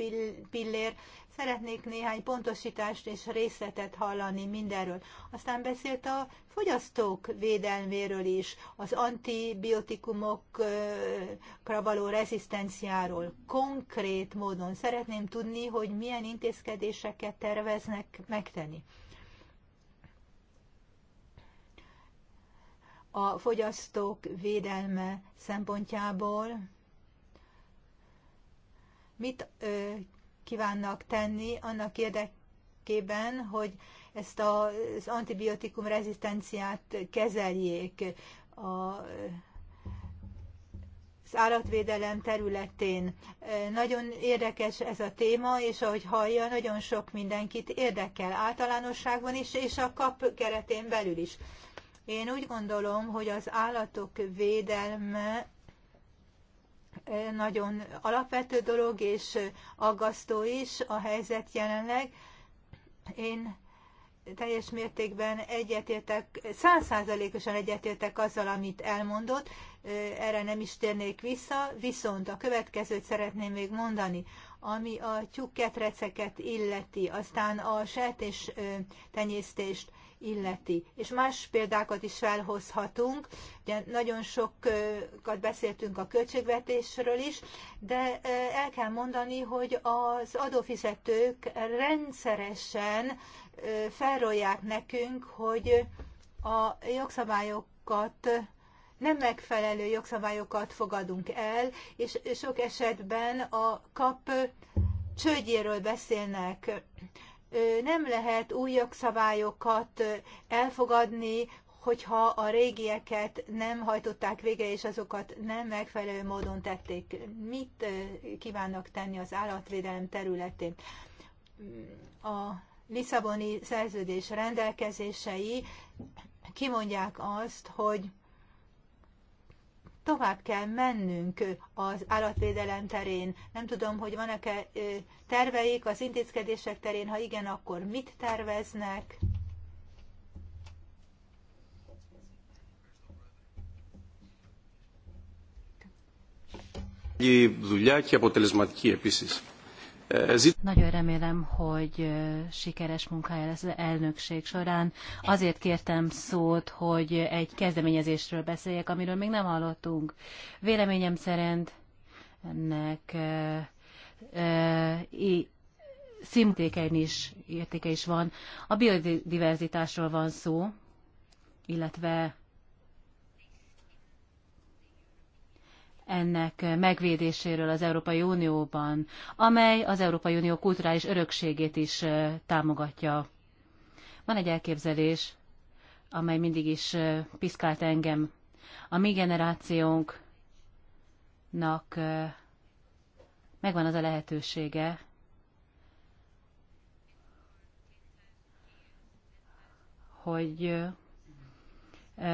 pillér. Szeretnék néhány pontosítást és részletet hallani mindenről. Aztán beszélt a fogyasztók védelméről is, az antibiotikumokra való rezisztenciáról. Konkrét módon szeretném tudni, hogy milyen intézkedéseket terveznek megtenni. a fogyasztók védelme szempontjából mit ö, kívánnak tenni annak érdekében, hogy ezt a, az antibiotikum rezisztenciát kezeljék a, az állatvédelem területén. Nagyon érdekes ez a téma, és ahogy hallja, nagyon sok mindenkit érdekel általánosságban is, és a kap keretén belül is. Én úgy gondolom, hogy az állatok védelme e, nagyon alapvető dolog, és aggasztó is a helyzet jelenleg. Én teljes mértékben egyetértek, százszázalékosan egyetértek azzal, amit elmondott, e, erre nem is térnék vissza, viszont a következőt szeretném még mondani, ami a tyúkketreceket illeti, aztán a sertés e, tenyésztést illeti. És más példákat is felhozhatunk, ugye nagyon sokat beszéltünk a költségvetésről is, de el kell mondani, hogy az adófizetők rendszeresen felrolják nekünk, hogy a jogszabályokat nem megfelelő jogszabályokat fogadunk el, és sok esetben a kap csődjéről beszélnek nem lehet új jogszabályokat elfogadni, hogyha a régieket nem hajtották végre, és azokat nem megfelelő módon tették. Mit kívánnak tenni az állatvédelem területén? A Lisszaboni szerződés rendelkezései kimondják azt, hogy tovább kell mennünk az állatvédelem terén. Nem tudom, hogy vannak-e terveik az intézkedések terén, ha igen, akkor mit terveznek? Η δουλειά και αποτελεσματική επίσης. Nagyon remélem, hogy sikeres munkája lesz az elnökség során. Azért kértem szót, hogy egy kezdeményezésről beszéljek, amiről még nem hallottunk. Véleményem szerint ennek e, e, szimtékein is értéke is van. A biodiverzitásról van szó, illetve ennek megvédéséről az Európai Unióban, amely az Európai Unió kulturális örökségét is támogatja. Van egy elképzelés, amely mindig is piszkált engem. A mi generációnknak megvan az a lehetősége, hogy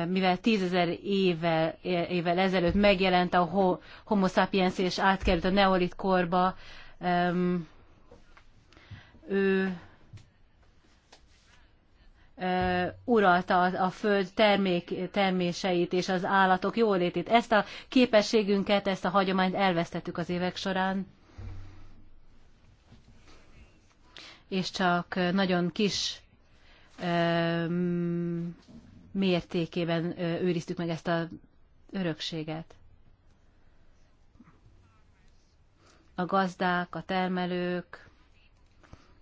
mivel tízezer évvel, évvel ezelőtt megjelent a homo sapiens és átkerült a neolit korba, ő uralta a föld termék, terméseit és az állatok jólétét. Ezt a képességünket, ezt a hagyományt elvesztettük az évek során, és csak nagyon kis mértékében őriztük meg ezt a örökséget. A gazdák, a termelők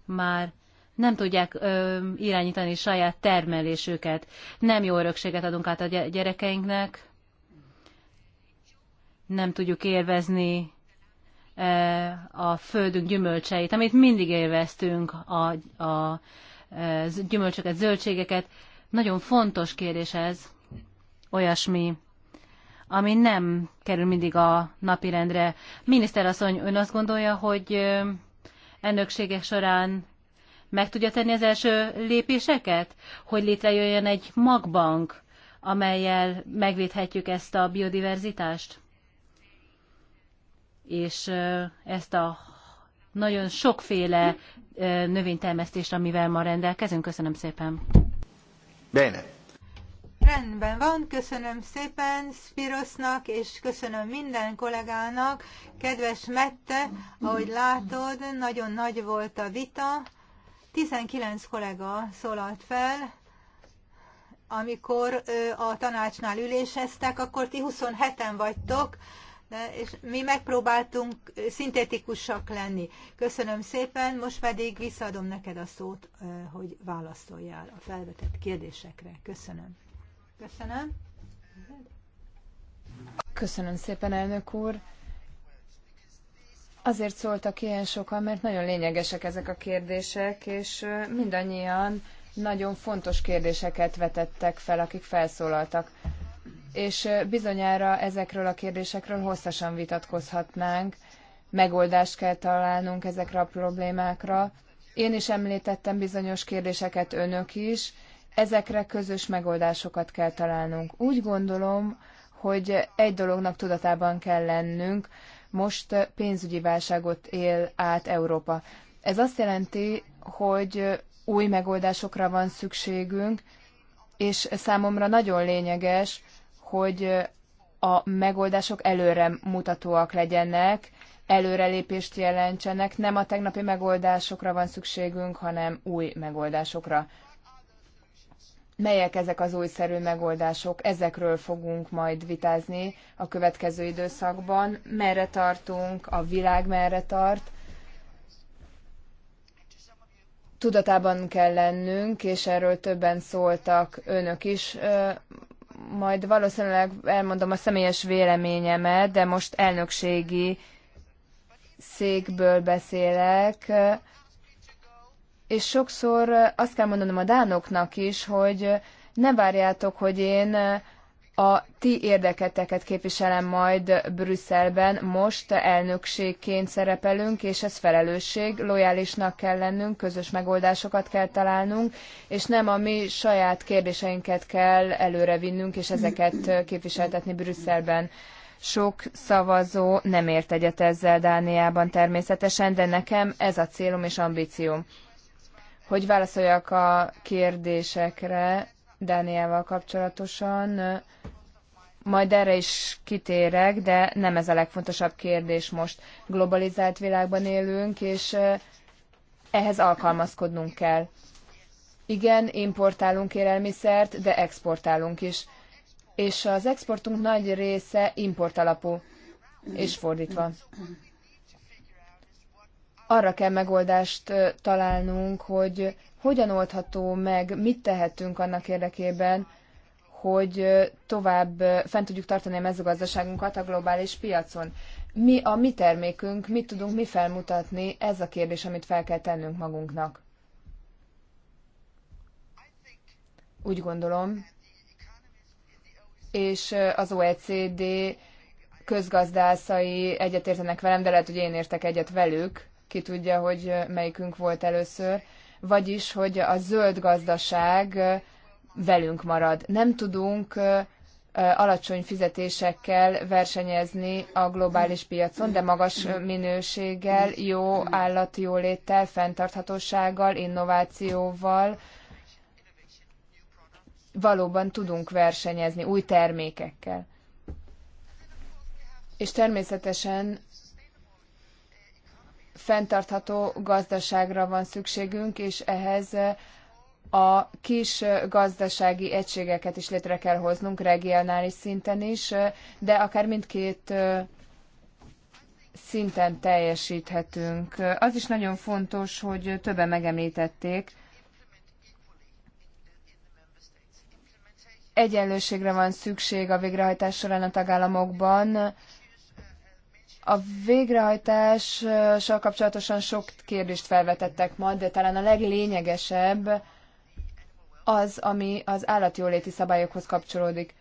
már nem tudják ö, irányítani saját termelésüket. Nem jó örökséget adunk át a gyerekeinknek, nem tudjuk élvezni e, a földünk gyümölcseit, amit mindig élveztünk, a, a, a e, gyümölcsöket, zöldségeket, nagyon fontos kérdés ez, olyasmi, ami nem kerül mindig a napirendre. Miniszterasszony, ön azt gondolja, hogy elnöksége során meg tudja tenni az első lépéseket, hogy létrejöjjön egy magbank, amelyel megvédhetjük ezt a biodiverzitást? És ezt a nagyon sokféle növénytermesztést, amivel ma rendelkezünk. Köszönöm szépen. Bene. Rendben van, köszönöm szépen Spirosnak, és köszönöm minden kollégának. Kedves Mette, ahogy látod, nagyon nagy volt a vita. 19 kollega szólalt fel, amikor a tanácsnál üléseztek, akkor ti 27-en vagytok, és mi megpróbáltunk szintetikusak lenni. Köszönöm szépen, most pedig visszaadom neked a szót, hogy válaszoljál a felvetett kérdésekre. Köszönöm. Köszönöm. Köszönöm szépen, elnök úr. Azért szóltak ilyen sokan, mert nagyon lényegesek ezek a kérdések, és mindannyian nagyon fontos kérdéseket vetettek fel, akik felszólaltak és bizonyára ezekről a kérdésekről hosszasan vitatkozhatnánk, megoldást kell találnunk ezekre a problémákra. Én is említettem bizonyos kérdéseket önök is, ezekre közös megoldásokat kell találnunk. Úgy gondolom, hogy egy dolognak tudatában kell lennünk, most pénzügyi válságot él át Európa. Ez azt jelenti, hogy új megoldásokra van szükségünk, és számomra nagyon lényeges, hogy a megoldások előre mutatóak legyenek, előrelépést jelentsenek. Nem a tegnapi megoldásokra van szükségünk, hanem új megoldásokra. Melyek ezek az újszerű megoldások? Ezekről fogunk majd vitázni a következő időszakban. Merre tartunk, a világ merre tart, tudatában kell lennünk, és erről többen szóltak önök is majd valószínűleg elmondom a személyes véleményemet, de most elnökségi székből beszélek, és sokszor azt kell mondanom a dánoknak is, hogy ne várjátok, hogy én a ti érdeketeket képviselem majd Brüsszelben. Most elnökségként szerepelünk, és ez felelősség. Lojálisnak kell lennünk, közös megoldásokat kell találnunk, és nem a mi saját kérdéseinket kell előrevinnünk, és ezeket képviseltetni Brüsszelben. Sok szavazó nem ért egyet ezzel Dániában természetesen, de nekem ez a célom és ambícióm. Hogy válaszoljak a kérdésekre, Dánielval kapcsolatosan. Majd erre is kitérek, de nem ez a legfontosabb kérdés most. Globalizált világban élünk, és ehhez alkalmazkodnunk kell. Igen, importálunk élelmiszert, de exportálunk is. És az exportunk nagy része import alapú, és fordítva arra kell megoldást találnunk, hogy hogyan oldható meg, mit tehetünk annak érdekében, hogy tovább fent tudjuk tartani a mezőgazdaságunkat a globális piacon. Mi a mi termékünk, mit tudunk mi felmutatni, ez a kérdés, amit fel kell tennünk magunknak. Úgy gondolom, és az OECD közgazdászai egyetértenek velem, de lehet, hogy én értek egyet velük, ki tudja, hogy melyikünk volt először, vagyis, hogy a zöld gazdaság velünk marad. Nem tudunk alacsony fizetésekkel versenyezni a globális piacon, de magas minőséggel, jó állatjóléttel, fenntarthatósággal, innovációval valóban tudunk versenyezni új termékekkel. És természetesen fenntartható gazdaságra van szükségünk, és ehhez a kis gazdasági egységeket is létre kell hoznunk regionális szinten is, de akár mindkét szinten teljesíthetünk. Az is nagyon fontos, hogy többen megemlítették, egyenlőségre van szükség a végrehajtás során a tagállamokban, a végrehajtással kapcsolatosan sok kérdést felvetettek ma, de talán a leglényegesebb az, ami az állatjóléti szabályokhoz kapcsolódik.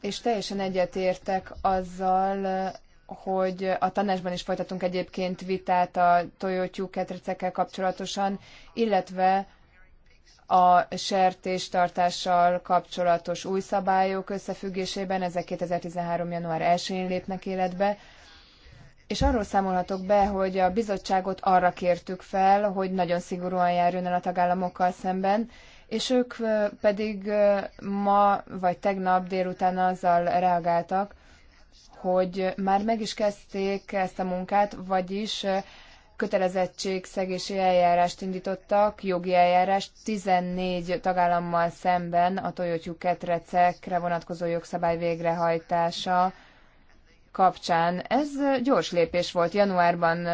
És teljesen egyetértek azzal, hogy a tanásban is folytatunk egyébként vitát a tojótyúk ketrecekkel kapcsolatosan, illetve a sertéstartással kapcsolatos új szabályok összefüggésében, ezek 2013. január 1-én lépnek életbe, és arról számolhatok be, hogy a bizottságot arra kértük fel, hogy nagyon szigorúan járjon el a tagállamokkal szemben, és ők pedig ma vagy tegnap délután azzal reagáltak, hogy már meg is kezdték ezt a munkát, vagyis kötelezettségszegési eljárást indítottak, jogi eljárást 14 tagállammal szemben a tojótyúk ketrecekre vonatkozó jogszabály végrehajtása kapcsán. Ez gyors lépés volt, januárban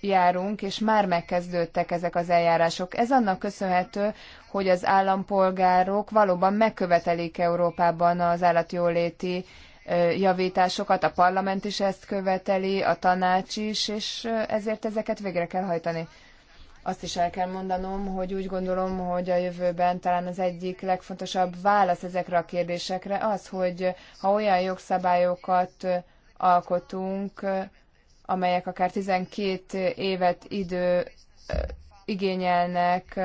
járunk, és már megkezdődtek ezek az eljárások. Ez annak köszönhető, hogy az állampolgárok valóban megkövetelik Európában az állatjóléti javításokat, a parlament is ezt követeli, a tanács is, és ezért ezeket végre kell hajtani. Azt is el kell mondanom, hogy úgy gondolom, hogy a jövőben talán az egyik legfontosabb válasz ezekre a kérdésekre az, hogy ha olyan jogszabályokat alkotunk, amelyek akár 12 évet idő igényelnek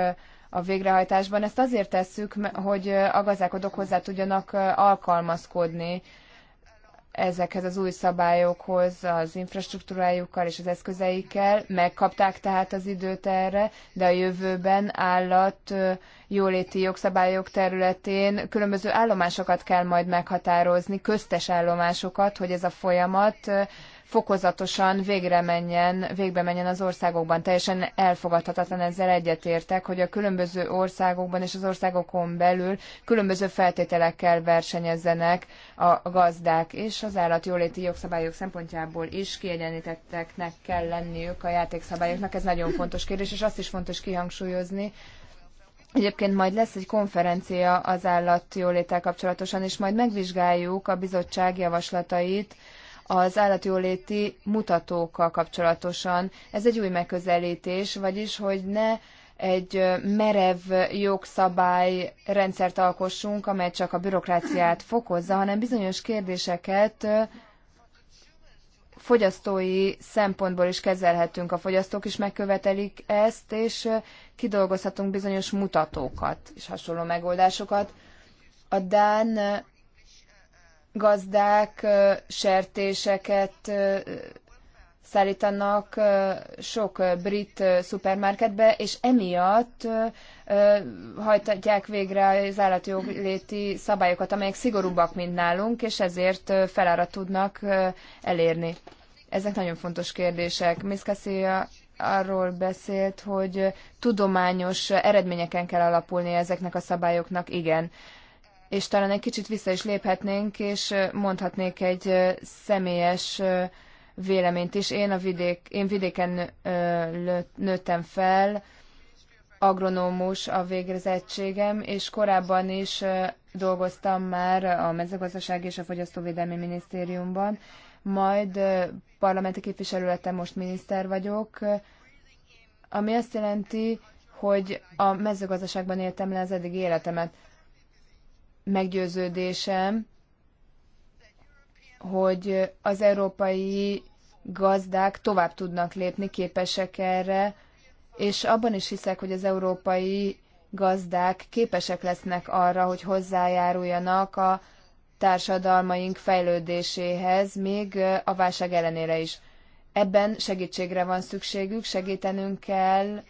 a végrehajtásban. Ezt azért tesszük, hogy a gazdálkodók hozzá tudjanak alkalmazkodni ezekhez az új szabályokhoz, az infrastruktúrájukkal és az eszközeikkel. Megkapták tehát az időt erre, de a jövőben állat jóléti jogszabályok területén különböző állomásokat kell majd meghatározni, köztes állomásokat, hogy ez a folyamat fokozatosan végre menjen, végbe menjen az országokban. Teljesen elfogadhatatlan ezzel egyetértek, hogy a különböző országokban és az országokon belül különböző feltételekkel versenyezzenek a gazdák, és az állatjóléti jogszabályok szempontjából is kiegyenlítetteknek kell lenniük a játékszabályoknak. Ez nagyon fontos kérdés, és azt is fontos kihangsúlyozni, Egyébként majd lesz egy konferencia az állatjólétel kapcsolatosan, és majd megvizsgáljuk a bizottság javaslatait az állatjóléti mutatókkal kapcsolatosan. Ez egy új megközelítés, vagyis hogy ne egy merev jogszabály rendszert alkossunk, amely csak a bürokráciát fokozza, hanem bizonyos kérdéseket fogyasztói szempontból is kezelhetünk. A fogyasztók is megkövetelik ezt, és kidolgozhatunk bizonyos mutatókat és hasonló megoldásokat. A Dán gazdák sertéseket szállítanak sok brit szupermarketbe, és emiatt hajtatják végre az állatjogléti szabályokat, amelyek szigorúbbak, mint nálunk, és ezért felára tudnak elérni. Ezek nagyon fontos kérdések. Miss Cassia arról beszélt, hogy tudományos eredményeken kell alapulni ezeknek a szabályoknak. Igen, és talán egy kicsit vissza is léphetnénk, és mondhatnék egy személyes véleményt is. Én a vidék, én vidéken nőttem fel, agronómus a végrezettségem, és korábban is dolgoztam már a mezőgazdaság és a fogyasztóvédelmi minisztériumban, majd parlamenti képviselőletem most miniszter vagyok, ami azt jelenti, hogy a mezőgazdaságban éltem le az eddig életemet meggyőződésem, hogy az európai gazdák tovább tudnak lépni, képesek erre, és abban is hiszek, hogy az európai gazdák képesek lesznek arra, hogy hozzájáruljanak a társadalmaink fejlődéséhez, még a válság ellenére is. Ebben segítségre van szükségük, segítenünk kell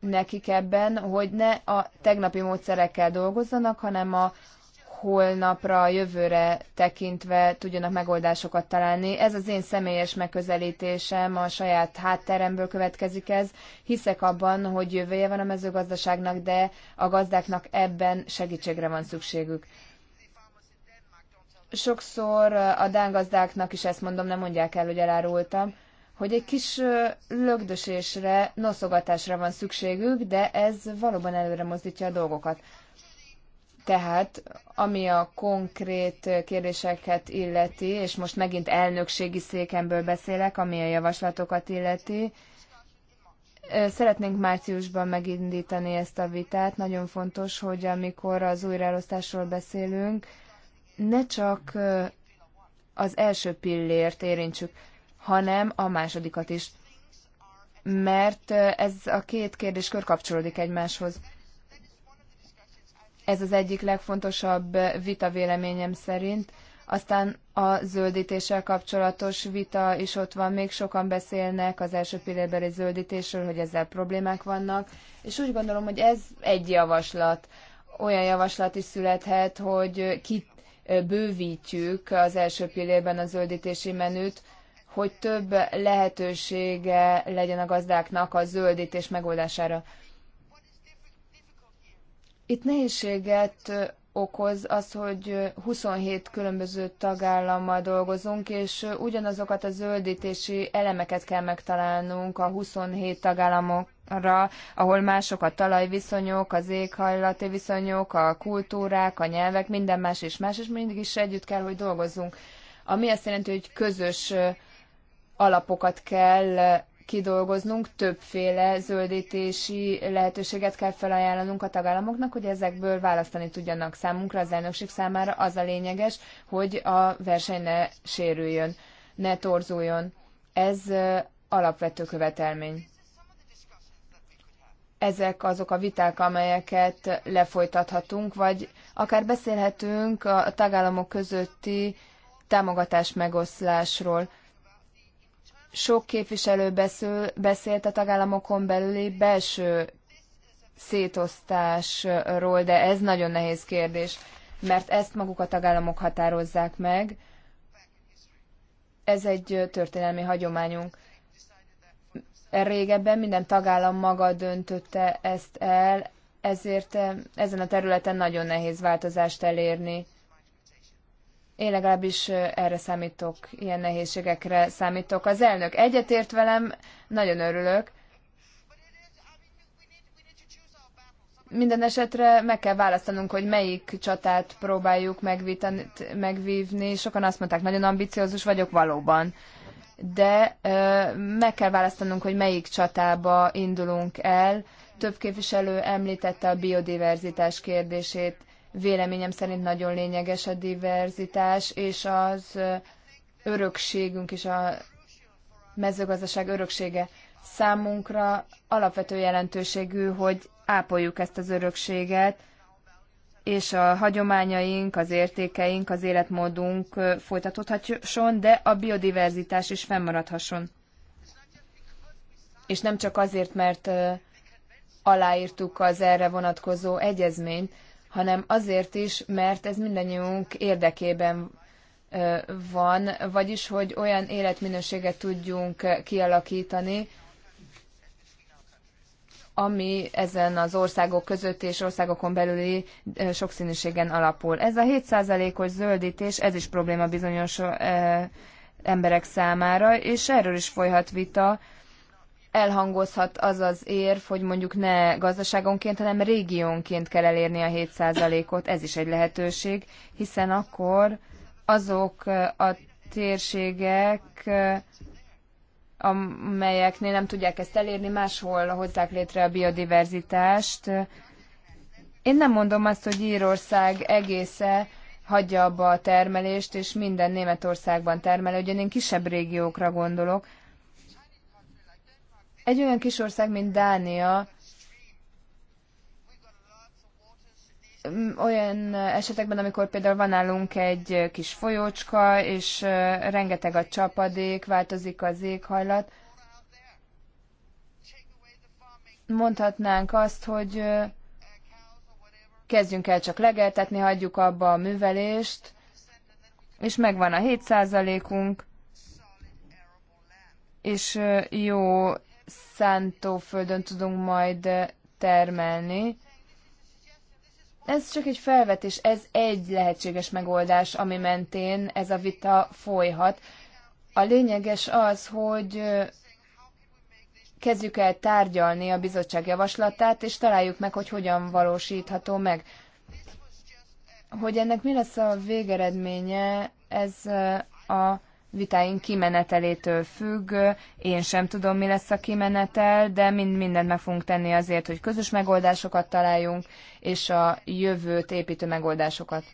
nekik ebben, hogy ne a tegnapi módszerekkel dolgozzanak, hanem a holnapra, a jövőre tekintve tudjanak megoldásokat találni. Ez az én személyes megközelítésem, a saját hátteremből következik ez. Hiszek abban, hogy jövője van a mezőgazdaságnak, de a gazdáknak ebben segítségre van szükségük. Sokszor a dán gazdáknak is ezt mondom, nem mondják el, hogy elárultam hogy egy kis lögdösésre, noszogatásra van szükségük, de ez valóban előre mozdítja a dolgokat. Tehát, ami a konkrét kérdéseket illeti, és most megint elnökségi székemből beszélek, ami a javaslatokat illeti, Szeretnénk márciusban megindítani ezt a vitát. Nagyon fontos, hogy amikor az újraelosztásról beszélünk, ne csak az első pillért érintsük hanem a másodikat is. Mert ez a két kérdéskör kapcsolódik egymáshoz. Ez az egyik legfontosabb vita véleményem szerint. Aztán a zöldítéssel kapcsolatos vita is ott van, még sokan beszélnek az első pillérbeli zöldítésről, hogy ezzel problémák vannak, és úgy gondolom, hogy ez egy javaslat. Olyan javaslat is születhet, hogy ki bővítjük az első pillérben a zöldítési menüt, hogy több lehetősége legyen a gazdáknak a zöldítés megoldására. Itt nehézséget okoz az, hogy 27 különböző tagállammal dolgozunk, és ugyanazokat a zöldítési elemeket kell megtalálnunk a 27 tagállamokra, ahol mások a talajviszonyok, az éghajlati viszonyok, a kultúrák, a nyelvek, minden más és más, és mindig is együtt kell, hogy dolgozzunk. Ami azt jelenti, hogy közös alapokat kell eh, kidolgoznunk, többféle zöldítési lehetőséget kell felajánlanunk a tagállamoknak, hogy ezekből választani tudjanak számunkra, az elnökség számára az a lényeges, hogy a verseny ne sérüljön, ne torzuljon. Ez eh, alapvető követelmény. Ezek azok a viták, amelyeket lefolytathatunk, vagy akár beszélhetünk a tagállamok közötti támogatás megoszlásról sok képviselő beszél, beszélt a tagállamokon belüli belső szétosztásról, de ez nagyon nehéz kérdés, mert ezt maguk a tagállamok határozzák meg. Ez egy történelmi hagyományunk. Régebben minden tagállam maga döntötte ezt el, ezért ezen a területen nagyon nehéz változást elérni. Én legalábbis erre számítok, ilyen nehézségekre számítok. Az elnök egyetért velem, nagyon örülök. Minden esetre meg kell választanunk, hogy melyik csatát próbáljuk megvítani, megvívni. Sokan azt mondták, nagyon ambiciózus vagyok valóban. De ö, meg kell választanunk, hogy melyik csatába indulunk el. Több képviselő említette a biodiverzitás kérdését Véleményem szerint nagyon lényeges a diverzitás, és az örökségünk és a mezőgazdaság öröksége számunkra alapvető jelentőségű, hogy ápoljuk ezt az örökséget, és a hagyományaink, az értékeink, az életmódunk folytatódhasson, de a biodiverzitás is fennmaradhasson. És nem csak azért, mert aláírtuk az erre vonatkozó egyezményt, hanem azért is, mert ez mindannyiunk érdekében van, vagyis, hogy olyan életminőséget tudjunk kialakítani, ami ezen az országok között és országokon belüli sokszínűségen alapul. Ez a 7%-os zöldítés, ez is probléma bizonyos emberek számára, és erről is folyhat vita, elhangozhat az az érv, hogy mondjuk ne gazdaságonként, hanem régiónként kell elérni a 7%-ot, ez is egy lehetőség, hiszen akkor azok a térségek, amelyeknél nem tudják ezt elérni, máshol hozzák létre a biodiverzitást. Én nem mondom azt, hogy Írország egésze hagyja abba a termelést, és minden Németországban termel, ugye én kisebb régiókra gondolok, egy olyan kis ország, mint Dánia, mm, olyan esetekben, amikor például van nálunk egy kis folyócska, és rengeteg a csapadék, változik az éghajlat, mondhatnánk azt, hogy kezdjünk el csak legeltetni, hagyjuk abba a művelést, és megvan a 7%-unk, és jó szántóföldön tudunk majd eh, termelni. Ez csak egy felvetés, ez egy lehetséges megoldás, ami mentén ez a vita folyhat. A lényeges az, hogy eh, kezdjük el tárgyalni a bizottság javaslatát, és találjuk meg, hogy hogyan valósítható meg. Hogy ennek mi lesz a végeredménye, ez eh, a vitáink kimenetelétől függ. Én sem tudom, mi lesz a kimenetel, de mind mindent meg fogunk tenni azért, hogy közös megoldásokat találjunk, és a jövőt építő megoldásokat.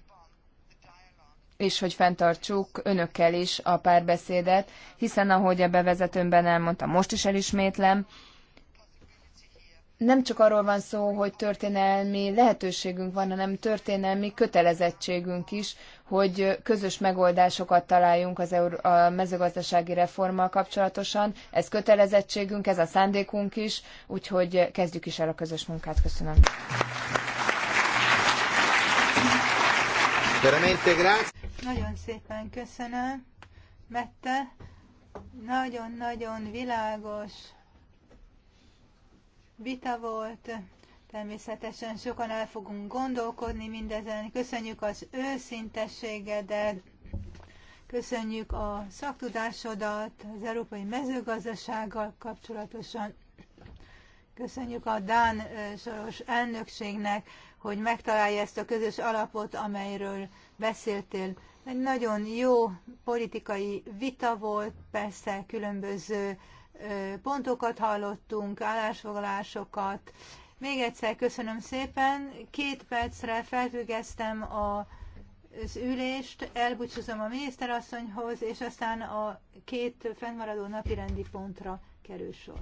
És hogy fenntartsuk önökkel is a párbeszédet, hiszen ahogy a bevezetőmben elmondtam, most is elismétlem, nem csak arról van szó, hogy történelmi lehetőségünk van, hanem történelmi kötelezettségünk is, hogy közös megoldásokat találjunk az Euró- a mezőgazdasági reformmal kapcsolatosan. Ez kötelezettségünk, ez a szándékunk is, úgyhogy kezdjük is el a közös munkát. Köszönöm. Nagyon szépen köszönöm, Mette. Nagyon-nagyon világos vita volt, természetesen sokan el fogunk gondolkodni mindezen. Köszönjük az őszintességedet, köszönjük a szaktudásodat az európai mezőgazdasággal kapcsolatosan. Köszönjük a Dán soros elnökségnek, hogy megtalálja ezt a közös alapot, amelyről beszéltél. Egy nagyon jó politikai vita volt, persze különböző pontokat hallottunk, állásfoglalásokat. Még egyszer köszönöm szépen. Két percre felfüggesztem a az ülést, elbúcsúzom a miniszterasszonyhoz, és aztán a két fennmaradó napirendi pontra kerül sor.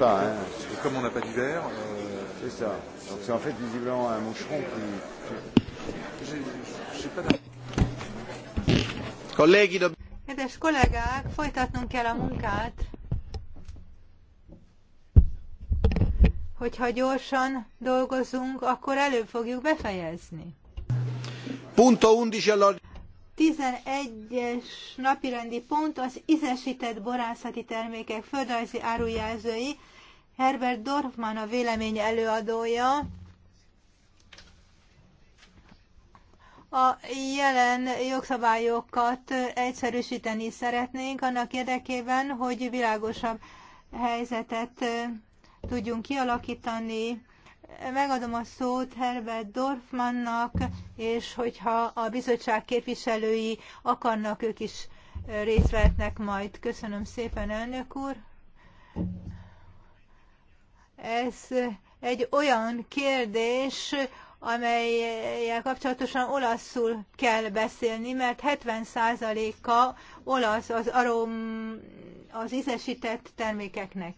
Pas, hein. Et comme on n'a pas d'hiver. Euh... C'est ça. Donc c'est en fait visiblement un moucheron qui. J'ai pas Kollégi, Kedves kollégák, folytatnunk kell a munkát. Hogyha gyorsan dolgozunk, akkor előbb fogjuk befejezni. Punto 11 11-es napirendi pont az ízesített borászati termékek földrajzi árujelzői, Herbert Dorfman a vélemény előadója. A jelen jogszabályokat egyszerűsíteni szeretnénk annak érdekében, hogy világosabb helyzetet tudjunk kialakítani. Megadom a szót Herbert Dorfmannak, és hogyha a bizottság képviselői akarnak, ők is részt vehetnek majd. Köszönöm szépen, elnök úr! Ez egy olyan kérdés, amelyel kapcsolatosan olaszul kell beszélni, mert 70%-a olasz az arom, az ízesített termékeknek.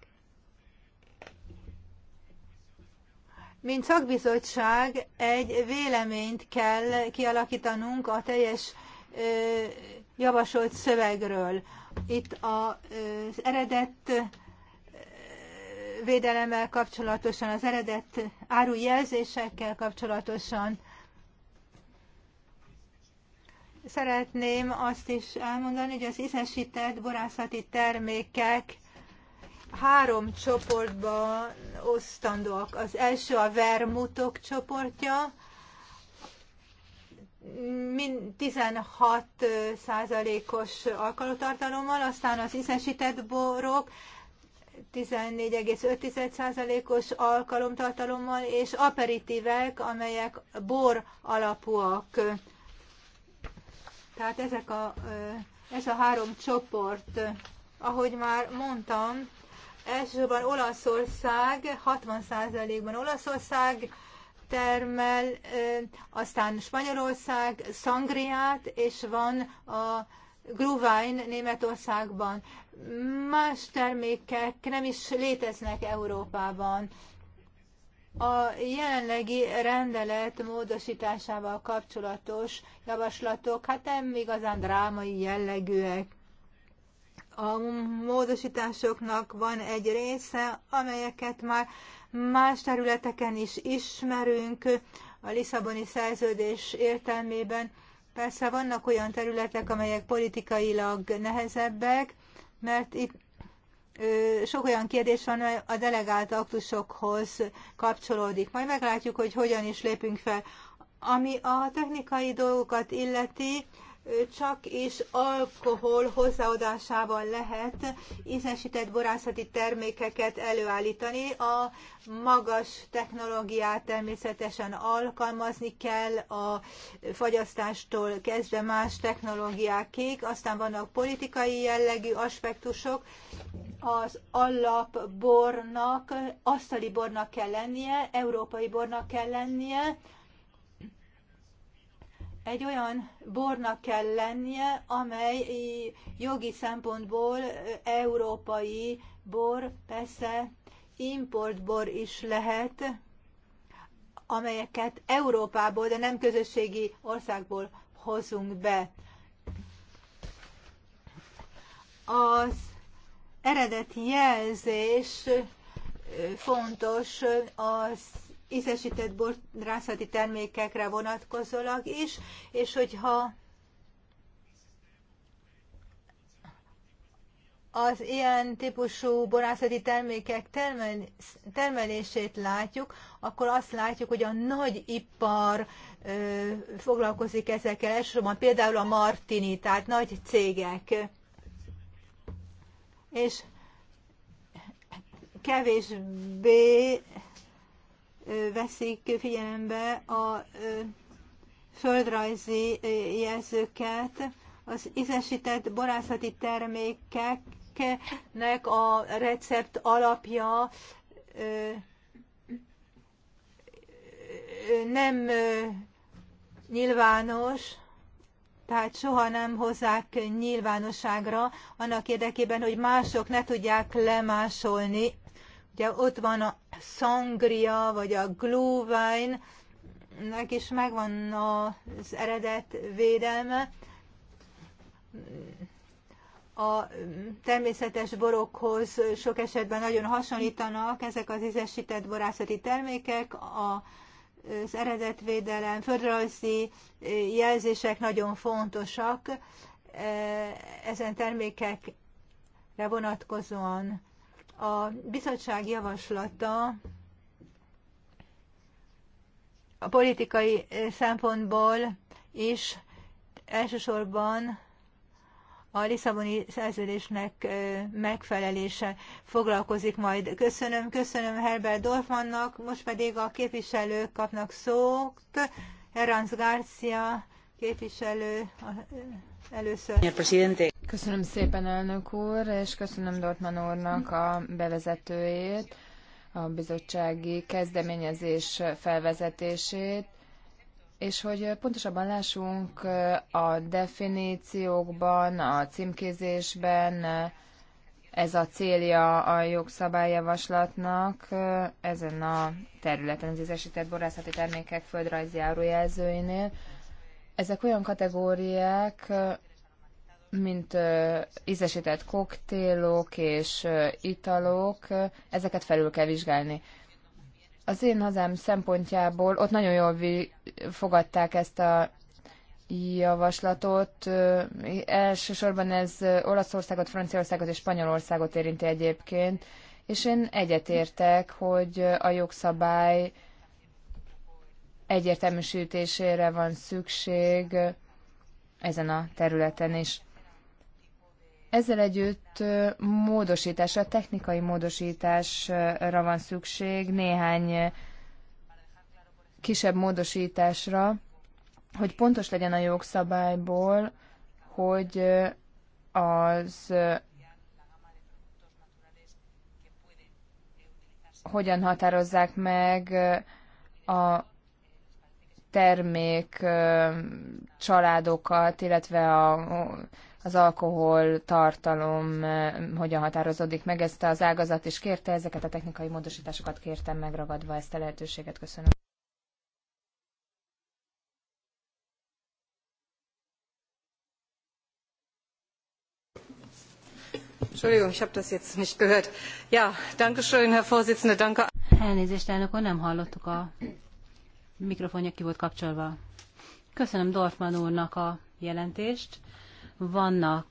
Mint szakbizottság egy véleményt kell kialakítanunk a teljes ö, javasolt szövegről. Itt az eredet védelemmel kapcsolatosan, az eredet árujelzésekkel kapcsolatosan. Szeretném azt is elmondani, hogy az ízesített borászati termékek három csoportba osztandóak. Az első a vermutok csoportja, 16 százalékos alkalotartalommal, aztán az ízesített borok 14,5%-os alkalomtartalommal, és aperitívek, amelyek bor alapúak. Tehát ezek a, ez a három csoport, ahogy már mondtam, elsősorban Olaszország, 60%-ban Olaszország termel, aztán Spanyolország, Szangriát, és van a Gruvain Németországban. Más termékek nem is léteznek Európában. A jelenlegi rendelet módosításával kapcsolatos javaslatok hát nem igazán drámai jellegűek. A módosításoknak van egy része, amelyeket már más területeken is ismerünk a Lisszaboni szerződés értelmében Persze vannak olyan területek, amelyek politikailag nehezebbek, mert itt sok olyan kérdés van, amely a delegált aktusokhoz kapcsolódik. Majd meglátjuk, hogy hogyan is lépünk fel. Ami a technikai dolgokat illeti, csak is alkohol hozzáadásával lehet ízesített borászati termékeket előállítani. A magas technológiát természetesen alkalmazni kell a fagyasztástól kezdve más technológiákig. Aztán vannak politikai jellegű aspektusok. Az alapbornak, asztali bornak kell lennie, európai bornak kell lennie, egy olyan bornak kell lennie, amely jogi szempontból európai bor, persze importbor is lehet, amelyeket Európából, de nem közösségi országból hozunk be. Az eredeti jelzés fontos az ízesített borászati termékekre vonatkozólag is, és hogyha az ilyen típusú borászati termékek termelését látjuk, akkor azt látjuk, hogy a nagy ipar ö, foglalkozik ezekkel, elsősorban például a Martini, tehát nagy cégek. És kevésbé veszik figyelembe a földrajzi jelzőket, az ízesített borászati termékeknek a recept alapja nem nyilvános, tehát soha nem hozzák nyilvánosságra annak érdekében, hogy mások ne tudják lemásolni Ugye ott van a sangria, vagy a glühwein, nek is megvan az eredet védelme. A természetes borokhoz sok esetben nagyon hasonlítanak ezek az ízesített borászati termékek, a, az eredetvédelem, földrajzi jelzések nagyon fontosak e, ezen termékekre vonatkozóan. A bizottság javaslata a politikai szempontból is elsősorban a Lisszaboni szerződésnek megfelelése foglalkozik majd. Köszönöm, köszönöm Herbert Dorfmannak, most pedig a képviselők kapnak szót. Heranz Garcia képviselő Először. Köszönöm szépen, elnök úr, és köszönöm Dortman úrnak a bevezetőjét, a bizottsági kezdeményezés felvezetését, és hogy pontosabban lássunk a definíciókban, a címkézésben, ez a célja a jogszabályjavaslatnak ezen a területen, az ízesített borászati termékek földrajzi árujelzőinél. Ezek olyan kategóriák, mint ízesített koktélok és italok, ezeket felül kell vizsgálni. Az én hazám szempontjából ott nagyon jól fogadták ezt a javaslatot. Elsősorban ez Olaszországot, Franciaországot és Spanyolországot érinti egyébként, és én egyetértek, hogy a jogszabály egyértelműsítésére van szükség ezen a területen is. Ezzel együtt módosításra, technikai módosításra van szükség, néhány kisebb módosításra, hogy pontos legyen a jogszabályból, hogy az hogyan határozzák meg a termék családokat, illetve a, az alkohol tartalom hogyan határozódik meg. Ezt az ágazat is kérte, ezeket a technikai módosításokat kértem megragadva ezt a lehetőséget. Köszönöm. Entschuldigung, ich habe das jetzt nicht gehört. Ja, danke schön, Herr Vorsitzender, danke. Elnézést, elnök nem hallottuk a mikrofonja ki volt kapcsolva. Köszönöm Dorfman úrnak a jelentést. Vannak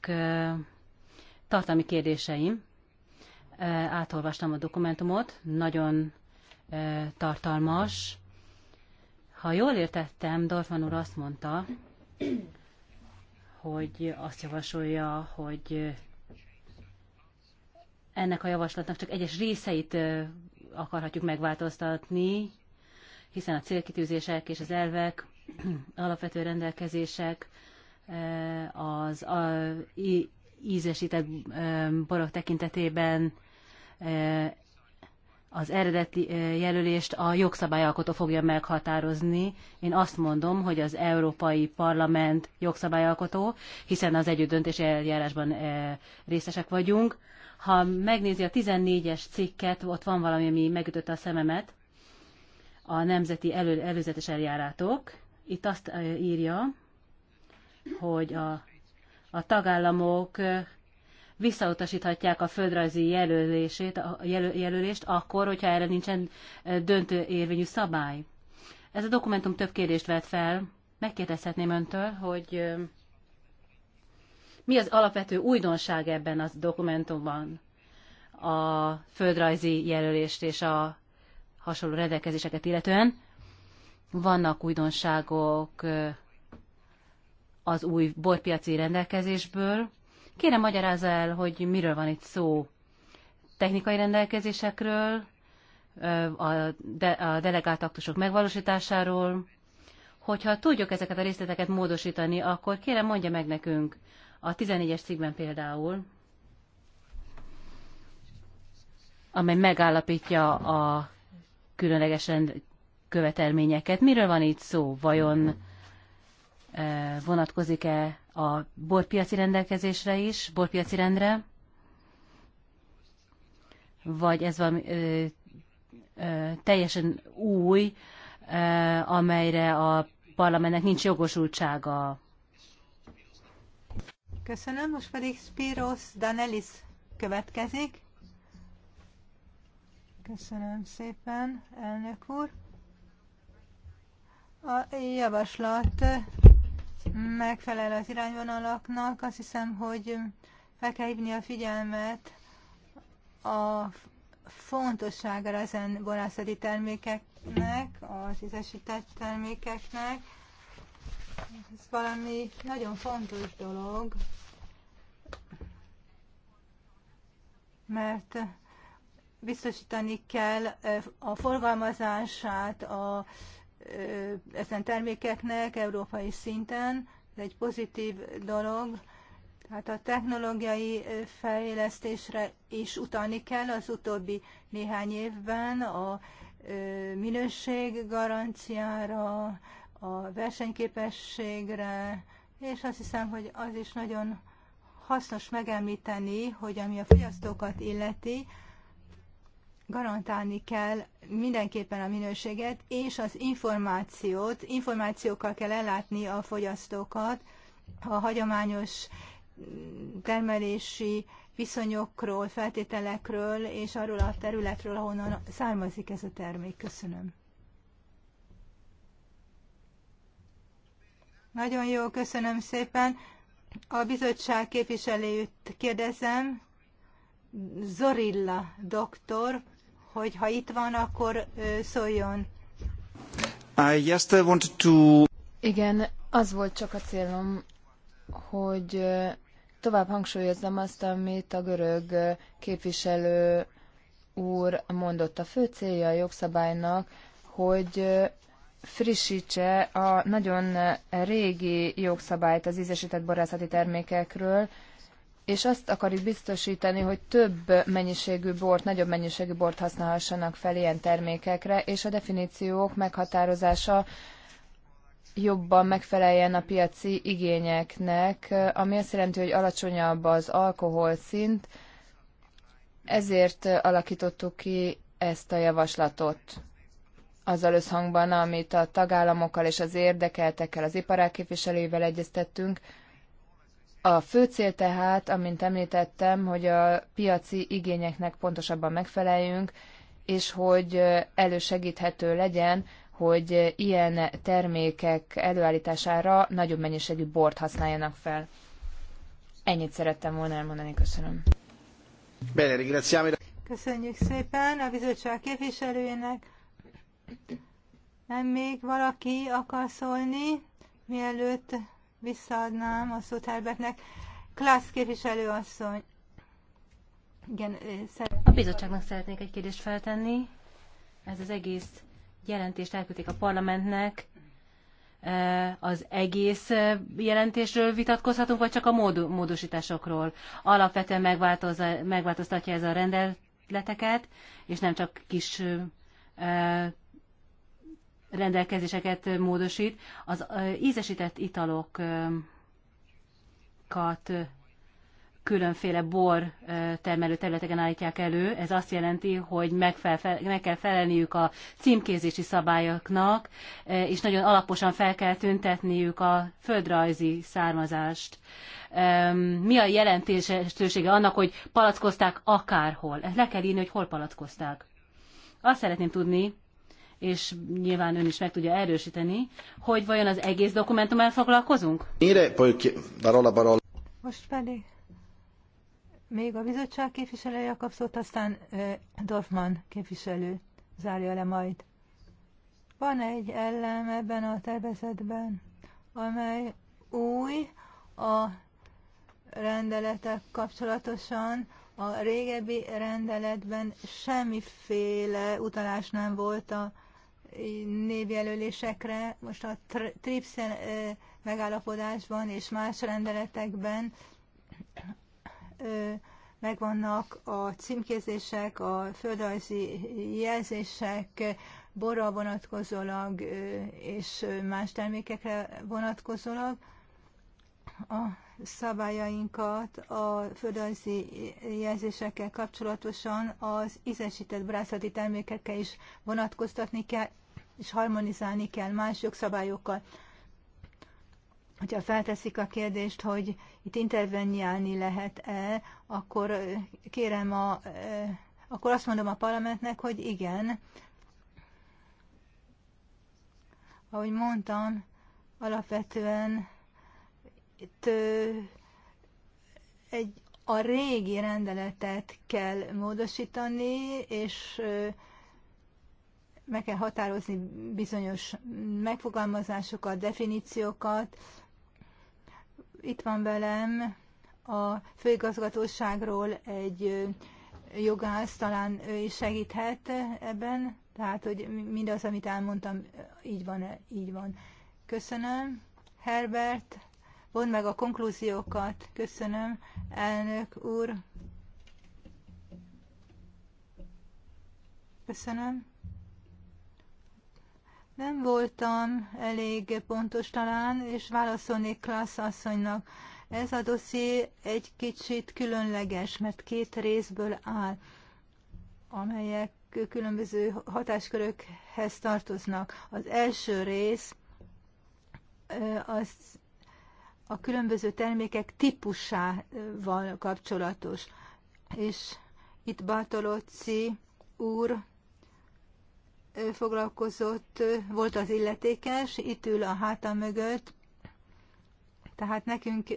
tartalmi kérdéseim. Átolvastam a dokumentumot, nagyon tartalmas. Ha jól értettem, Dorfman úr azt mondta, hogy azt javasolja, hogy ennek a javaslatnak csak egyes részeit akarhatjuk megváltoztatni, hiszen a célkitűzések és az elvek, alapvető rendelkezések e, az ízesített e, borok tekintetében e, az eredeti jelölést a jogszabályalkotó fogja meghatározni. Én azt mondom, hogy az Európai Parlament jogszabályalkotó, hiszen az együttdöntési eljárásban részesek vagyunk. Ha megnézi a 14-es cikket, ott van valami, ami megütötte a szememet a nemzeti elő, előzetes eljárátok. Itt azt írja, hogy a, a tagállamok visszautasíthatják a földrajzi jelölését, a jelöl, jelölést akkor, hogyha erre nincsen döntő érvényű szabály. Ez a dokumentum több kérdést vet fel. Megkérdezhetném öntől, hogy mi az alapvető újdonság ebben a dokumentumban a földrajzi jelölést és a hasonló rendelkezéseket illetően. Vannak újdonságok az új borpiaci rendelkezésből. Kérem, magyarázza el, hogy miről van itt szó. Technikai rendelkezésekről, a, de, a delegált aktusok megvalósításáról. Hogyha tudjuk ezeket a részleteket módosítani, akkor kérem mondja meg nekünk a 14-es cikkben például, amely megállapítja a különleges rend követelményeket. Miről van itt szó? Vajon e, vonatkozik-e a borpiaci rendelkezésre is, borpiaci rendre? Vagy ez valami ö, ö, teljesen új, ö, e, amelyre a parlamentnek nincs jogosultsága? Köszönöm, most pedig Spiros Danelis következik. Köszönöm szépen, elnök úr. A javaslat megfelel az irányvonalaknak. Azt hiszem, hogy fel kell hívni a figyelmet a fontosságára ezen borászati termékeknek, az ízesített termékeknek. Ez valami nagyon fontos dolog, mert biztosítani kell a forgalmazását a, ezen termékeknek európai szinten. Ez egy pozitív dolog. Tehát a technológiai fejlesztésre is utalni kell az utóbbi néhány évben a minőség garanciára, a versenyképességre, és azt hiszem, hogy az is nagyon hasznos megemlíteni, hogy ami a fogyasztókat illeti, garantálni kell mindenképpen a minőséget és az információt, információkkal kell ellátni a fogyasztókat a hagyományos mm, termelési viszonyokról, feltételekről és arról a területről, ahonnan származik ez a termék. Köszönöm. Nagyon jó, köszönöm szépen. A bizottság képviselőjét kérdezem, Zorilla doktor hogy ha itt van, akkor szóljon. I just uh, wanted to... Igen, az volt csak a célom, hogy tovább hangsúlyozzam azt, amit a görög képviselő úr mondott. A fő célja a jogszabálynak, hogy frissítse a nagyon régi jogszabályt az ízesített borászati termékekről, és azt akarjuk biztosítani, hogy több mennyiségű bort, nagyobb mennyiségű bort használhassanak fel ilyen termékekre, és a definíciók meghatározása jobban megfeleljen a piaci igényeknek, ami azt jelenti, hogy alacsonyabb az alkoholszint, ezért alakítottuk ki ezt a javaslatot. Azzal összhangban, amit a tagállamokkal és az érdekeltekkel, az iparák képviselőivel egyeztettünk, a fő cél tehát, amint említettem, hogy a piaci igényeknek pontosabban megfeleljünk, és hogy elősegíthető legyen, hogy ilyen termékek előállítására nagyobb mennyiségű bort használjanak fel. Ennyit szerettem volna elmondani, köszönöm. Köszönjük szépen a bizottság képviselőjének. Nem még valaki akar szólni, mielőtt Visszaadnám a szót Herbertnek. Klassz képviselő asszony. Igen, szeret... A bizottságnak szeretnék egy kérdést feltenni. Ez az egész jelentést elküldték a parlamentnek. Az egész jelentésről vitatkozhatunk, vagy csak a módosításokról? Alapvetően megváltoztatja ez a rendeleteket, és nem csak kis rendelkezéseket módosít. Az ízesített italokat különféle bor termelő területeken állítják elő. Ez azt jelenti, hogy meg, fel, meg kell felelniük a címkézési szabályoknak, és nagyon alaposan fel kell tüntetniük a földrajzi származást. Mi a jelentősége annak, hogy palackozták akárhol? Le kell írni, hogy hol palackozták. Azt szeretném tudni, és nyilván ön is meg tudja erősíteni, hogy vajon az egész dokumentummal foglalkozunk? barola, barola. Most pedig még a bizottság képviselője kap szót, aztán Dorfman képviselő zárja le majd. Van egy elem ebben a tervezetben, amely új a rendeletek kapcsolatosan, a régebbi rendeletben semmiféle utalás nem volt a névjelölésekre. Most a TRIPS eh, megállapodásban és más rendeletekben eh, megvannak a címkézések, a földrajzi jelzések, borra vonatkozólag eh, és más termékekre vonatkozólag a szabályainkat a földrajzi jelzésekkel kapcsolatosan az ízesített brászati termékekkel is vonatkoztatni kell és harmonizálni kell más jogszabályokkal. Hogyha felteszik a kérdést, hogy itt intervenniálni lehet-e, akkor kérem a, akkor azt mondom a parlamentnek, hogy igen. Ahogy mondtam, alapvetően itt egy, a régi rendeletet kell módosítani, és meg kell határozni bizonyos megfogalmazásokat, definíciókat. Itt van velem a főigazgatóságról egy jogász, talán ő is segíthet ebben, tehát, hogy mindaz, amit elmondtam, így van, -e? így van. Köszönöm. Herbert, vond meg a konklúziókat. Köszönöm, elnök úr. Köszönöm. Nem voltam elég pontos talán, és válaszolnék Klassz asszonynak. Ez a dosszié egy kicsit különleges, mert két részből áll, amelyek különböző hatáskörökhez tartoznak. Az első rész az a különböző termékek típusával kapcsolatos. És itt Bartolozzi úr foglalkozott, volt az illetékes, itt ül a hátam mögött, tehát nekünk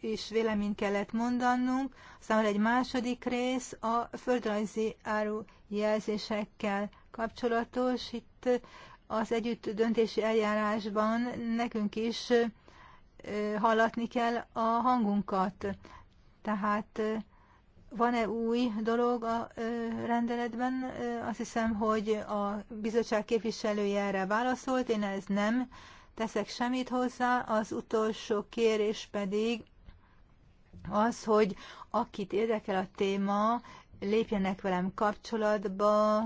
is véleményt kellett mondanunk. Aztán van egy második rész a földrajzi áru jelzésekkel kapcsolatos. Itt az együtt döntési eljárásban nekünk is hallatni kell a hangunkat. Tehát van-e új dolog a rendeletben? Azt hiszem, hogy a bizottság képviselője erre válaszolt, én ez nem teszek semmit hozzá. Az utolsó kérés pedig az, hogy akit érdekel a téma, lépjenek velem kapcsolatba,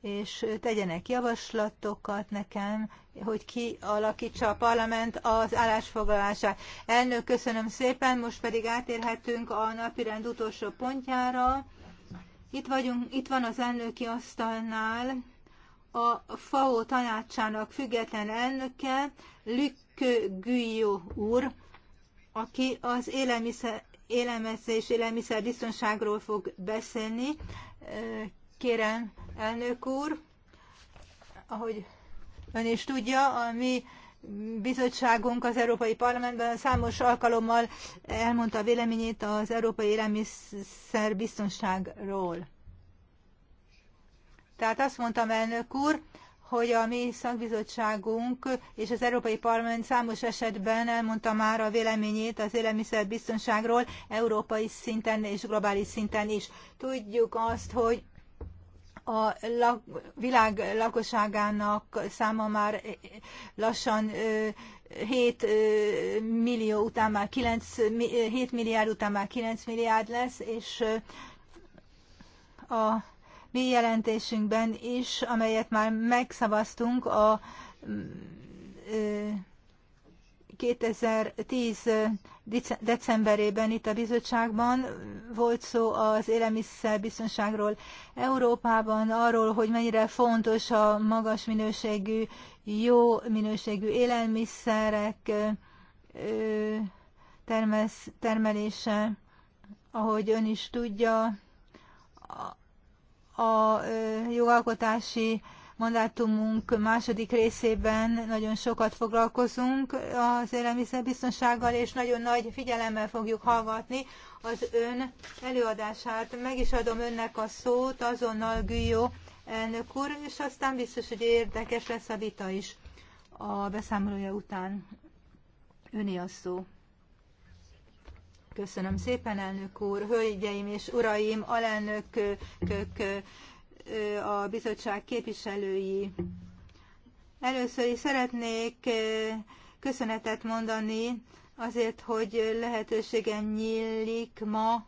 és tegyenek javaslatokat nekem, hogy kialakítsa a parlament az állásfoglalását. Elnök, köszönöm szépen, most pedig átérhetünk a napirend utolsó pontjára. Itt, vagyunk, itt van az elnöki asztalnál a FAO tanácsának független elnöke, Luc Guyot úr, aki az élelmiszer, élelmiszer és élelmiszerbiztonságról fog beszélni. Kérem, elnök úr, ahogy Ön is tudja, a mi bizottságunk az Európai Parlamentben számos alkalommal elmondta a véleményét az Európai Élelmiszer Biztonságról. Tehát azt mondtam, elnök úr, hogy a mi szakbizottságunk és az Európai Parlament számos esetben elmondta már a véleményét az élelmiszer biztonságról európai szinten és globális szinten is. Tudjuk azt, hogy a lak, világ lakosságának száma már lassan 7 millió után már 9, 7 milliárd után már 9 milliárd lesz, és a mi jelentésünkben is, amelyet már megszavaztunk, a 2010 decemberében itt a bizottságban volt szó az élelmiszerbiztonságról Európában, arról, hogy mennyire fontos a magas minőségű, jó minőségű élelmiszerek termesz, termelése, ahogy ön is tudja, a, a jogalkotási mandátumunk második részében nagyon sokat foglalkozunk az élelmiszerbiztonsággal, és nagyon nagy figyelemmel fogjuk hallgatni az ön előadását. Meg is adom önnek a szót azonnal, Gülyó elnök úr, és aztán biztos, hogy érdekes lesz a vita is a beszámolója után. Öné a szó. Köszönöm szépen, elnök úr, hölgyeim és uraim, alelnökök, a bizottság képviselői. Először is szeretnék köszönetet mondani azért, hogy lehetőségem nyílik ma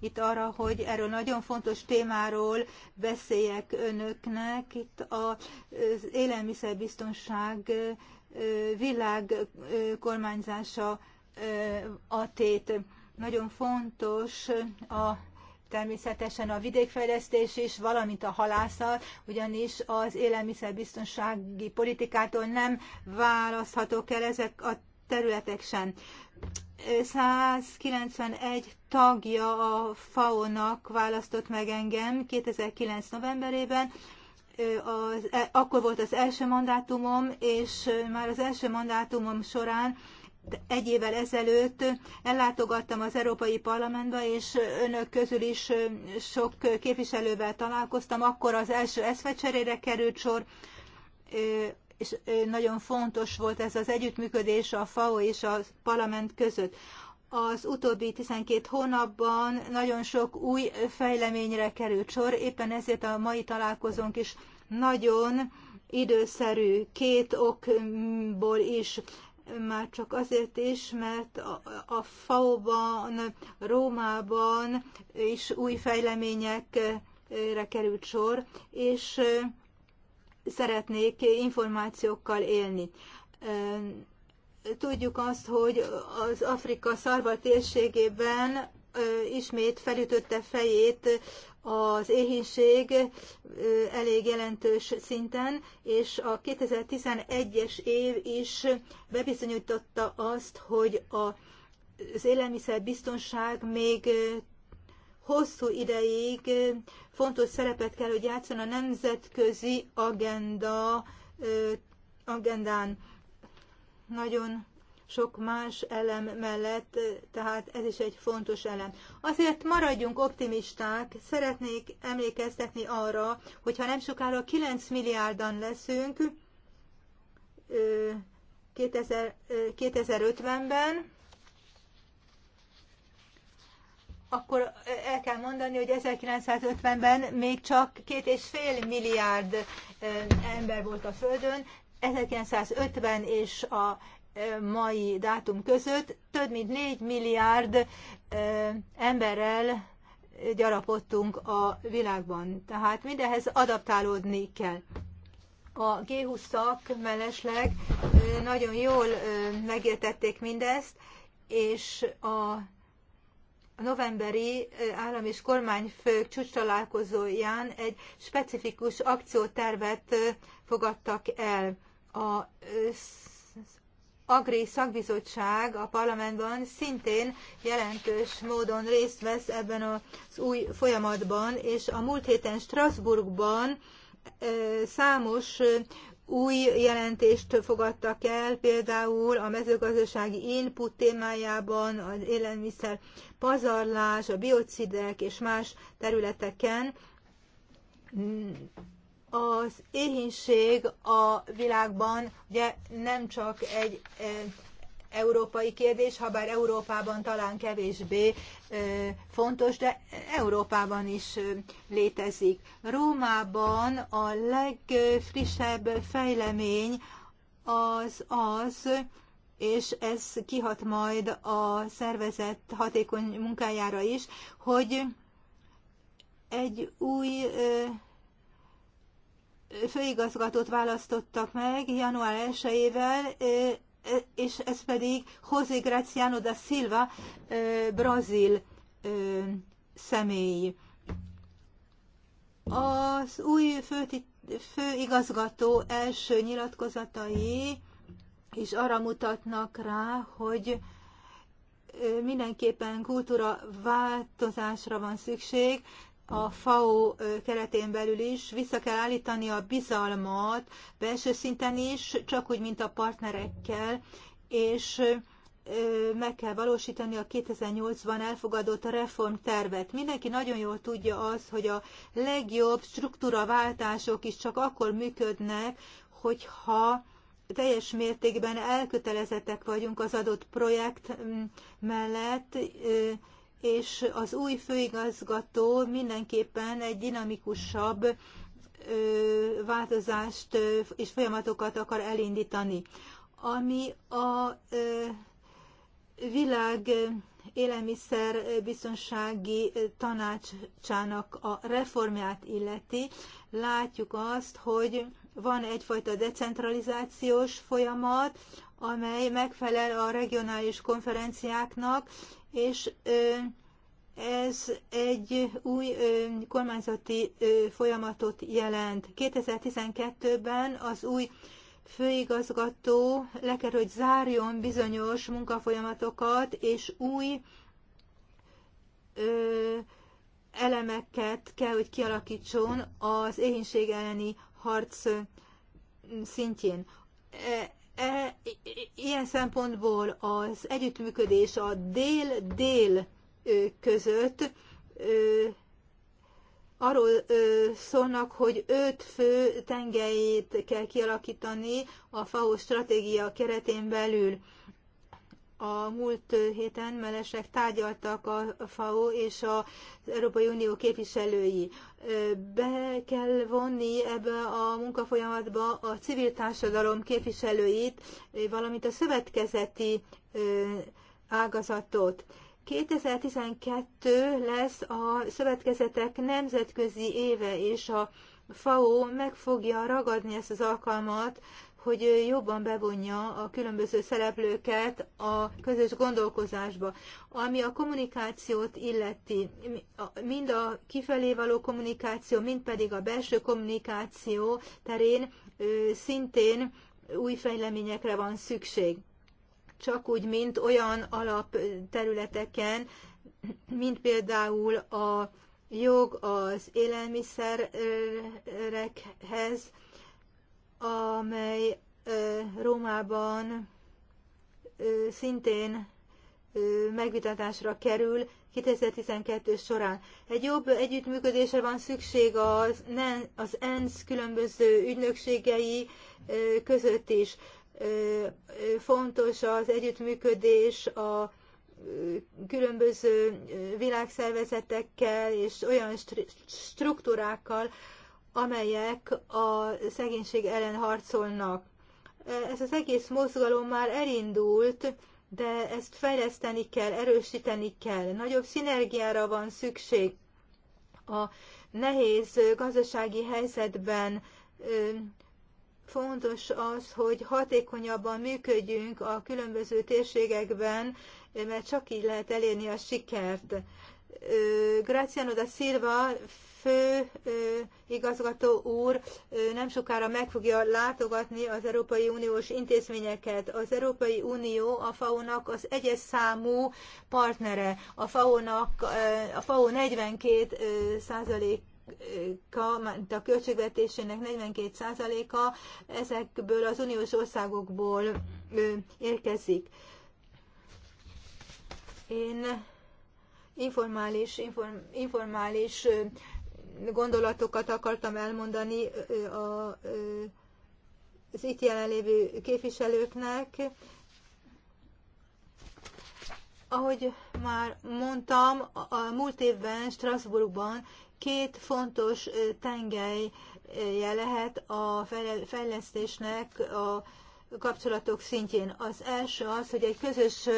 itt arra, hogy erről nagyon fontos témáról beszéljek önöknek. Itt az élelmiszerbiztonság világkormányzása a tét. Nagyon fontos a természetesen a vidékfejlesztés is, valamint a halászat, ugyanis az élelmiszerbiztonsági politikától nem választhatók el ezek a területek sem. 191 tagja a FAO-nak választott meg engem 2009. novemberében, az, e- akkor volt az első mandátumom, és már az első mandátumom során egy évvel ezelőtt ellátogattam az Európai Parlamentbe, és önök közül is sok képviselővel találkoztam. Akkor az első eszfecserére került sor, és nagyon fontos volt ez az együttműködés a FAO és a parlament között. Az utóbbi 12 hónapban nagyon sok új fejleményre került sor, éppen ezért a mai találkozónk is nagyon időszerű két okból is már csak azért is, mert a, a FAO-ban, Rómában is új fejleményekre került sor, és szeretnék információkkal élni. Tudjuk azt, hogy az Afrika szarva térségében ismét felütötte fejét az éhínség elég jelentős szinten, és a 2011-es év is bebizonyította azt, hogy a, az élelmiszerbiztonság még hosszú ideig fontos szerepet kell, hogy játszon a nemzetközi agenda, agendán. Nagyon sok más elem mellett, tehát ez is egy fontos elem. Azért maradjunk optimisták, szeretnék emlékeztetni arra, hogyha nem sokára 9 milliárdan leszünk 2050-ben, akkor el kell mondani, hogy 1950-ben még csak két és fél milliárd ember volt a Földön, 1950 és a mai dátum között több mint 4 milliárd emberrel gyarapodtunk a világban. Tehát mindehhez adaptálódni kell. A g 20 mellesleg nagyon jól megértették mindezt, és a novemberi állam és kormányfők csúcs találkozóján egy specifikus akciótervet fogadtak el. A Agri szakbizottság a parlamentben szintén jelentős módon részt vesz ebben az új folyamatban, és a múlt héten Strasbourgban számos új jelentést fogadtak el, például a mezőgazdasági input témájában, az élelmiszer pazarlás, a biocidek és más területeken az éhínség a világban ugye nem csak egy e, európai kérdés, ha bár Európában talán kevésbé e, fontos, de Európában is e, létezik. Rómában a legfrissebb fejlemény az az, és ez kihat majd a szervezet hatékony munkájára is, hogy egy új főigazgatót választottak meg január 1-ével, és ez pedig José Graciano da Silva, brazil személy. Az új főigazgató első nyilatkozatai is arra mutatnak rá, hogy mindenképpen kultúra változásra van szükség, a FAO keretén belül is vissza kell állítani a bizalmat belső szinten is, csak úgy, mint a partnerekkel, és meg kell valósítani a 2008-ban elfogadott reformtervet. Mindenki nagyon jól tudja az, hogy a legjobb struktúraváltások is csak akkor működnek, hogyha teljes mértékben elkötelezettek vagyunk az adott projekt mm, mellett, és az új főigazgató mindenképpen egy dinamikusabb változást és folyamatokat akar elindítani. Ami a világ élelmiszerbiztonsági tanácsának a reformját illeti, látjuk azt, hogy van egyfajta decentralizációs folyamat, amely megfelel a regionális konferenciáknak, és ez egy új kormányzati folyamatot jelent. 2012-ben az új főigazgató le kell, hogy zárjon bizonyos munkafolyamatokat, és új elemeket kell, hogy kialakítson az éhénység elleni harc szintjén. E, E, ilyen szempontból az együttműködés a dél-dél között arról szólnak, hogy öt fő tengelyét kell kialakítani a FAO stratégia keretén belül. A múlt héten melesek tárgyaltak a FAO és az Európai Unió képviselői. Be kell vonni ebbe a munkafolyamatba a civil társadalom képviselőit, valamint a szövetkezeti ágazatot. 2012 lesz a szövetkezetek nemzetközi éve, és a FAO meg fogja ragadni ezt az alkalmat hogy jobban bevonja a különböző szereplőket a közös gondolkozásba. Ami a kommunikációt illeti, mind a kifelé való kommunikáció, mind pedig a belső kommunikáció terén szintén új fejleményekre van szükség. Csak úgy, mint olyan alapterületeken, mint például a jog az élelmiszerekhez, amely Rómában szintén megvitatásra kerül 2012 során. Egy jobb együttműködésre van szükség az, az ENSZ különböző ügynökségei között is. Fontos az együttműködés a különböző világszervezetekkel és olyan struktúrákkal, amelyek a szegénység ellen harcolnak. Ez az egész mozgalom már elindult, de ezt fejleszteni kell, erősíteni kell. Nagyobb szinergiára van szükség a nehéz gazdasági helyzetben fontos az, hogy hatékonyabban működjünk a különböző térségekben, mert csak így lehet elérni a sikert. Graciano da Silva fő igazgató úr nem sokára meg fogja látogatni az Európai Uniós intézményeket. Az Európai Unió a FAO-nak az egyes számú partnere. A FAO-nak, a FAO 42 százalék a, a költségvetésének 42%-a ezekből az uniós országokból érkezik. Én informális, inform, informális gondolatokat akartam elmondani a, az itt jelenlévő képviselőknek. Ahogy már mondtam, a múlt évben Strasbourgban két fontos tengelye lehet a fejlesztésnek a kapcsolatok szintjén. Az első az, hogy egy közös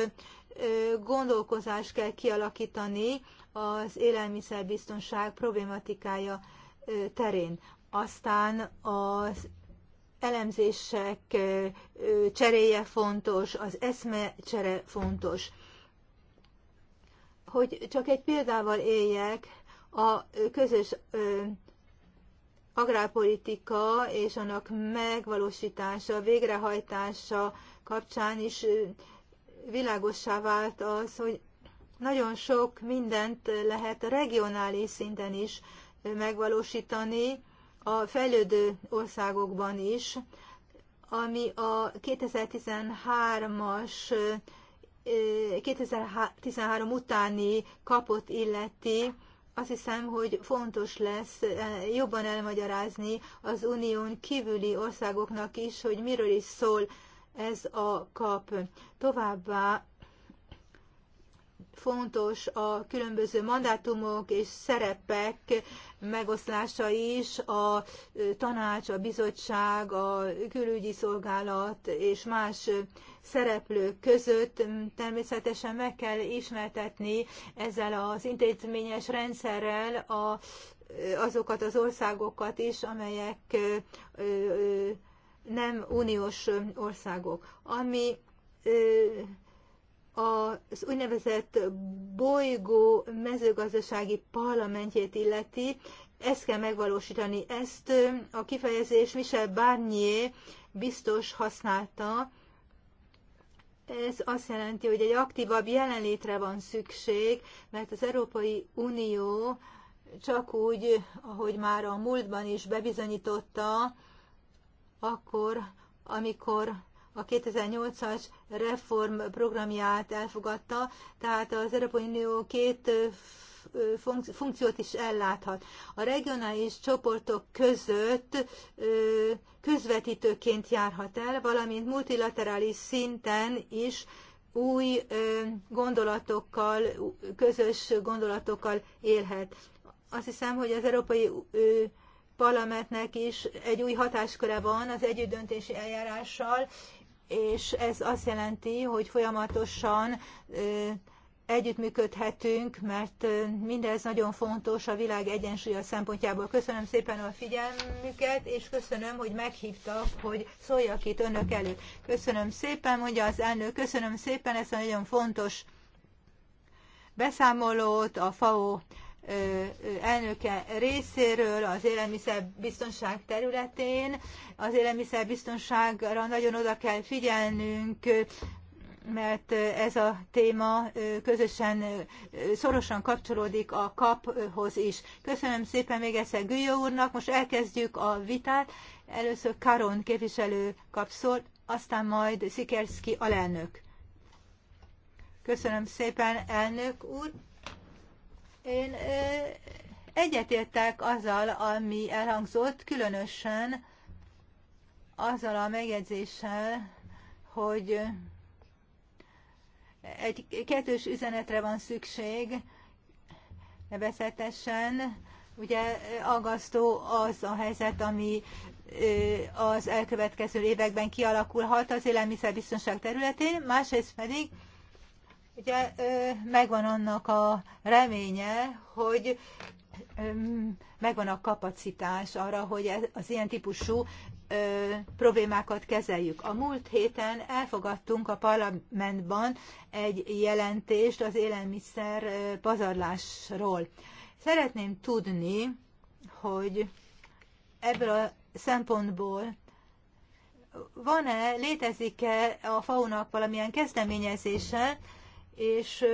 gondolkozást kell kialakítani az élelmiszerbiztonság problématikája terén. Aztán az elemzések cseréje fontos, az csere fontos. Hogy csak egy példával éljek, a közös agrárpolitika és annak megvalósítása, végrehajtása kapcsán is világossá vált az, hogy nagyon sok mindent lehet regionális szinten is megvalósítani, a fejlődő országokban is, ami a 2013-as 2013 utáni kapot illeti, azt hiszem, hogy fontos lesz jobban elmagyarázni az unión kívüli országoknak is, hogy miről is szól ez a kap. Továbbá fontos a különböző mandátumok és szerepek megoszlása is, a tanács, a bizottság, a külügyi szolgálat és más szereplők között természetesen meg kell ismertetni ezzel az intézményes rendszerrel a, azokat az országokat is, amelyek nem uniós országok. Ami az úgynevezett bolygó mezőgazdasági parlamentjét illeti, ezt kell megvalósítani. Ezt a kifejezés Michel Barnier biztos használta. Ez azt jelenti, hogy egy aktívabb jelenlétre van szükség, mert az Európai Unió csak úgy, ahogy már a múltban is bebizonyította, akkor, amikor a 2008-as reform programját elfogadta, tehát az Európai Unió két funkciót is elláthat. A regionális csoportok között közvetítőként járhat el, valamint multilaterális szinten is új gondolatokkal, közös gondolatokkal élhet. Azt hiszem, hogy az Európai Parlamentnek is egy új hatásköre van az együttdöntési eljárással, és ez azt jelenti, hogy folyamatosan együttműködhetünk, mert mindez nagyon fontos a világ egyensúlya szempontjából. Köszönöm szépen a figyelmüket, és köszönöm, hogy meghívtak, hogy szóljak itt önök előtt. Köszönöm szépen, mondja az elnök, köszönöm szépen ezt a nagyon fontos beszámolót a FAO elnöke részéről az élelmiszerbiztonság területén. Az élelmiszerbiztonságra nagyon oda kell figyelnünk, mert ez a téma közösen, szorosan kapcsolódik a kaphoz is. Köszönöm szépen még egyszer Gülyó úrnak, most elkezdjük a vitát. Először Karon képviselő kap szót, aztán majd Szikerszki alelnök. Köszönöm szépen, elnök úr! Én egyetértek azzal, ami elhangzott, különösen azzal a megjegyzéssel, hogy egy kettős üzenetre van szükség, nevezetesen ugye aggasztó az a helyzet, ami az elkövetkező években kialakulhat az élelmiszerbiztonság területén, másrészt pedig Ugye megvan annak a reménye, hogy megvan a kapacitás arra, hogy e, az ilyen típusú problémákat kezeljük. A múlt héten elfogadtunk a parlamentban egy jelentést az élelmiszer pazarlásról. Szeretném tudni, hogy ebből a szempontból van-e, létezik-e a FAU-nak valamilyen kezdeményezése, és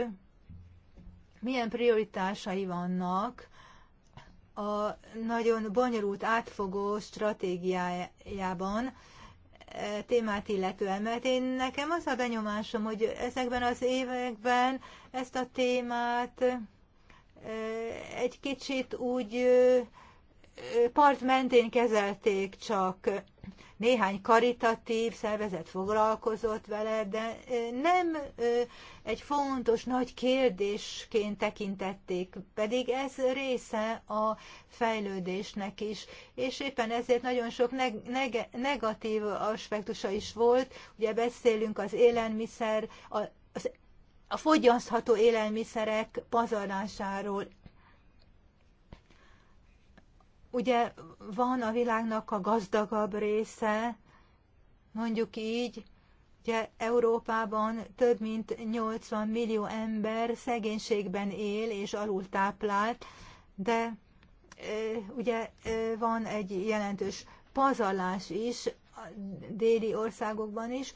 milyen prioritásai vannak a nagyon bonyolult, átfogó stratégiájában e, témát illetően, mert én nekem az a benyomásom, hogy ezekben az években ezt a témát egy kicsit úgy part mentén kezelték csak néhány karitatív szervezet foglalkozott vele, de nem egy fontos nagy kérdésként tekintették, pedig ez része a fejlődésnek is, és éppen ezért nagyon sok neg- neg- negatív aspektusa is volt. Ugye beszélünk az élelmiszer, a, az a fogyasztható élelmiszerek pazarlásáról Ugye van a világnak a gazdagabb része, mondjuk így, ugye Európában több mint 80 millió ember szegénységben él és alultáplált, de ugye van egy jelentős pazarlás is a déli országokban is,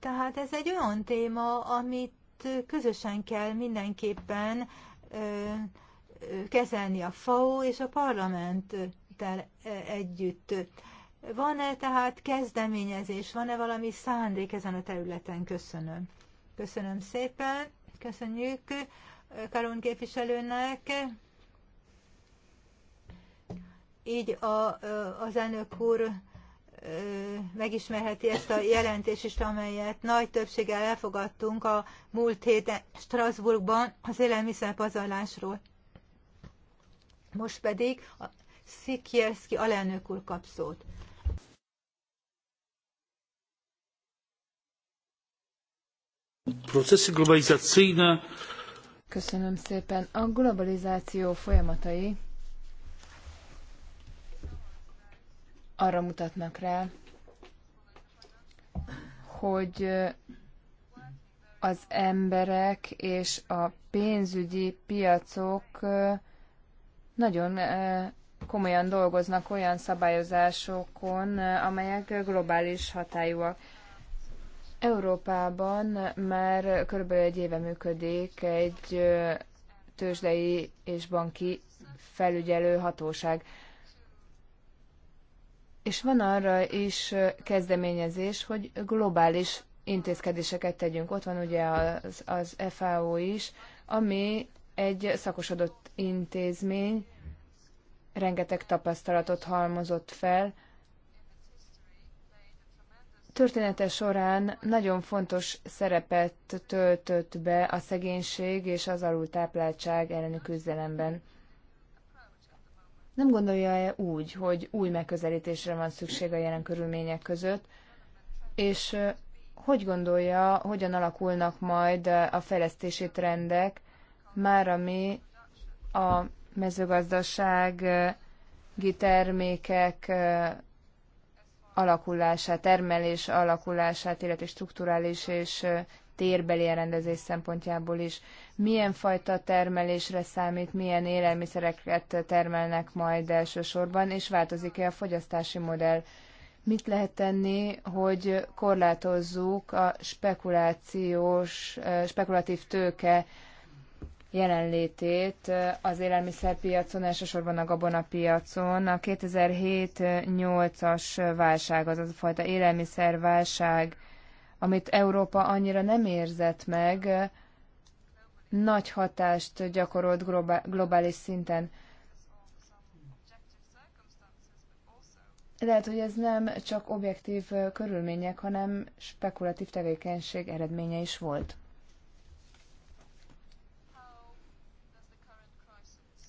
tehát ez egy olyan téma, amit közösen kell mindenképpen kezelni a FAO és a parlamenttel együtt. Van-e tehát kezdeményezés, van-e valami szándék ezen a területen? Köszönöm. Köszönöm szépen, köszönjük eh, Karun képviselőnek. Így a, eh, az elnök úr eh, megismerheti ezt a jelentést is, amelyet nagy többséggel elfogadtunk a múlt héten Strasbourgban az élelmiszerpazarlásról. Most pedig a Szikierszki alelnök úr kap szót. Köszönöm szépen. A globalizáció folyamatai arra mutatnak rá, hogy az emberek és a pénzügyi piacok nagyon komolyan dolgoznak olyan szabályozásokon, amelyek globális hatályúak. Európában már körülbelül egy éve működik egy tőzsdei és banki felügyelő hatóság. És van arra is kezdeményezés, hogy globális intézkedéseket tegyünk. Ott van ugye az, az FAO is, ami egy szakosodott intézmény, rengeteg tapasztalatot halmozott fel. Története során nagyon fontos szerepet töltött be a szegénység és az alultápláltság elleni küzdelemben. Nem gondolja-e úgy, hogy új megközelítésre van szükség a jelen körülmények között, és hogy gondolja, hogyan alakulnak majd a fejlesztési trendek, már ami a mezőgazdasági termékek alakulását, termelés alakulását, illetve strukturális és térbeli rendezés szempontjából is. Milyen fajta termelésre számít, milyen élelmiszereket termelnek majd elsősorban, és változik-e a fogyasztási modell? Mit lehet tenni, hogy korlátozzuk a spekulációs, spekulatív tőke jelenlétét az élelmiszerpiacon, elsősorban a gabonapiacon. A 2007-8-as válság, az a fajta élelmiszerválság, amit Európa annyira nem érzett meg, nagy hatást gyakorolt globális szinten. Lehet, hogy ez nem csak objektív körülmények, hanem spekulatív tevékenység eredménye is volt.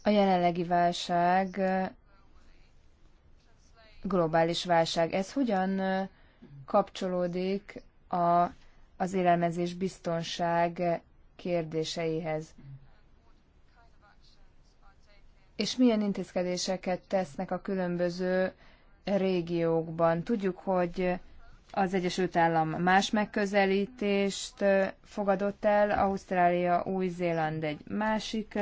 A jelenlegi válság globális válság. Ez hogyan kapcsolódik a, az élelmezés biztonság kérdéseihez? És milyen intézkedéseket tesznek a különböző régiókban? Tudjuk, hogy az Egyesült Állam más megközelítést fogadott el, Ausztrália, Új-Zéland egy másik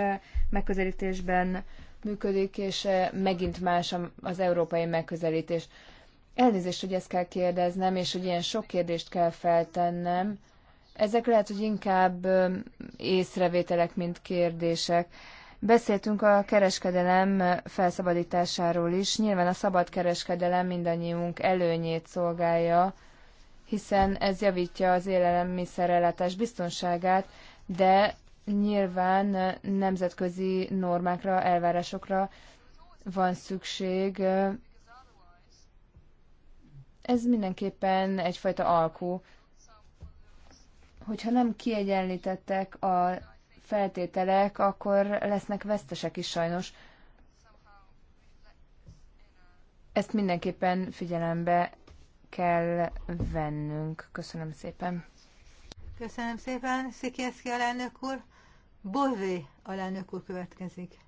megközelítésben működik, és megint más az európai megközelítés. Elnézést, hogy ezt kell kérdeznem, és hogy ilyen sok kérdést kell feltennem. Ezek lehet, hogy inkább észrevételek, mint kérdések. Beszéltünk a kereskedelem felszabadításáról is. Nyilván a szabad kereskedelem mindannyiunk előnyét szolgálja, hiszen ez javítja az élelmiszerellátás biztonságát, de nyilván nemzetközi normákra, elvárásokra van szükség. Ez mindenképpen egyfajta alkú. Hogyha nem kiegyenlítettek a feltételek, akkor lesznek vesztesek is sajnos. Ezt mindenképpen figyelembe kell vennünk. Köszönöm szépen. Köszönöm szépen, Szikieszki alelnök úr. Bolvé alelnök úr következik.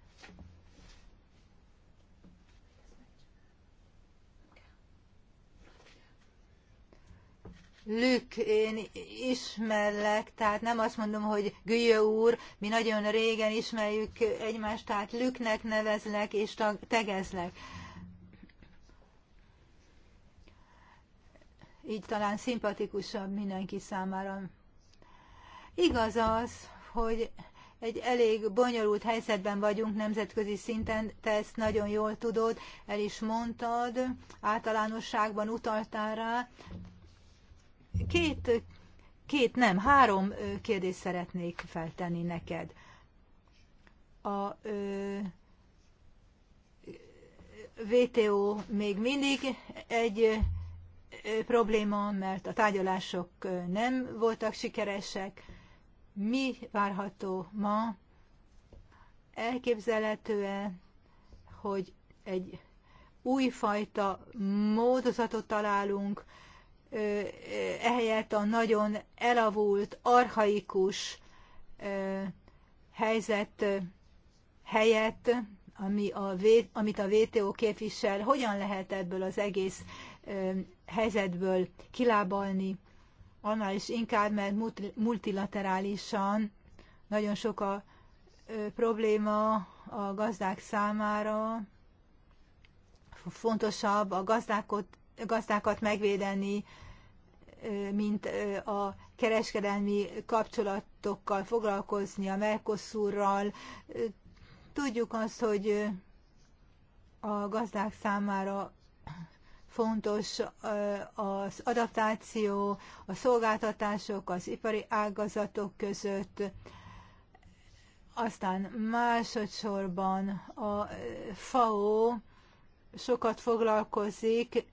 Lük én ismerlek, tehát nem azt mondom, hogy Gülyö úr, mi nagyon régen ismerjük egymást, tehát Lüknek nevezlek és tegezlek. Így talán szimpatikusabb mindenki számára. Igaz az, hogy egy elég bonyolult helyzetben vagyunk nemzetközi szinten, te ezt nagyon jól tudod, el is mondtad, általánosságban utaltál rá, Két, két nem, három kérdést szeretnék feltenni neked. A ö, VTO még mindig egy probléma, mert a tárgyalások nem voltak sikeresek. Mi várható ma? Elképzelhető-e, hogy egy újfajta módozatot találunk, ehelyett a nagyon elavult, arhaikus helyzet helyett, ami a, amit a VTO képvisel, hogyan lehet ebből az egész helyzetből kilábalni, annál is inkább, mert multilaterálisan nagyon sok a probléma a gazdák számára, fontosabb a gazdákot gazdákat megvédeni, mint a kereskedelmi kapcsolatokkal foglalkozni, a Mercosurral. Tudjuk azt, hogy a gazdák számára fontos az adaptáció, a szolgáltatások az ipari ágazatok között, aztán másodszorban a FAO sokat foglalkozik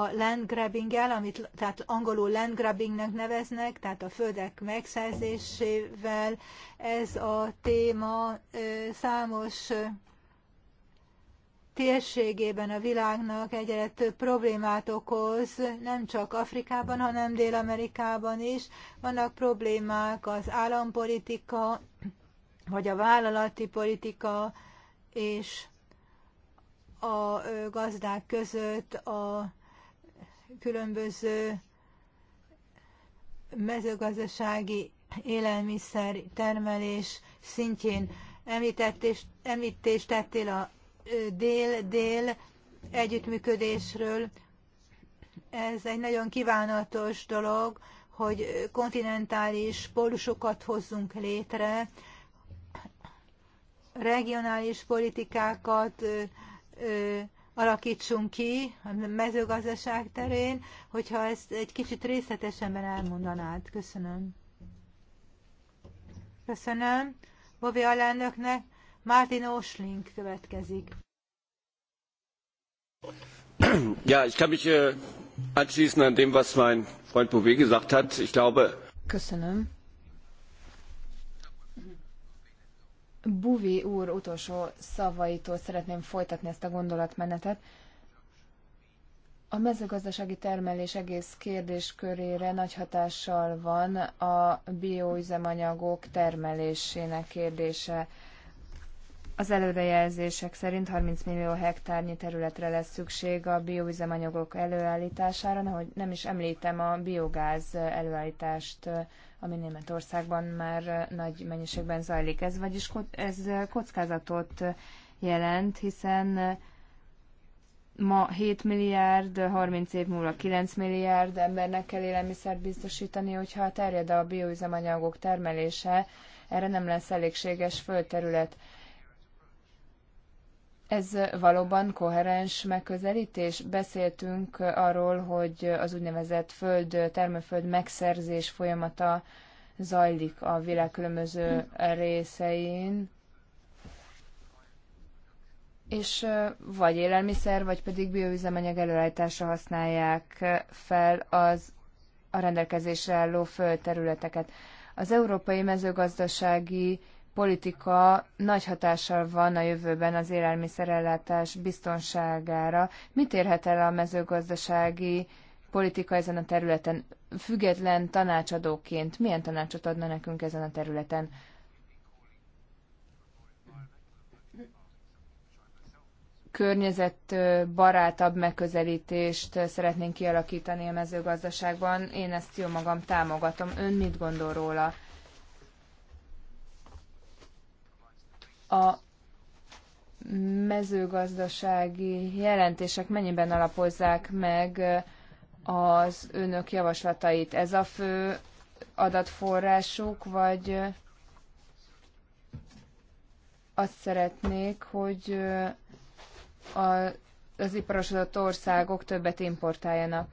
a land grabbing el, amit tehát angolul land grabbingnek neveznek, tehát a földek megszerzésével. Ez a téma számos térségében a világnak egyre több problémát okoz, nem csak Afrikában, hanem Dél-Amerikában is. Vannak problémák az állampolitika, vagy a vállalati politika és a gazdák között a különböző mezőgazdasági élelmiszer termelés szintjén említést, említést tettél a dél-dél együttműködésről. Ez egy nagyon kívánatos dolog, hogy kontinentális pólusokat hozzunk létre, regionális politikákat, alakítsunk ki a mezőgazdaság terén, hogyha ezt egy kicsit részletesebben elmondanád. Köszönöm. Köszönöm. Bovi alelnöknek Martin Osling következik. Ja, ich kann mich äh, anschließen an dem, was mein Freund Bové gesagt hat. Ich glaube. Köszönöm. Buvi úr utolsó szavaitól szeretném folytatni ezt a gondolatmenetet. A mezőgazdasági termelés egész kérdéskörére nagy hatással van a bioüzemanyagok termelésének kérdése. Az előrejelzések szerint 30 millió hektárnyi területre lesz szükség a bioüzemanyagok előállítására, nehogy nem is említem a biogáz előállítást, ami Németországban már nagy mennyiségben zajlik. Ez vagyis ez kockázatot jelent, hiszen ma 7 milliárd, 30 év múlva 9 milliárd embernek kell élelmiszert biztosítani, hogyha terjed a bioüzemanyagok termelése, erre nem lesz elégséges földterület. Ez valóban koherens megközelítés. Beszéltünk arról, hogy az úgynevezett föld, termőföld megszerzés folyamata zajlik a világ különböző részein, és vagy élelmiszer, vagy pedig bioüzemanyag előállításra használják fel az a rendelkezésre álló földterületeket. Az európai mezőgazdasági politika nagy hatással van a jövőben az élelmiszerellátás biztonságára. Mit érhet el a mezőgazdasági politika ezen a területen? Független tanácsadóként milyen tanácsot adna nekünk ezen a területen? környezetbarátabb megközelítést szeretnénk kialakítani a mezőgazdaságban. Én ezt jó magam támogatom. Ön mit gondol róla? a mezőgazdasági jelentések mennyiben alapozzák meg eh, az önök javaslatait? Ez a fő adatforrásuk, vagy eh, azt szeretnék, hogy eh, a, az iparosodott országok többet importáljanak.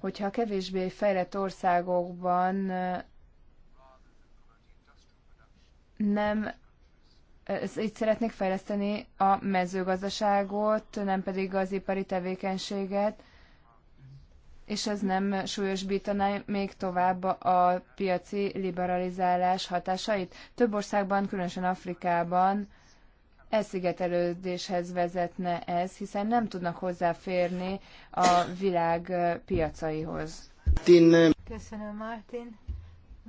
Hogyha kevésbé fejlett országokban nem így szeretnék fejleszteni a mezőgazdaságot, nem pedig az ipari tevékenységet, és ez nem súlyosbítaná még tovább a piaci liberalizálás hatásait. Több országban, különösen Afrikában elszigetelődéshez vezetne ez, hiszen nem tudnak hozzáférni a világ piacaihoz. Martin. Köszönöm, Martin.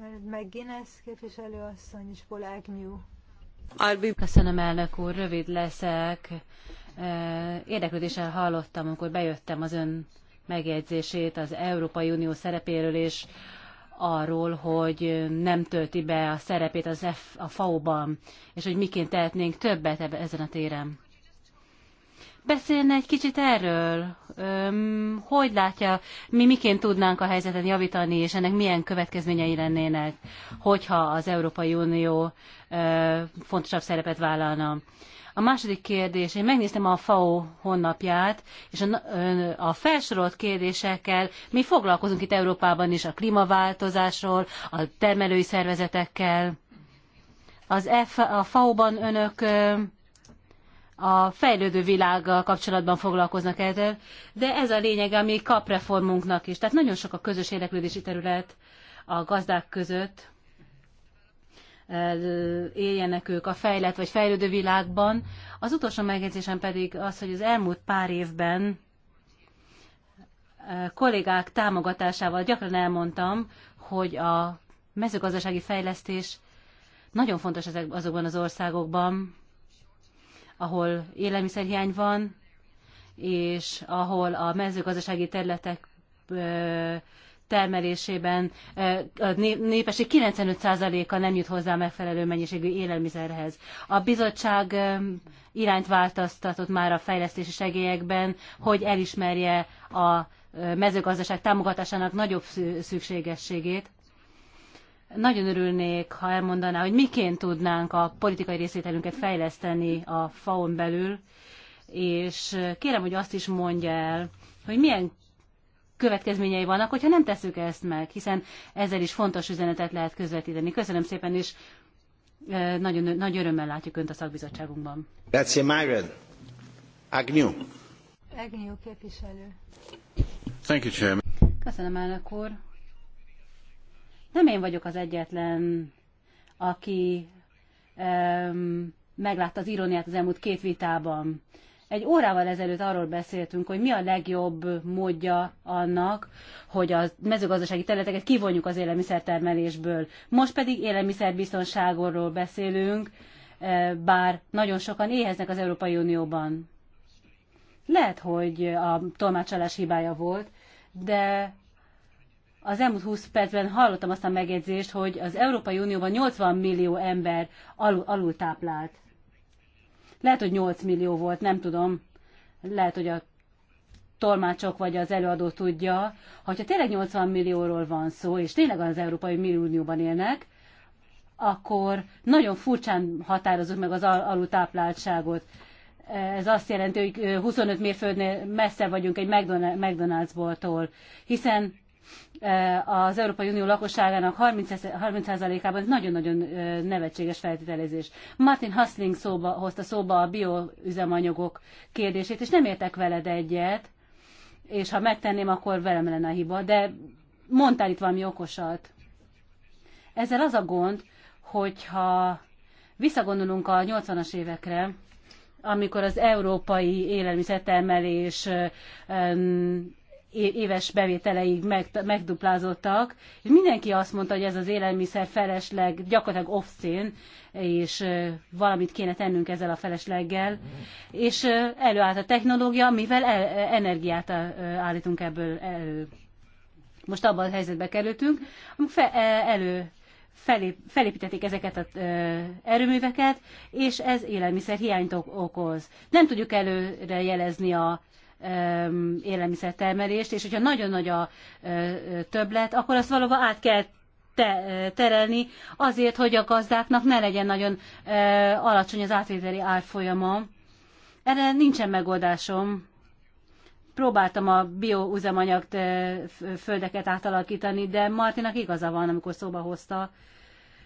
Mert meg Guinness asszony és polák Agnew Köszönöm, rövid leszek. Érdeklődéssel hallottam, amikor bejöttem az ön megjegyzését az Európai Unió szerepéről, és arról, hogy nem tölti be a szerepét az F, a FAO-ban, és hogy miként tehetnénk többet ezen a téren. Beszélne egy kicsit erről, Öm, hogy látja, mi miként tudnánk a helyzeten javítani, és ennek milyen következményei lennének, hogyha az Európai Unió fontosabb szerepet vállalna. A második kérdés, én megnéztem a FAO honlapját, és a, a felsorolt kérdésekkel mi foglalkozunk itt Európában is, a klímaváltozásról, a termelői szervezetekkel. Az F, a FAO-ban önök a fejlődő világgal kapcsolatban foglalkoznak ezzel, de ez a lényeg a mi kapreformunknak is. Tehát nagyon sok a közös érdeklődési terület a gazdák között éljenek ők a fejlett vagy fejlődő világban. Az utolsó megjegyzésem pedig az, hogy az elmúlt pár évben kollégák támogatásával gyakran elmondtam, hogy a mezőgazdasági fejlesztés nagyon fontos azokban az országokban, ahol élelmiszerhiány van, és ahol a mezőgazdasági területek termelésében eh, a népesség 95%-a nem jut hozzá megfelelő mennyiségű élelmiszerhez. A bizottság eh, irányt változtatott már a fejlesztési segélyekben, hogy elismerje a eh, mezőgazdaság támogatásának nagyobb szükségességét. Nagyon örülnék, ha elmondaná, hogy miként tudnánk a politikai részvételünket fejleszteni a FAON belül, és kérem, hogy azt is mondja el, hogy milyen következményei vannak, hogyha nem teszük ezt meg, hiszen ezzel is fontos üzenetet lehet közvetíteni. Köszönöm szépen, és e, nagyon nagy örömmel látjuk Önt a szakbizottságunkban. Betsy Myron. Agnew. Agnew képviselő. Thank you, Chairman. Köszönöm, elnök úr. Nem én vagyok az egyetlen, aki um, meglátta az iróniát az elmúlt két vitában. Egy órával ezelőtt arról beszéltünk, hogy mi a legjobb módja annak, hogy a mezőgazdasági területeket kivonjuk az élelmiszertermelésből. Most pedig élelmiszerbiztonságról beszélünk, e, bár nagyon sokan éheznek az Európai Unióban. Lehet, hogy a tolmácsolás hibája volt, de az elmúlt 20 percben hallottam azt a megjegyzést, hogy az Európai Unióban 80 millió ember alul, táplált. Lehet, hogy 8 millió volt, nem tudom. Lehet, hogy a tolmácsok vagy az előadó tudja, hogyha tényleg 80 millióról van szó, és tényleg az Európai Unióban élnek, akkor nagyon furcsán határozunk meg az al- alultápláltságot. Ez azt jelenti, hogy 25 mérföldnél messze vagyunk egy McDonald's-boltól, hiszen Eh, az Európai Unió lakosságának 30%-ában ez nagyon-nagyon eh, nevetséges feltételezés. Martin Hustling szóba, hozta szóba a bioüzemanyagok kérdését, és nem értek veled egyet, és ha megtenném, akkor velem lenne a hiba, de mondtál itt valami okosat. Ezzel az a gond, hogyha visszagondolunk a 80-as évekre, amikor az európai élelmiszertermelés eh, éves bevételeig meg, megduplázottak, és mindenki azt mondta, hogy ez az élelmiszer felesleg, gyakorlatilag off és valamit kéne tennünk ezzel a felesleggel, és előállt a technológia, mivel e- energiát állítunk ebből elő. Most abban a helyzetbe kerültünk, amikor fe, e- elő felép, felépítették ezeket az erőműveket, és ez élelmiszer hiányt okoz. Nem tudjuk előre jelezni a élelmiszertermelést, és hogyha nagyon nagy a többlet, akkor azt valóban át kell terelni azért, hogy a gazdáknak ne legyen nagyon alacsony az átvételi árfolyama. Erre nincsen megoldásom. Próbáltam a bióüzemanyag földeket átalakítani, de Martinak igaza van, amikor szóba hozta.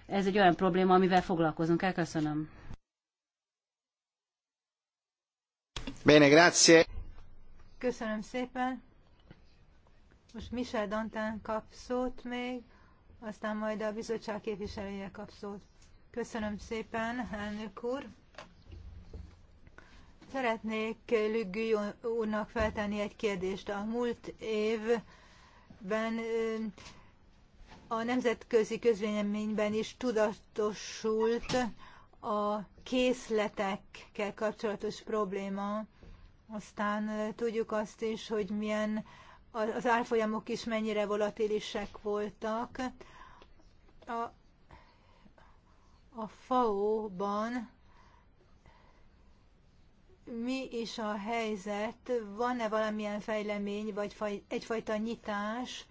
Ez egy olyan probléma, amivel foglalkozunk kell. Köszönöm. Bene, grazie. Köszönöm szépen. Most Michel Dantán kap szót még, aztán majd a bizottság képviselője kap szót. Köszönöm szépen, elnök úr. Szeretnék Lüggü úrnak feltenni egy kérdést. A múlt évben a nemzetközi közvéleményben is tudatosult a készletekkel kapcsolatos probléma. Aztán tudjuk azt is, hogy milyen az árfolyamok is mennyire volatilisek voltak. A, a FAO-ban mi is a helyzet? Van-e valamilyen fejlemény, vagy faj, egyfajta nyitás?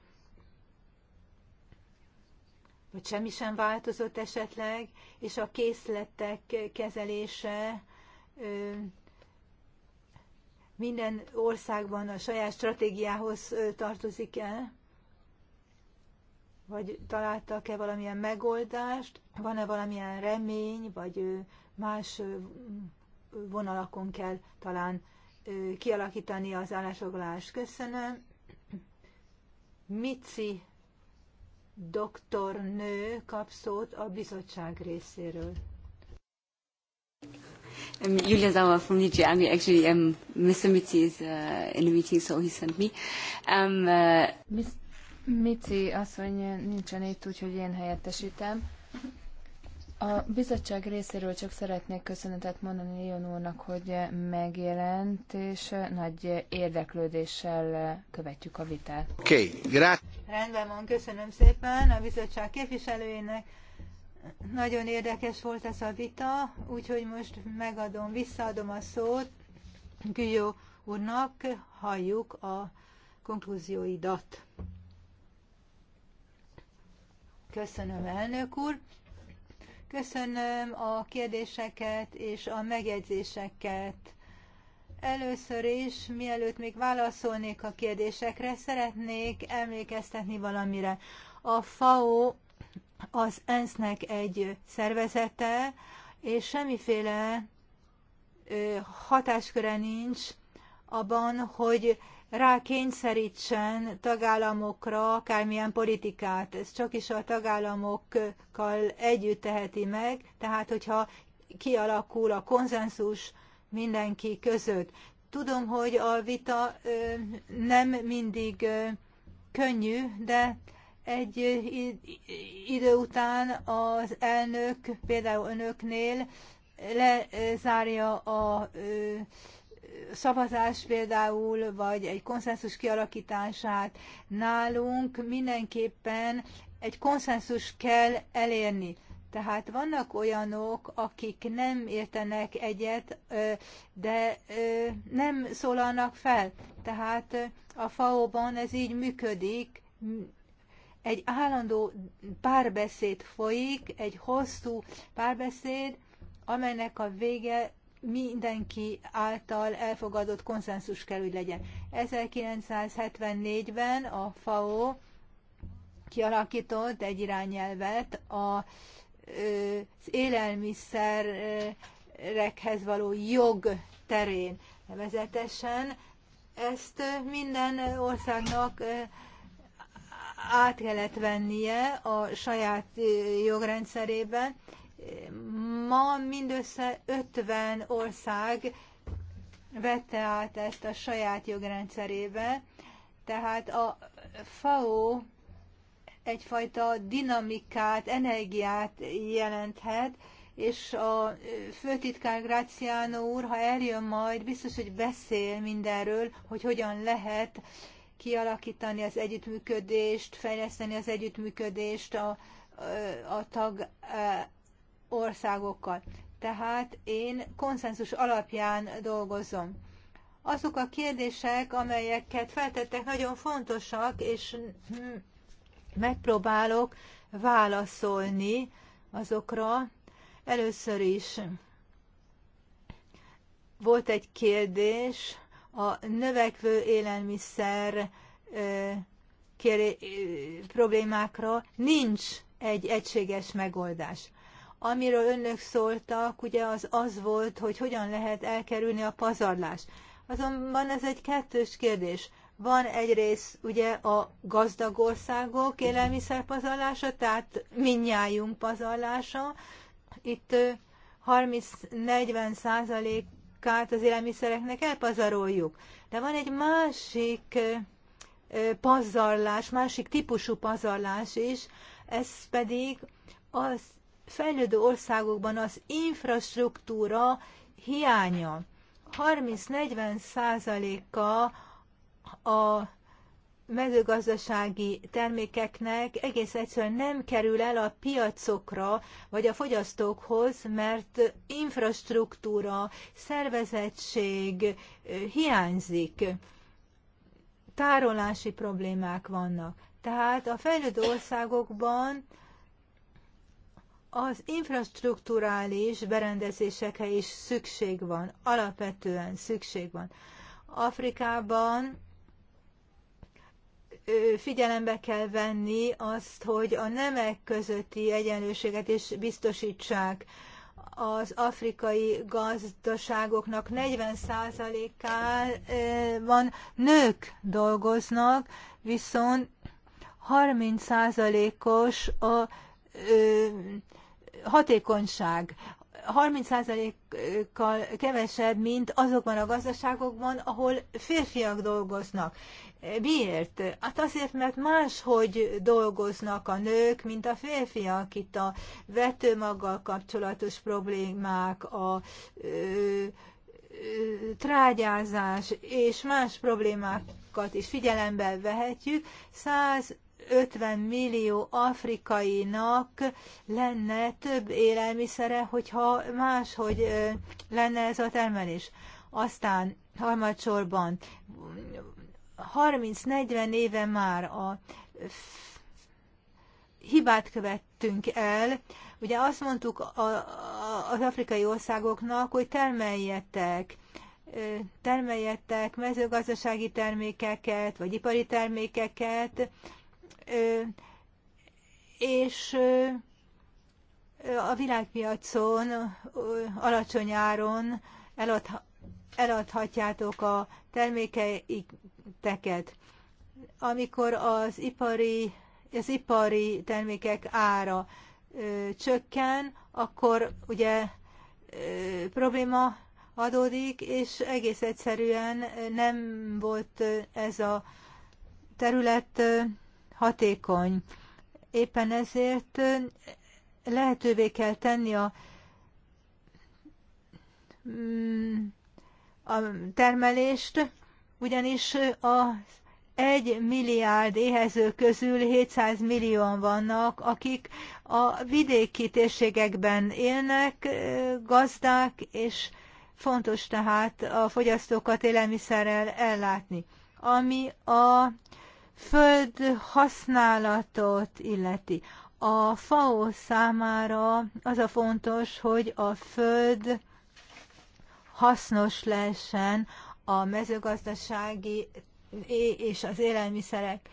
Vagy semmi sem változott esetleg? És a készletek kezelése minden országban a saját stratégiához tartozik el? Vagy találtak-e valamilyen megoldást? Van-e valamilyen remény, vagy más vonalakon kell talán kialakítani az állásfoglalást? Köszönöm. Mici doktornő kap szót a bizottság részéről. I'm um, Julia Zawa from DG Agri. Actually, um, Mr. Mitzi is uh, in a meeting, so he sent me. Um, uh, Miss azt mondja, nincsen itt, úgyhogy én helyettesítem. A bizottság részéről csak szeretnék köszönetet mondani Leon úrnak, hogy megjelent, és nagy érdeklődéssel követjük a vitát. Oké, okay, Rendben van, köszönöm szépen a bizottság képviselőjének. Nagyon érdekes volt ez a vita, úgyhogy most megadom, visszaadom a szót Gülyó úrnak, halljuk a konklúzióidat. Köszönöm, elnök úr. Köszönöm a kérdéseket és a megjegyzéseket. Először is, mielőtt még válaszolnék a kérdésekre, szeretnék emlékeztetni valamire. A FAO az ENSZ-nek egy szervezete, és semmiféle hatásköre nincs abban, hogy kényszerítsen tagállamokra akármilyen politikát. Ez csak is a tagállamokkal együtt teheti meg, tehát hogyha kialakul a konzenzus mindenki között. Tudom, hogy a vita nem mindig könnyű, de egy idő után az elnök, például önöknél lezárja a szavazás például, vagy egy konszenzus kialakítását nálunk mindenképpen egy konszenzus kell elérni. Tehát vannak olyanok, akik nem értenek egyet, de nem szólalnak fel. Tehát a FAO-ban ez így működik, egy állandó párbeszéd folyik, egy hosszú párbeszéd, amelynek a vége mindenki által elfogadott konszenzus kell, hogy legyen. 1974-ben a FAO kialakított egy irányelvet az élelmiszerekhez való jog terén nevezetesen. Ezt minden országnak át kellett vennie a saját jogrendszerében. Ma mindössze 50 ország vette át ezt a saját jogrendszerébe, tehát a FAO egyfajta dinamikát, energiát jelenthet, és a főtitkár Graciano úr, ha eljön majd, biztos, hogy beszél mindenről, hogy hogyan lehet kialakítani az együttműködést, fejleszteni az együttműködést a, a tag e, országokkal. Tehát én konszenzus alapján dolgozom. Azok a kérdések, amelyeket feltettek, nagyon fontosak, és megpróbálok válaszolni azokra. Először is volt egy kérdés, a növekvő élelmiszer kéré, problémákra nincs egy egységes megoldás. Amiről önök szóltak, ugye az az volt, hogy hogyan lehet elkerülni a pazarlást. Azonban ez egy kettős kérdés. Van egyrészt ugye a gazdag országok pazarlása, tehát minnyájunk pazarlása. Itt 30-40 százalék kárt az élelmiszereknek elpazaroljuk. De van egy másik pazarlás, másik típusú pazarlás is, ez pedig az fejlődő országokban az infrastruktúra hiánya. 30-40 százaléka a mezőgazdasági termékeknek egész egyszerűen nem kerül el a piacokra vagy a fogyasztókhoz, mert infrastruktúra, szervezettség hiányzik, tárolási problémák vannak. Tehát a fejlődő országokban az infrastruktúrális berendezésekre is szükség van, alapvetően szükség van. Afrikában figyelembe kell venni azt, hogy a nemek közötti egyenlőséget is biztosítsák. Az afrikai gazdaságoknak 40%-ában nők dolgoznak, viszont 30%-os a hatékonyság. 30%-kal kevesebb, mint azokban a gazdaságokban, ahol férfiak dolgoznak. Miért? Hát azért, mert máshogy dolgoznak a nők, mint a férfiak. Itt a vetőmaggal kapcsolatos problémák, a ö, ö, trágyázás és más problémákat is figyelembe vehetjük. 150 millió afrikainak lenne több élelmiszere, hogyha máshogy lenne ez a termelés. Aztán harmadsorban 30-40 éve már a hibát követtünk el. Ugye azt mondtuk az afrikai országoknak, hogy termeljetek, termeljetek mezőgazdasági termékeket, vagy ipari termékeket, és a világpiacon alacsony áron eladhatjátok a termékeik teket. Amikor az ipari, az ipari termékek ára ö, csökken, akkor ugye ö, probléma adódik, és egész egyszerűen nem volt ez a terület hatékony. Éppen ezért lehetővé kell tenni a, mm, a termelést, ugyanis a egy milliárd éhező közül 700 millióan vannak, akik a vidéki térségekben élnek, gazdák, és fontos tehát a fogyasztókat élelmiszerrel ellátni. Ami a föld használatot illeti. A FAO számára az a fontos, hogy a föld hasznos lehessen a mezőgazdasági és az élelmiszerek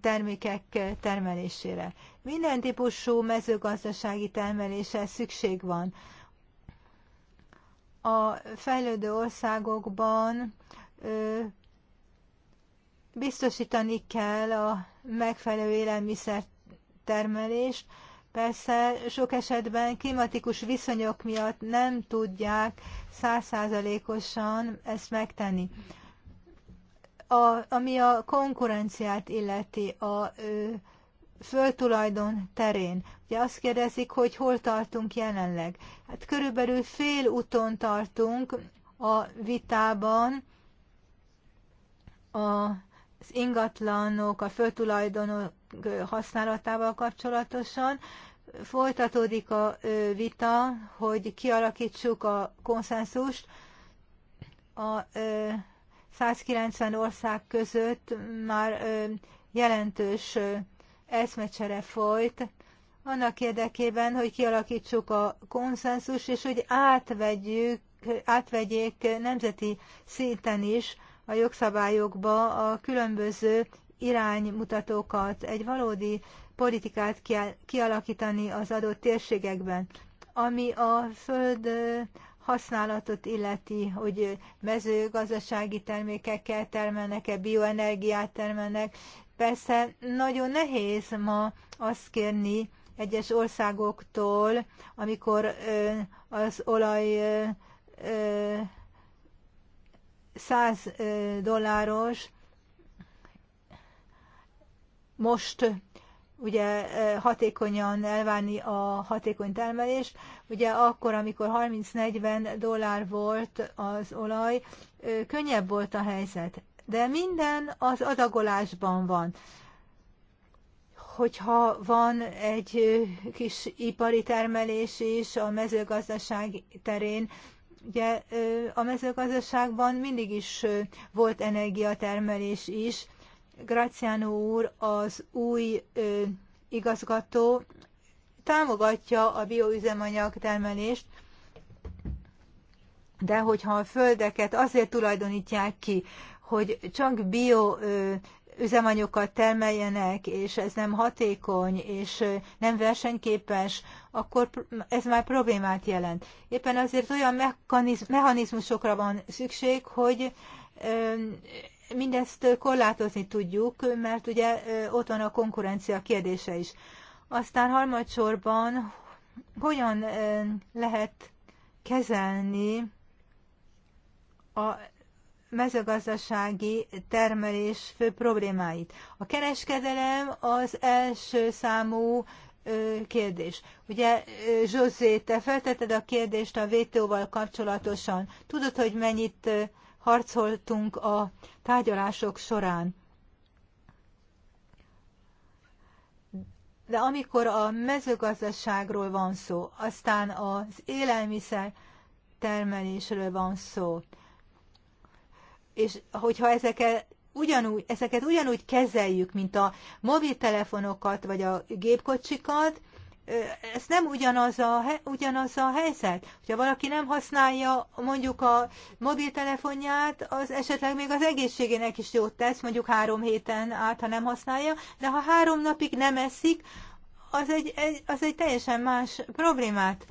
termékek termelésére. Minden típusú mezőgazdasági termelésre szükség van. A fejlődő országokban ö, biztosítani kell a megfelelő élelmiszer termelést, Persze sok esetben klimatikus viszonyok miatt nem tudják százszázalékosan ezt megtenni. A, ami a konkurenciát illeti a ö, föltulajdon terén. Ugye azt kérdezik, hogy hol tartunk jelenleg. Hát körülbelül fél úton tartunk a vitában az ingatlanok, a föltulajdonok használatával kapcsolatosan folytatódik a vita, hogy kialakítsuk a konszenzust a 190 ország között már jelentős eszmecsere folyt, annak érdekében, hogy kialakítsuk a konszenzus, és hogy átvegyük, átvegyék nemzeti szinten is a jogszabályokba a különböző iránymutatókat. Egy valódi politikát kell kialakítani az adott térségekben. Ami a föld használatot illeti, hogy mezőgazdasági termékekkel termelnek-e, bioenergiát termelnek. Persze nagyon nehéz ma azt kérni egyes országoktól, amikor az olaj 100 dolláros, most ugye hatékonyan elvárni a hatékony termelést. Ugye akkor, amikor 30-40 dollár volt az olaj, könnyebb volt a helyzet. De minden az adagolásban van. Hogyha van egy kis ipari termelés is a mezőgazdaság terén, ugye a mezőgazdaságban mindig is volt energiatermelés is, Graciano úr az új ö, igazgató támogatja a bioüzemanyag termelést, de hogyha a földeket azért tulajdonítják ki, hogy csak bio ö, üzemanyagokat termeljenek, és ez nem hatékony, és nem versenyképes, akkor ez már problémát jelent. Éppen azért olyan mechanizmusokra van szükség, hogy mindezt korlátozni tudjuk, mert ugye ott van a konkurencia kérdése is. Aztán harmadsorban hogyan lehet kezelni a mezőgazdasági termelés fő problémáit. A kereskedelem az első számú kérdés. Ugye, José, te feltetted a kérdést a VTO-val kapcsolatosan. Tudod, hogy mennyit harcoltunk a tárgyalások során. De amikor a mezőgazdaságról van szó, aztán az élelmiszer termelésről van szó, és hogyha ezeket ugyanúgy, ezeket ugyanúgy kezeljük, mint a mobiltelefonokat vagy a gépkocsikat, ez nem ugyanaz a, ugyanaz a helyzet. Hogyha valaki nem használja mondjuk a mobiltelefonját, az esetleg még az egészségének is jót tesz, mondjuk három héten át, ha nem használja, de ha három napig nem eszik, az egy, egy, az egy teljesen más problémát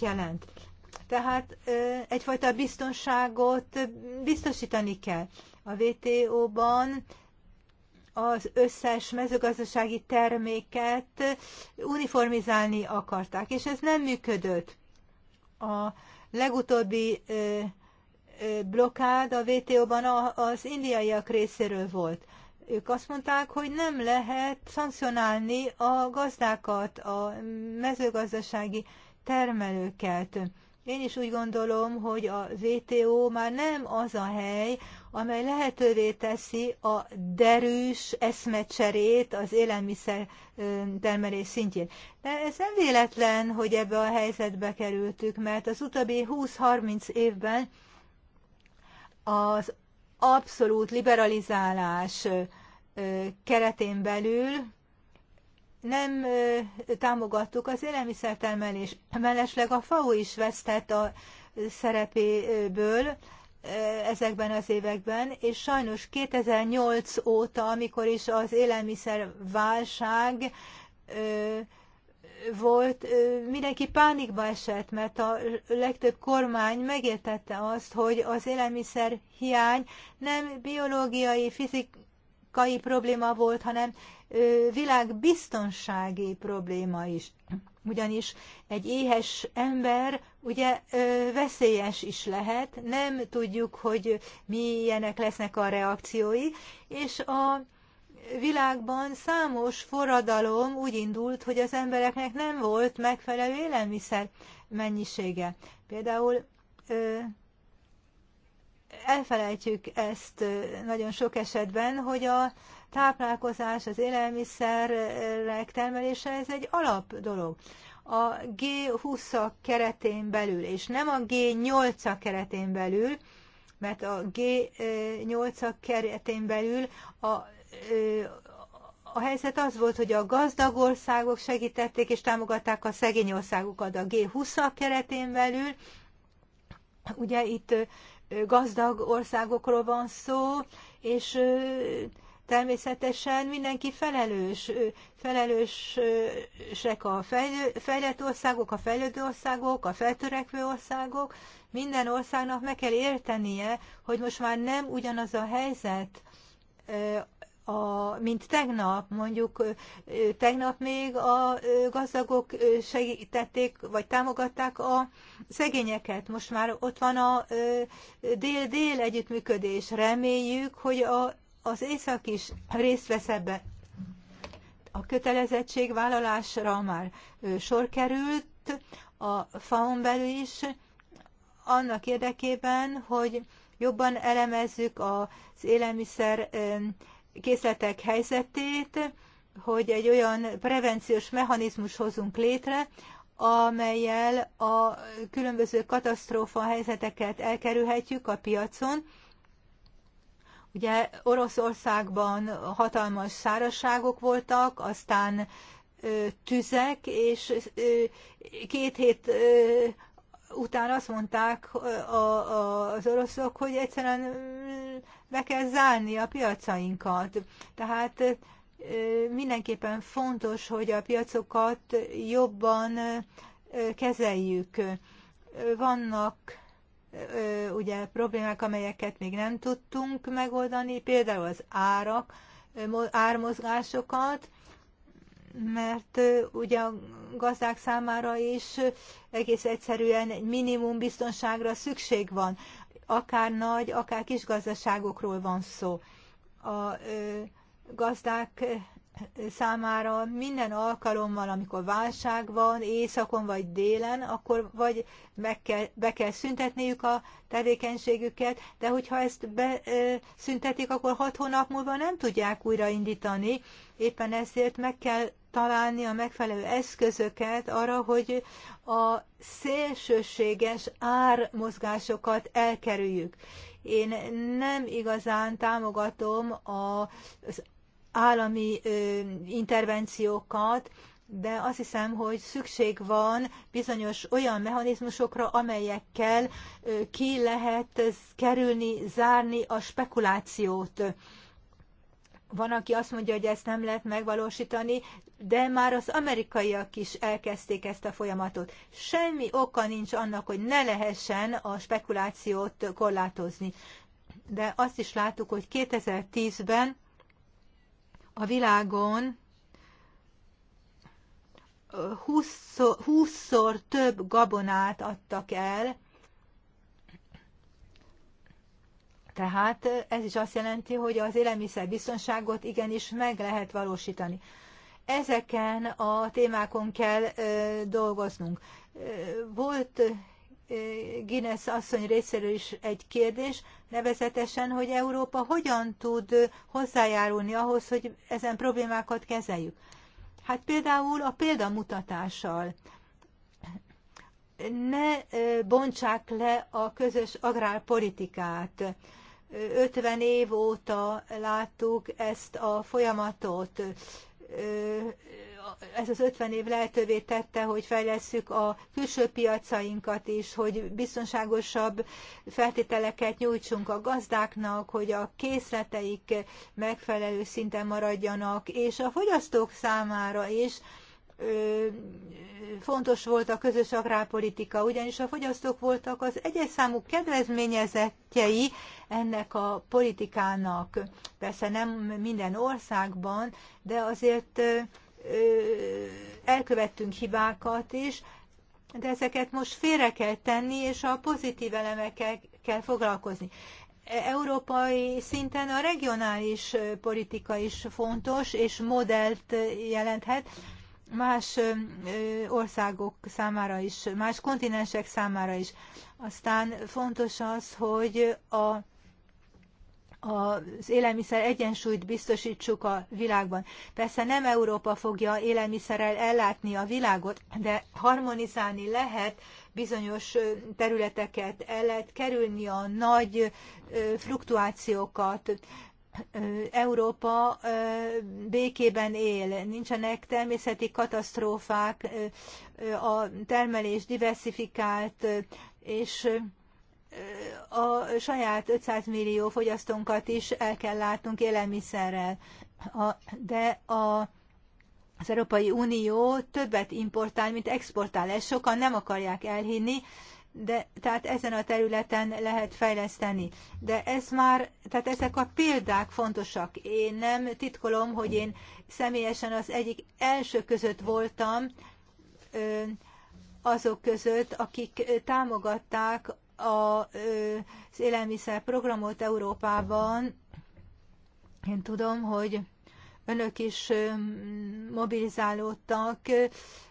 jelent. Tehát egyfajta biztonságot biztosítani kell. A WTO-ban az összes mezőgazdasági terméket uniformizálni akarták, és ez nem működött. A legutóbbi blokád a WTO-ban az indiaiak részéről volt. Ők azt mondták, hogy nem lehet szankcionálni a gazdákat, a mezőgazdasági termelőket. Én is úgy gondolom, hogy a WTO már nem az a hely, amely lehetővé teszi a derűs eszmecserét az élelmiszer termelés szintjén. De ez nem véletlen, hogy ebbe a helyzetbe kerültük, mert az utóbbi 20-30 évben az abszolút liberalizálás keretén belül nem támogattuk az élelmiszertermelés. Mellesleg a FAO is vesztett a szerepéből, Eh, ezekben az években, és sajnos 2008 óta, amikor is az élelmiszerválság volt, mindenki pánikba esett, mert a legtöbb kormány megértette azt, hogy az élelmiszer hiány nem biológiai, fizik, politikai probléma volt, hanem világbiztonsági probléma is. Ugyanis egy éhes ember ugye veszélyes is lehet, nem tudjuk, hogy milyenek lesznek a reakciói, és a világban számos forradalom úgy indult, hogy az embereknek nem volt megfelelő élelmiszer mennyisége. Például elfelejtjük ezt nagyon sok esetben, hogy a táplálkozás, az élelmiszerek termelése, ez egy alap dolog. A g 20 keretén belül, és nem a g 8 keretén belül, mert a g 8 keretén belül a, a helyzet az volt, hogy a gazdag országok segítették és támogatták a szegény országokat a g 20 keretén belül. Ugye itt gazdag országokról van szó, és természetesen mindenki felelős. Felelősek a fejlett országok, a fejlődő országok, a feltörekvő országok. Minden országnak meg kell értenie, hogy most már nem ugyanaz a helyzet a, mint tegnap, mondjuk tegnap még a gazdagok segítették, vagy támogatták a szegényeket. Most már ott van a dél-dél együttműködés. Reméljük, hogy a, az észak is részt vesz ebbe. A kötelezettségvállalásra már sor került, a faon belül is, annak érdekében, hogy jobban elemezzük az élelmiszer készletek helyzetét, hogy egy olyan prevenciós mechanizmus hozunk létre, amelyel a különböző katasztrófa helyzeteket elkerülhetjük a piacon. Ugye Oroszországban hatalmas szárazságok voltak, aztán tüzek, és két hét utána azt mondták az oroszok, hogy egyszerűen be kell zárni a piacainkat. Tehát mindenképpen fontos, hogy a piacokat jobban kezeljük. Vannak ugye problémák, amelyeket még nem tudtunk megoldani, például az árak, ármozgásokat, mert ugye a gazdák számára is egész egyszerűen egy minimum biztonságra szükség van, akár nagy, akár kis gazdaságokról van szó. A gazdák számára minden alkalommal, amikor válság van, éjszakon vagy délen, akkor vagy meg kell, be kell szüntetniük a tevékenységüket, de hogyha ezt beszüntetik, akkor hat hónap múlva nem tudják újraindítani, éppen ezért meg kell találni a megfelelő eszközöket arra, hogy a szélsőséges ármozgásokat elkerüljük. Én nem igazán támogatom az állami intervenciókat, de azt hiszem, hogy szükség van bizonyos olyan mechanizmusokra, amelyekkel ki lehet kerülni, zárni a spekulációt. Van, aki azt mondja, hogy ezt nem lehet megvalósítani, de már az amerikaiak is elkezdték ezt a folyamatot. Semmi oka nincs annak, hogy ne lehessen a spekulációt korlátozni. De azt is láttuk, hogy 2010-ben a világon 20-szor több gabonát adtak el, Tehát ez is azt jelenti, hogy az biztonságot igenis meg lehet valósítani. Ezeken a témákon kell ö, dolgoznunk. Volt Guinness asszony részéről is egy kérdés, nevezetesen, hogy Európa hogyan tud hozzájárulni ahhoz, hogy ezen problémákat kezeljük. Hát például a példamutatással. Ne bontsák le a közös agrárpolitikát. 50 év óta láttuk ezt a folyamatot. Ez az 50 év lehetővé tette, hogy fejlesszük a külső piacainkat is, hogy biztonságosabb feltételeket nyújtsunk a gazdáknak, hogy a készleteik megfelelő szinten maradjanak, és a fogyasztók számára is, fontos volt a közös agrárpolitika, ugyanis a fogyasztók voltak az egyes számú kedvezményezettjei ennek a politikának. Persze nem minden országban, de azért elkövettünk hibákat is, de ezeket most félre kell tenni, és a pozitív elemekkel kell foglalkozni. Európai szinten a regionális politika is fontos, és modellt jelenthet más országok számára is, más kontinensek számára is. Aztán fontos az, hogy a az élelmiszer egyensúlyt biztosítsuk a világban. Persze nem Európa fogja élelmiszerrel ellátni a világot, de harmonizálni lehet bizonyos területeket, el lehet kerülni a nagy fluktuációkat. Európa békében él, nincsenek természeti katasztrófák, a termelés diversifikált, és a saját 500 millió fogyasztónkat is el kell látnunk élelmiszerrel. de a az Európai Unió többet importál, mint exportál. Ezt sokan nem akarják elhinni, de tehát ezen a területen lehet fejleszteni. De ez már, tehát ezek a példák fontosak. Én nem titkolom, hogy én személyesen az egyik első között voltam azok között, akik támogatták az élelmiszer programot Európában. Én tudom, hogy önök is mobilizálódtak,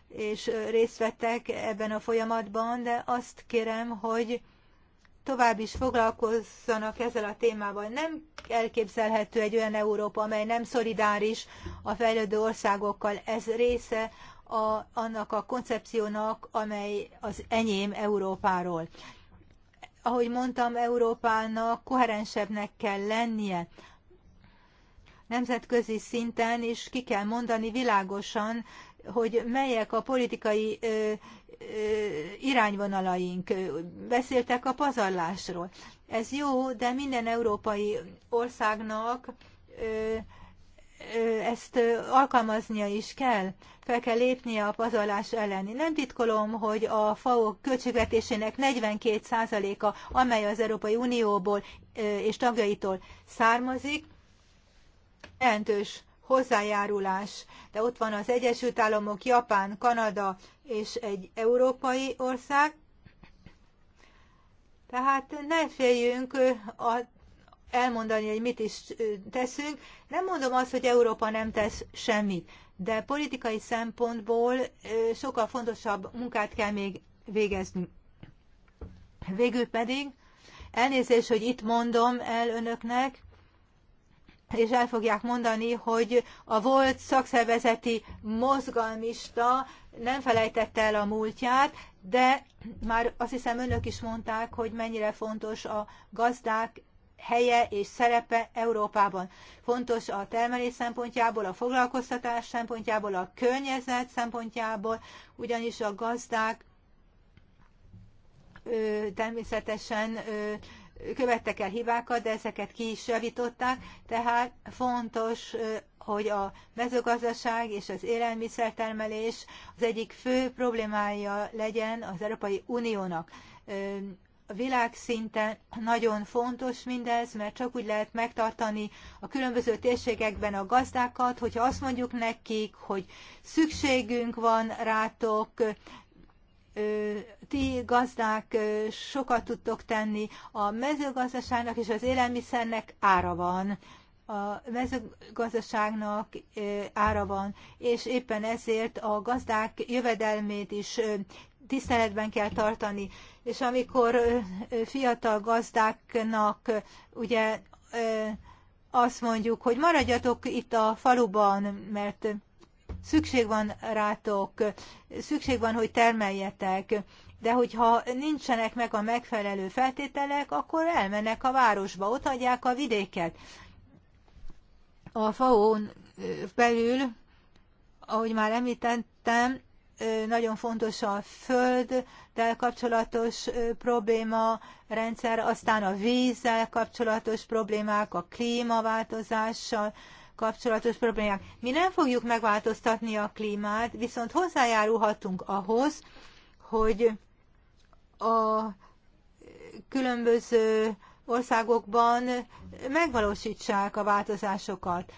és részt vettek ebben a folyamatban, de azt kérem, hogy tovább is foglalkozzanak ezzel a témával. Nem elképzelhető egy olyan Európa, amely nem szolidáris a fejlődő országokkal. Ez része a, annak a koncepciónak, amely az enyém Európáról. Ahogy mondtam, Európának koherensebbnek kell lennie. Nemzetközi szinten is ki kell mondani világosan hogy melyek a politikai irányvonalaink. Beszéltek a pazarlásról. Ez jó, de minden európai országnak ezt alkalmaznia is kell, fel kell lépnie a pazarlás elleni. Nem titkolom, hogy a FAO költségvetésének 42%-a, amely az Európai Unióból és tagjaitól származik, jelentős hozzájárulás. De ott van az Egyesült Államok, Japán, Kanada és egy európai ország. Tehát ne féljünk a, elmondani, hogy mit is teszünk. Nem mondom azt, hogy Európa nem tesz semmit, de politikai szempontból sokkal fontosabb munkát kell még végezni. Végül pedig elnézést, hogy itt mondom el önöknek, és el fogják mondani, hogy a volt szakszervezeti mozgalmista nem felejtette el a múltját, de már azt hiszem önök is mondták, hogy mennyire fontos a gazdák helye és szerepe Európában. Fontos a termelés szempontjából, a foglalkoztatás szempontjából, a környezet szempontjából, ugyanis a gazdák természetesen követtek el hibákat, de ezeket ki is javították, tehát fontos, hogy a mezőgazdaság és az élelmiszertermelés az egyik fő problémája legyen az Európai Uniónak. A világszinten nagyon fontos mindez, mert csak úgy lehet megtartani a különböző térségekben a gazdákat, hogyha azt mondjuk nekik, hogy szükségünk van rátok, ti gazdák sokat tudtok tenni. A mezőgazdaságnak és az élelmiszernek ára van. A mezőgazdaságnak ára van, és éppen ezért a gazdák jövedelmét is tiszteletben kell tartani. És amikor fiatal gazdáknak ugye azt mondjuk, hogy maradjatok itt a faluban, mert Szükség van rátok, szükség van, hogy termeljetek, de hogyha nincsenek meg a megfelelő feltételek, akkor elmennek a városba, ott adják a vidéket. A faón belül, ahogy már említettem, nagyon fontos a földdel kapcsolatos probléma rendszer, aztán a vízzel kapcsolatos problémák, a klímaváltozással kapcsolatos problémák. Mi nem fogjuk megváltoztatni a klímát, viszont hozzájárulhatunk ahhoz, hogy a különböző országokban megvalósítsák a változásokat.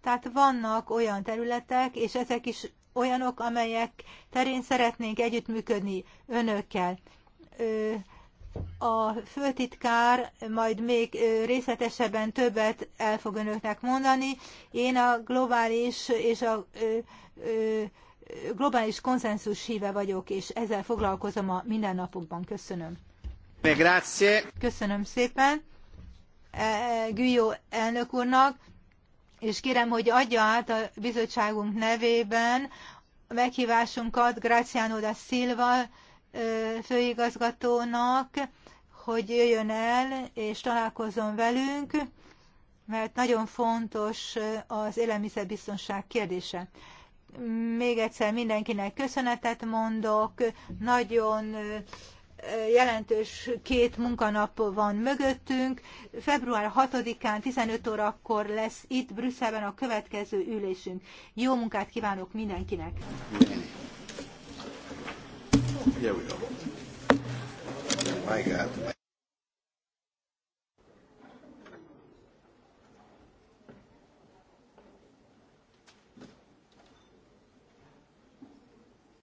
Tehát vannak olyan területek, és ezek is olyanok, amelyek terén szeretnénk együttműködni önökkel a főtitkár majd még részletesebben többet el fog önöknek mondani. Én a globális és a globális konszenzus híve vagyok, és ezzel foglalkozom a mindennapokban. Köszönöm. Grazie. Köszönöm szépen e, Gülyó elnök úrnak, és kérem, hogy adja át a bizottságunk nevében a meghívásunkat Graciano da Silva főigazgatónak, hogy jöjjön el és találkozzon velünk, mert nagyon fontos az élelmiszerbiztonság kérdése. Még egyszer mindenkinek köszönetet mondok, nagyon jelentős két munkanap van mögöttünk. Február 6-án 15 órakor lesz itt Brüsszelben a következő ülésünk. Jó munkát kívánok mindenkinek! Here we go. My God.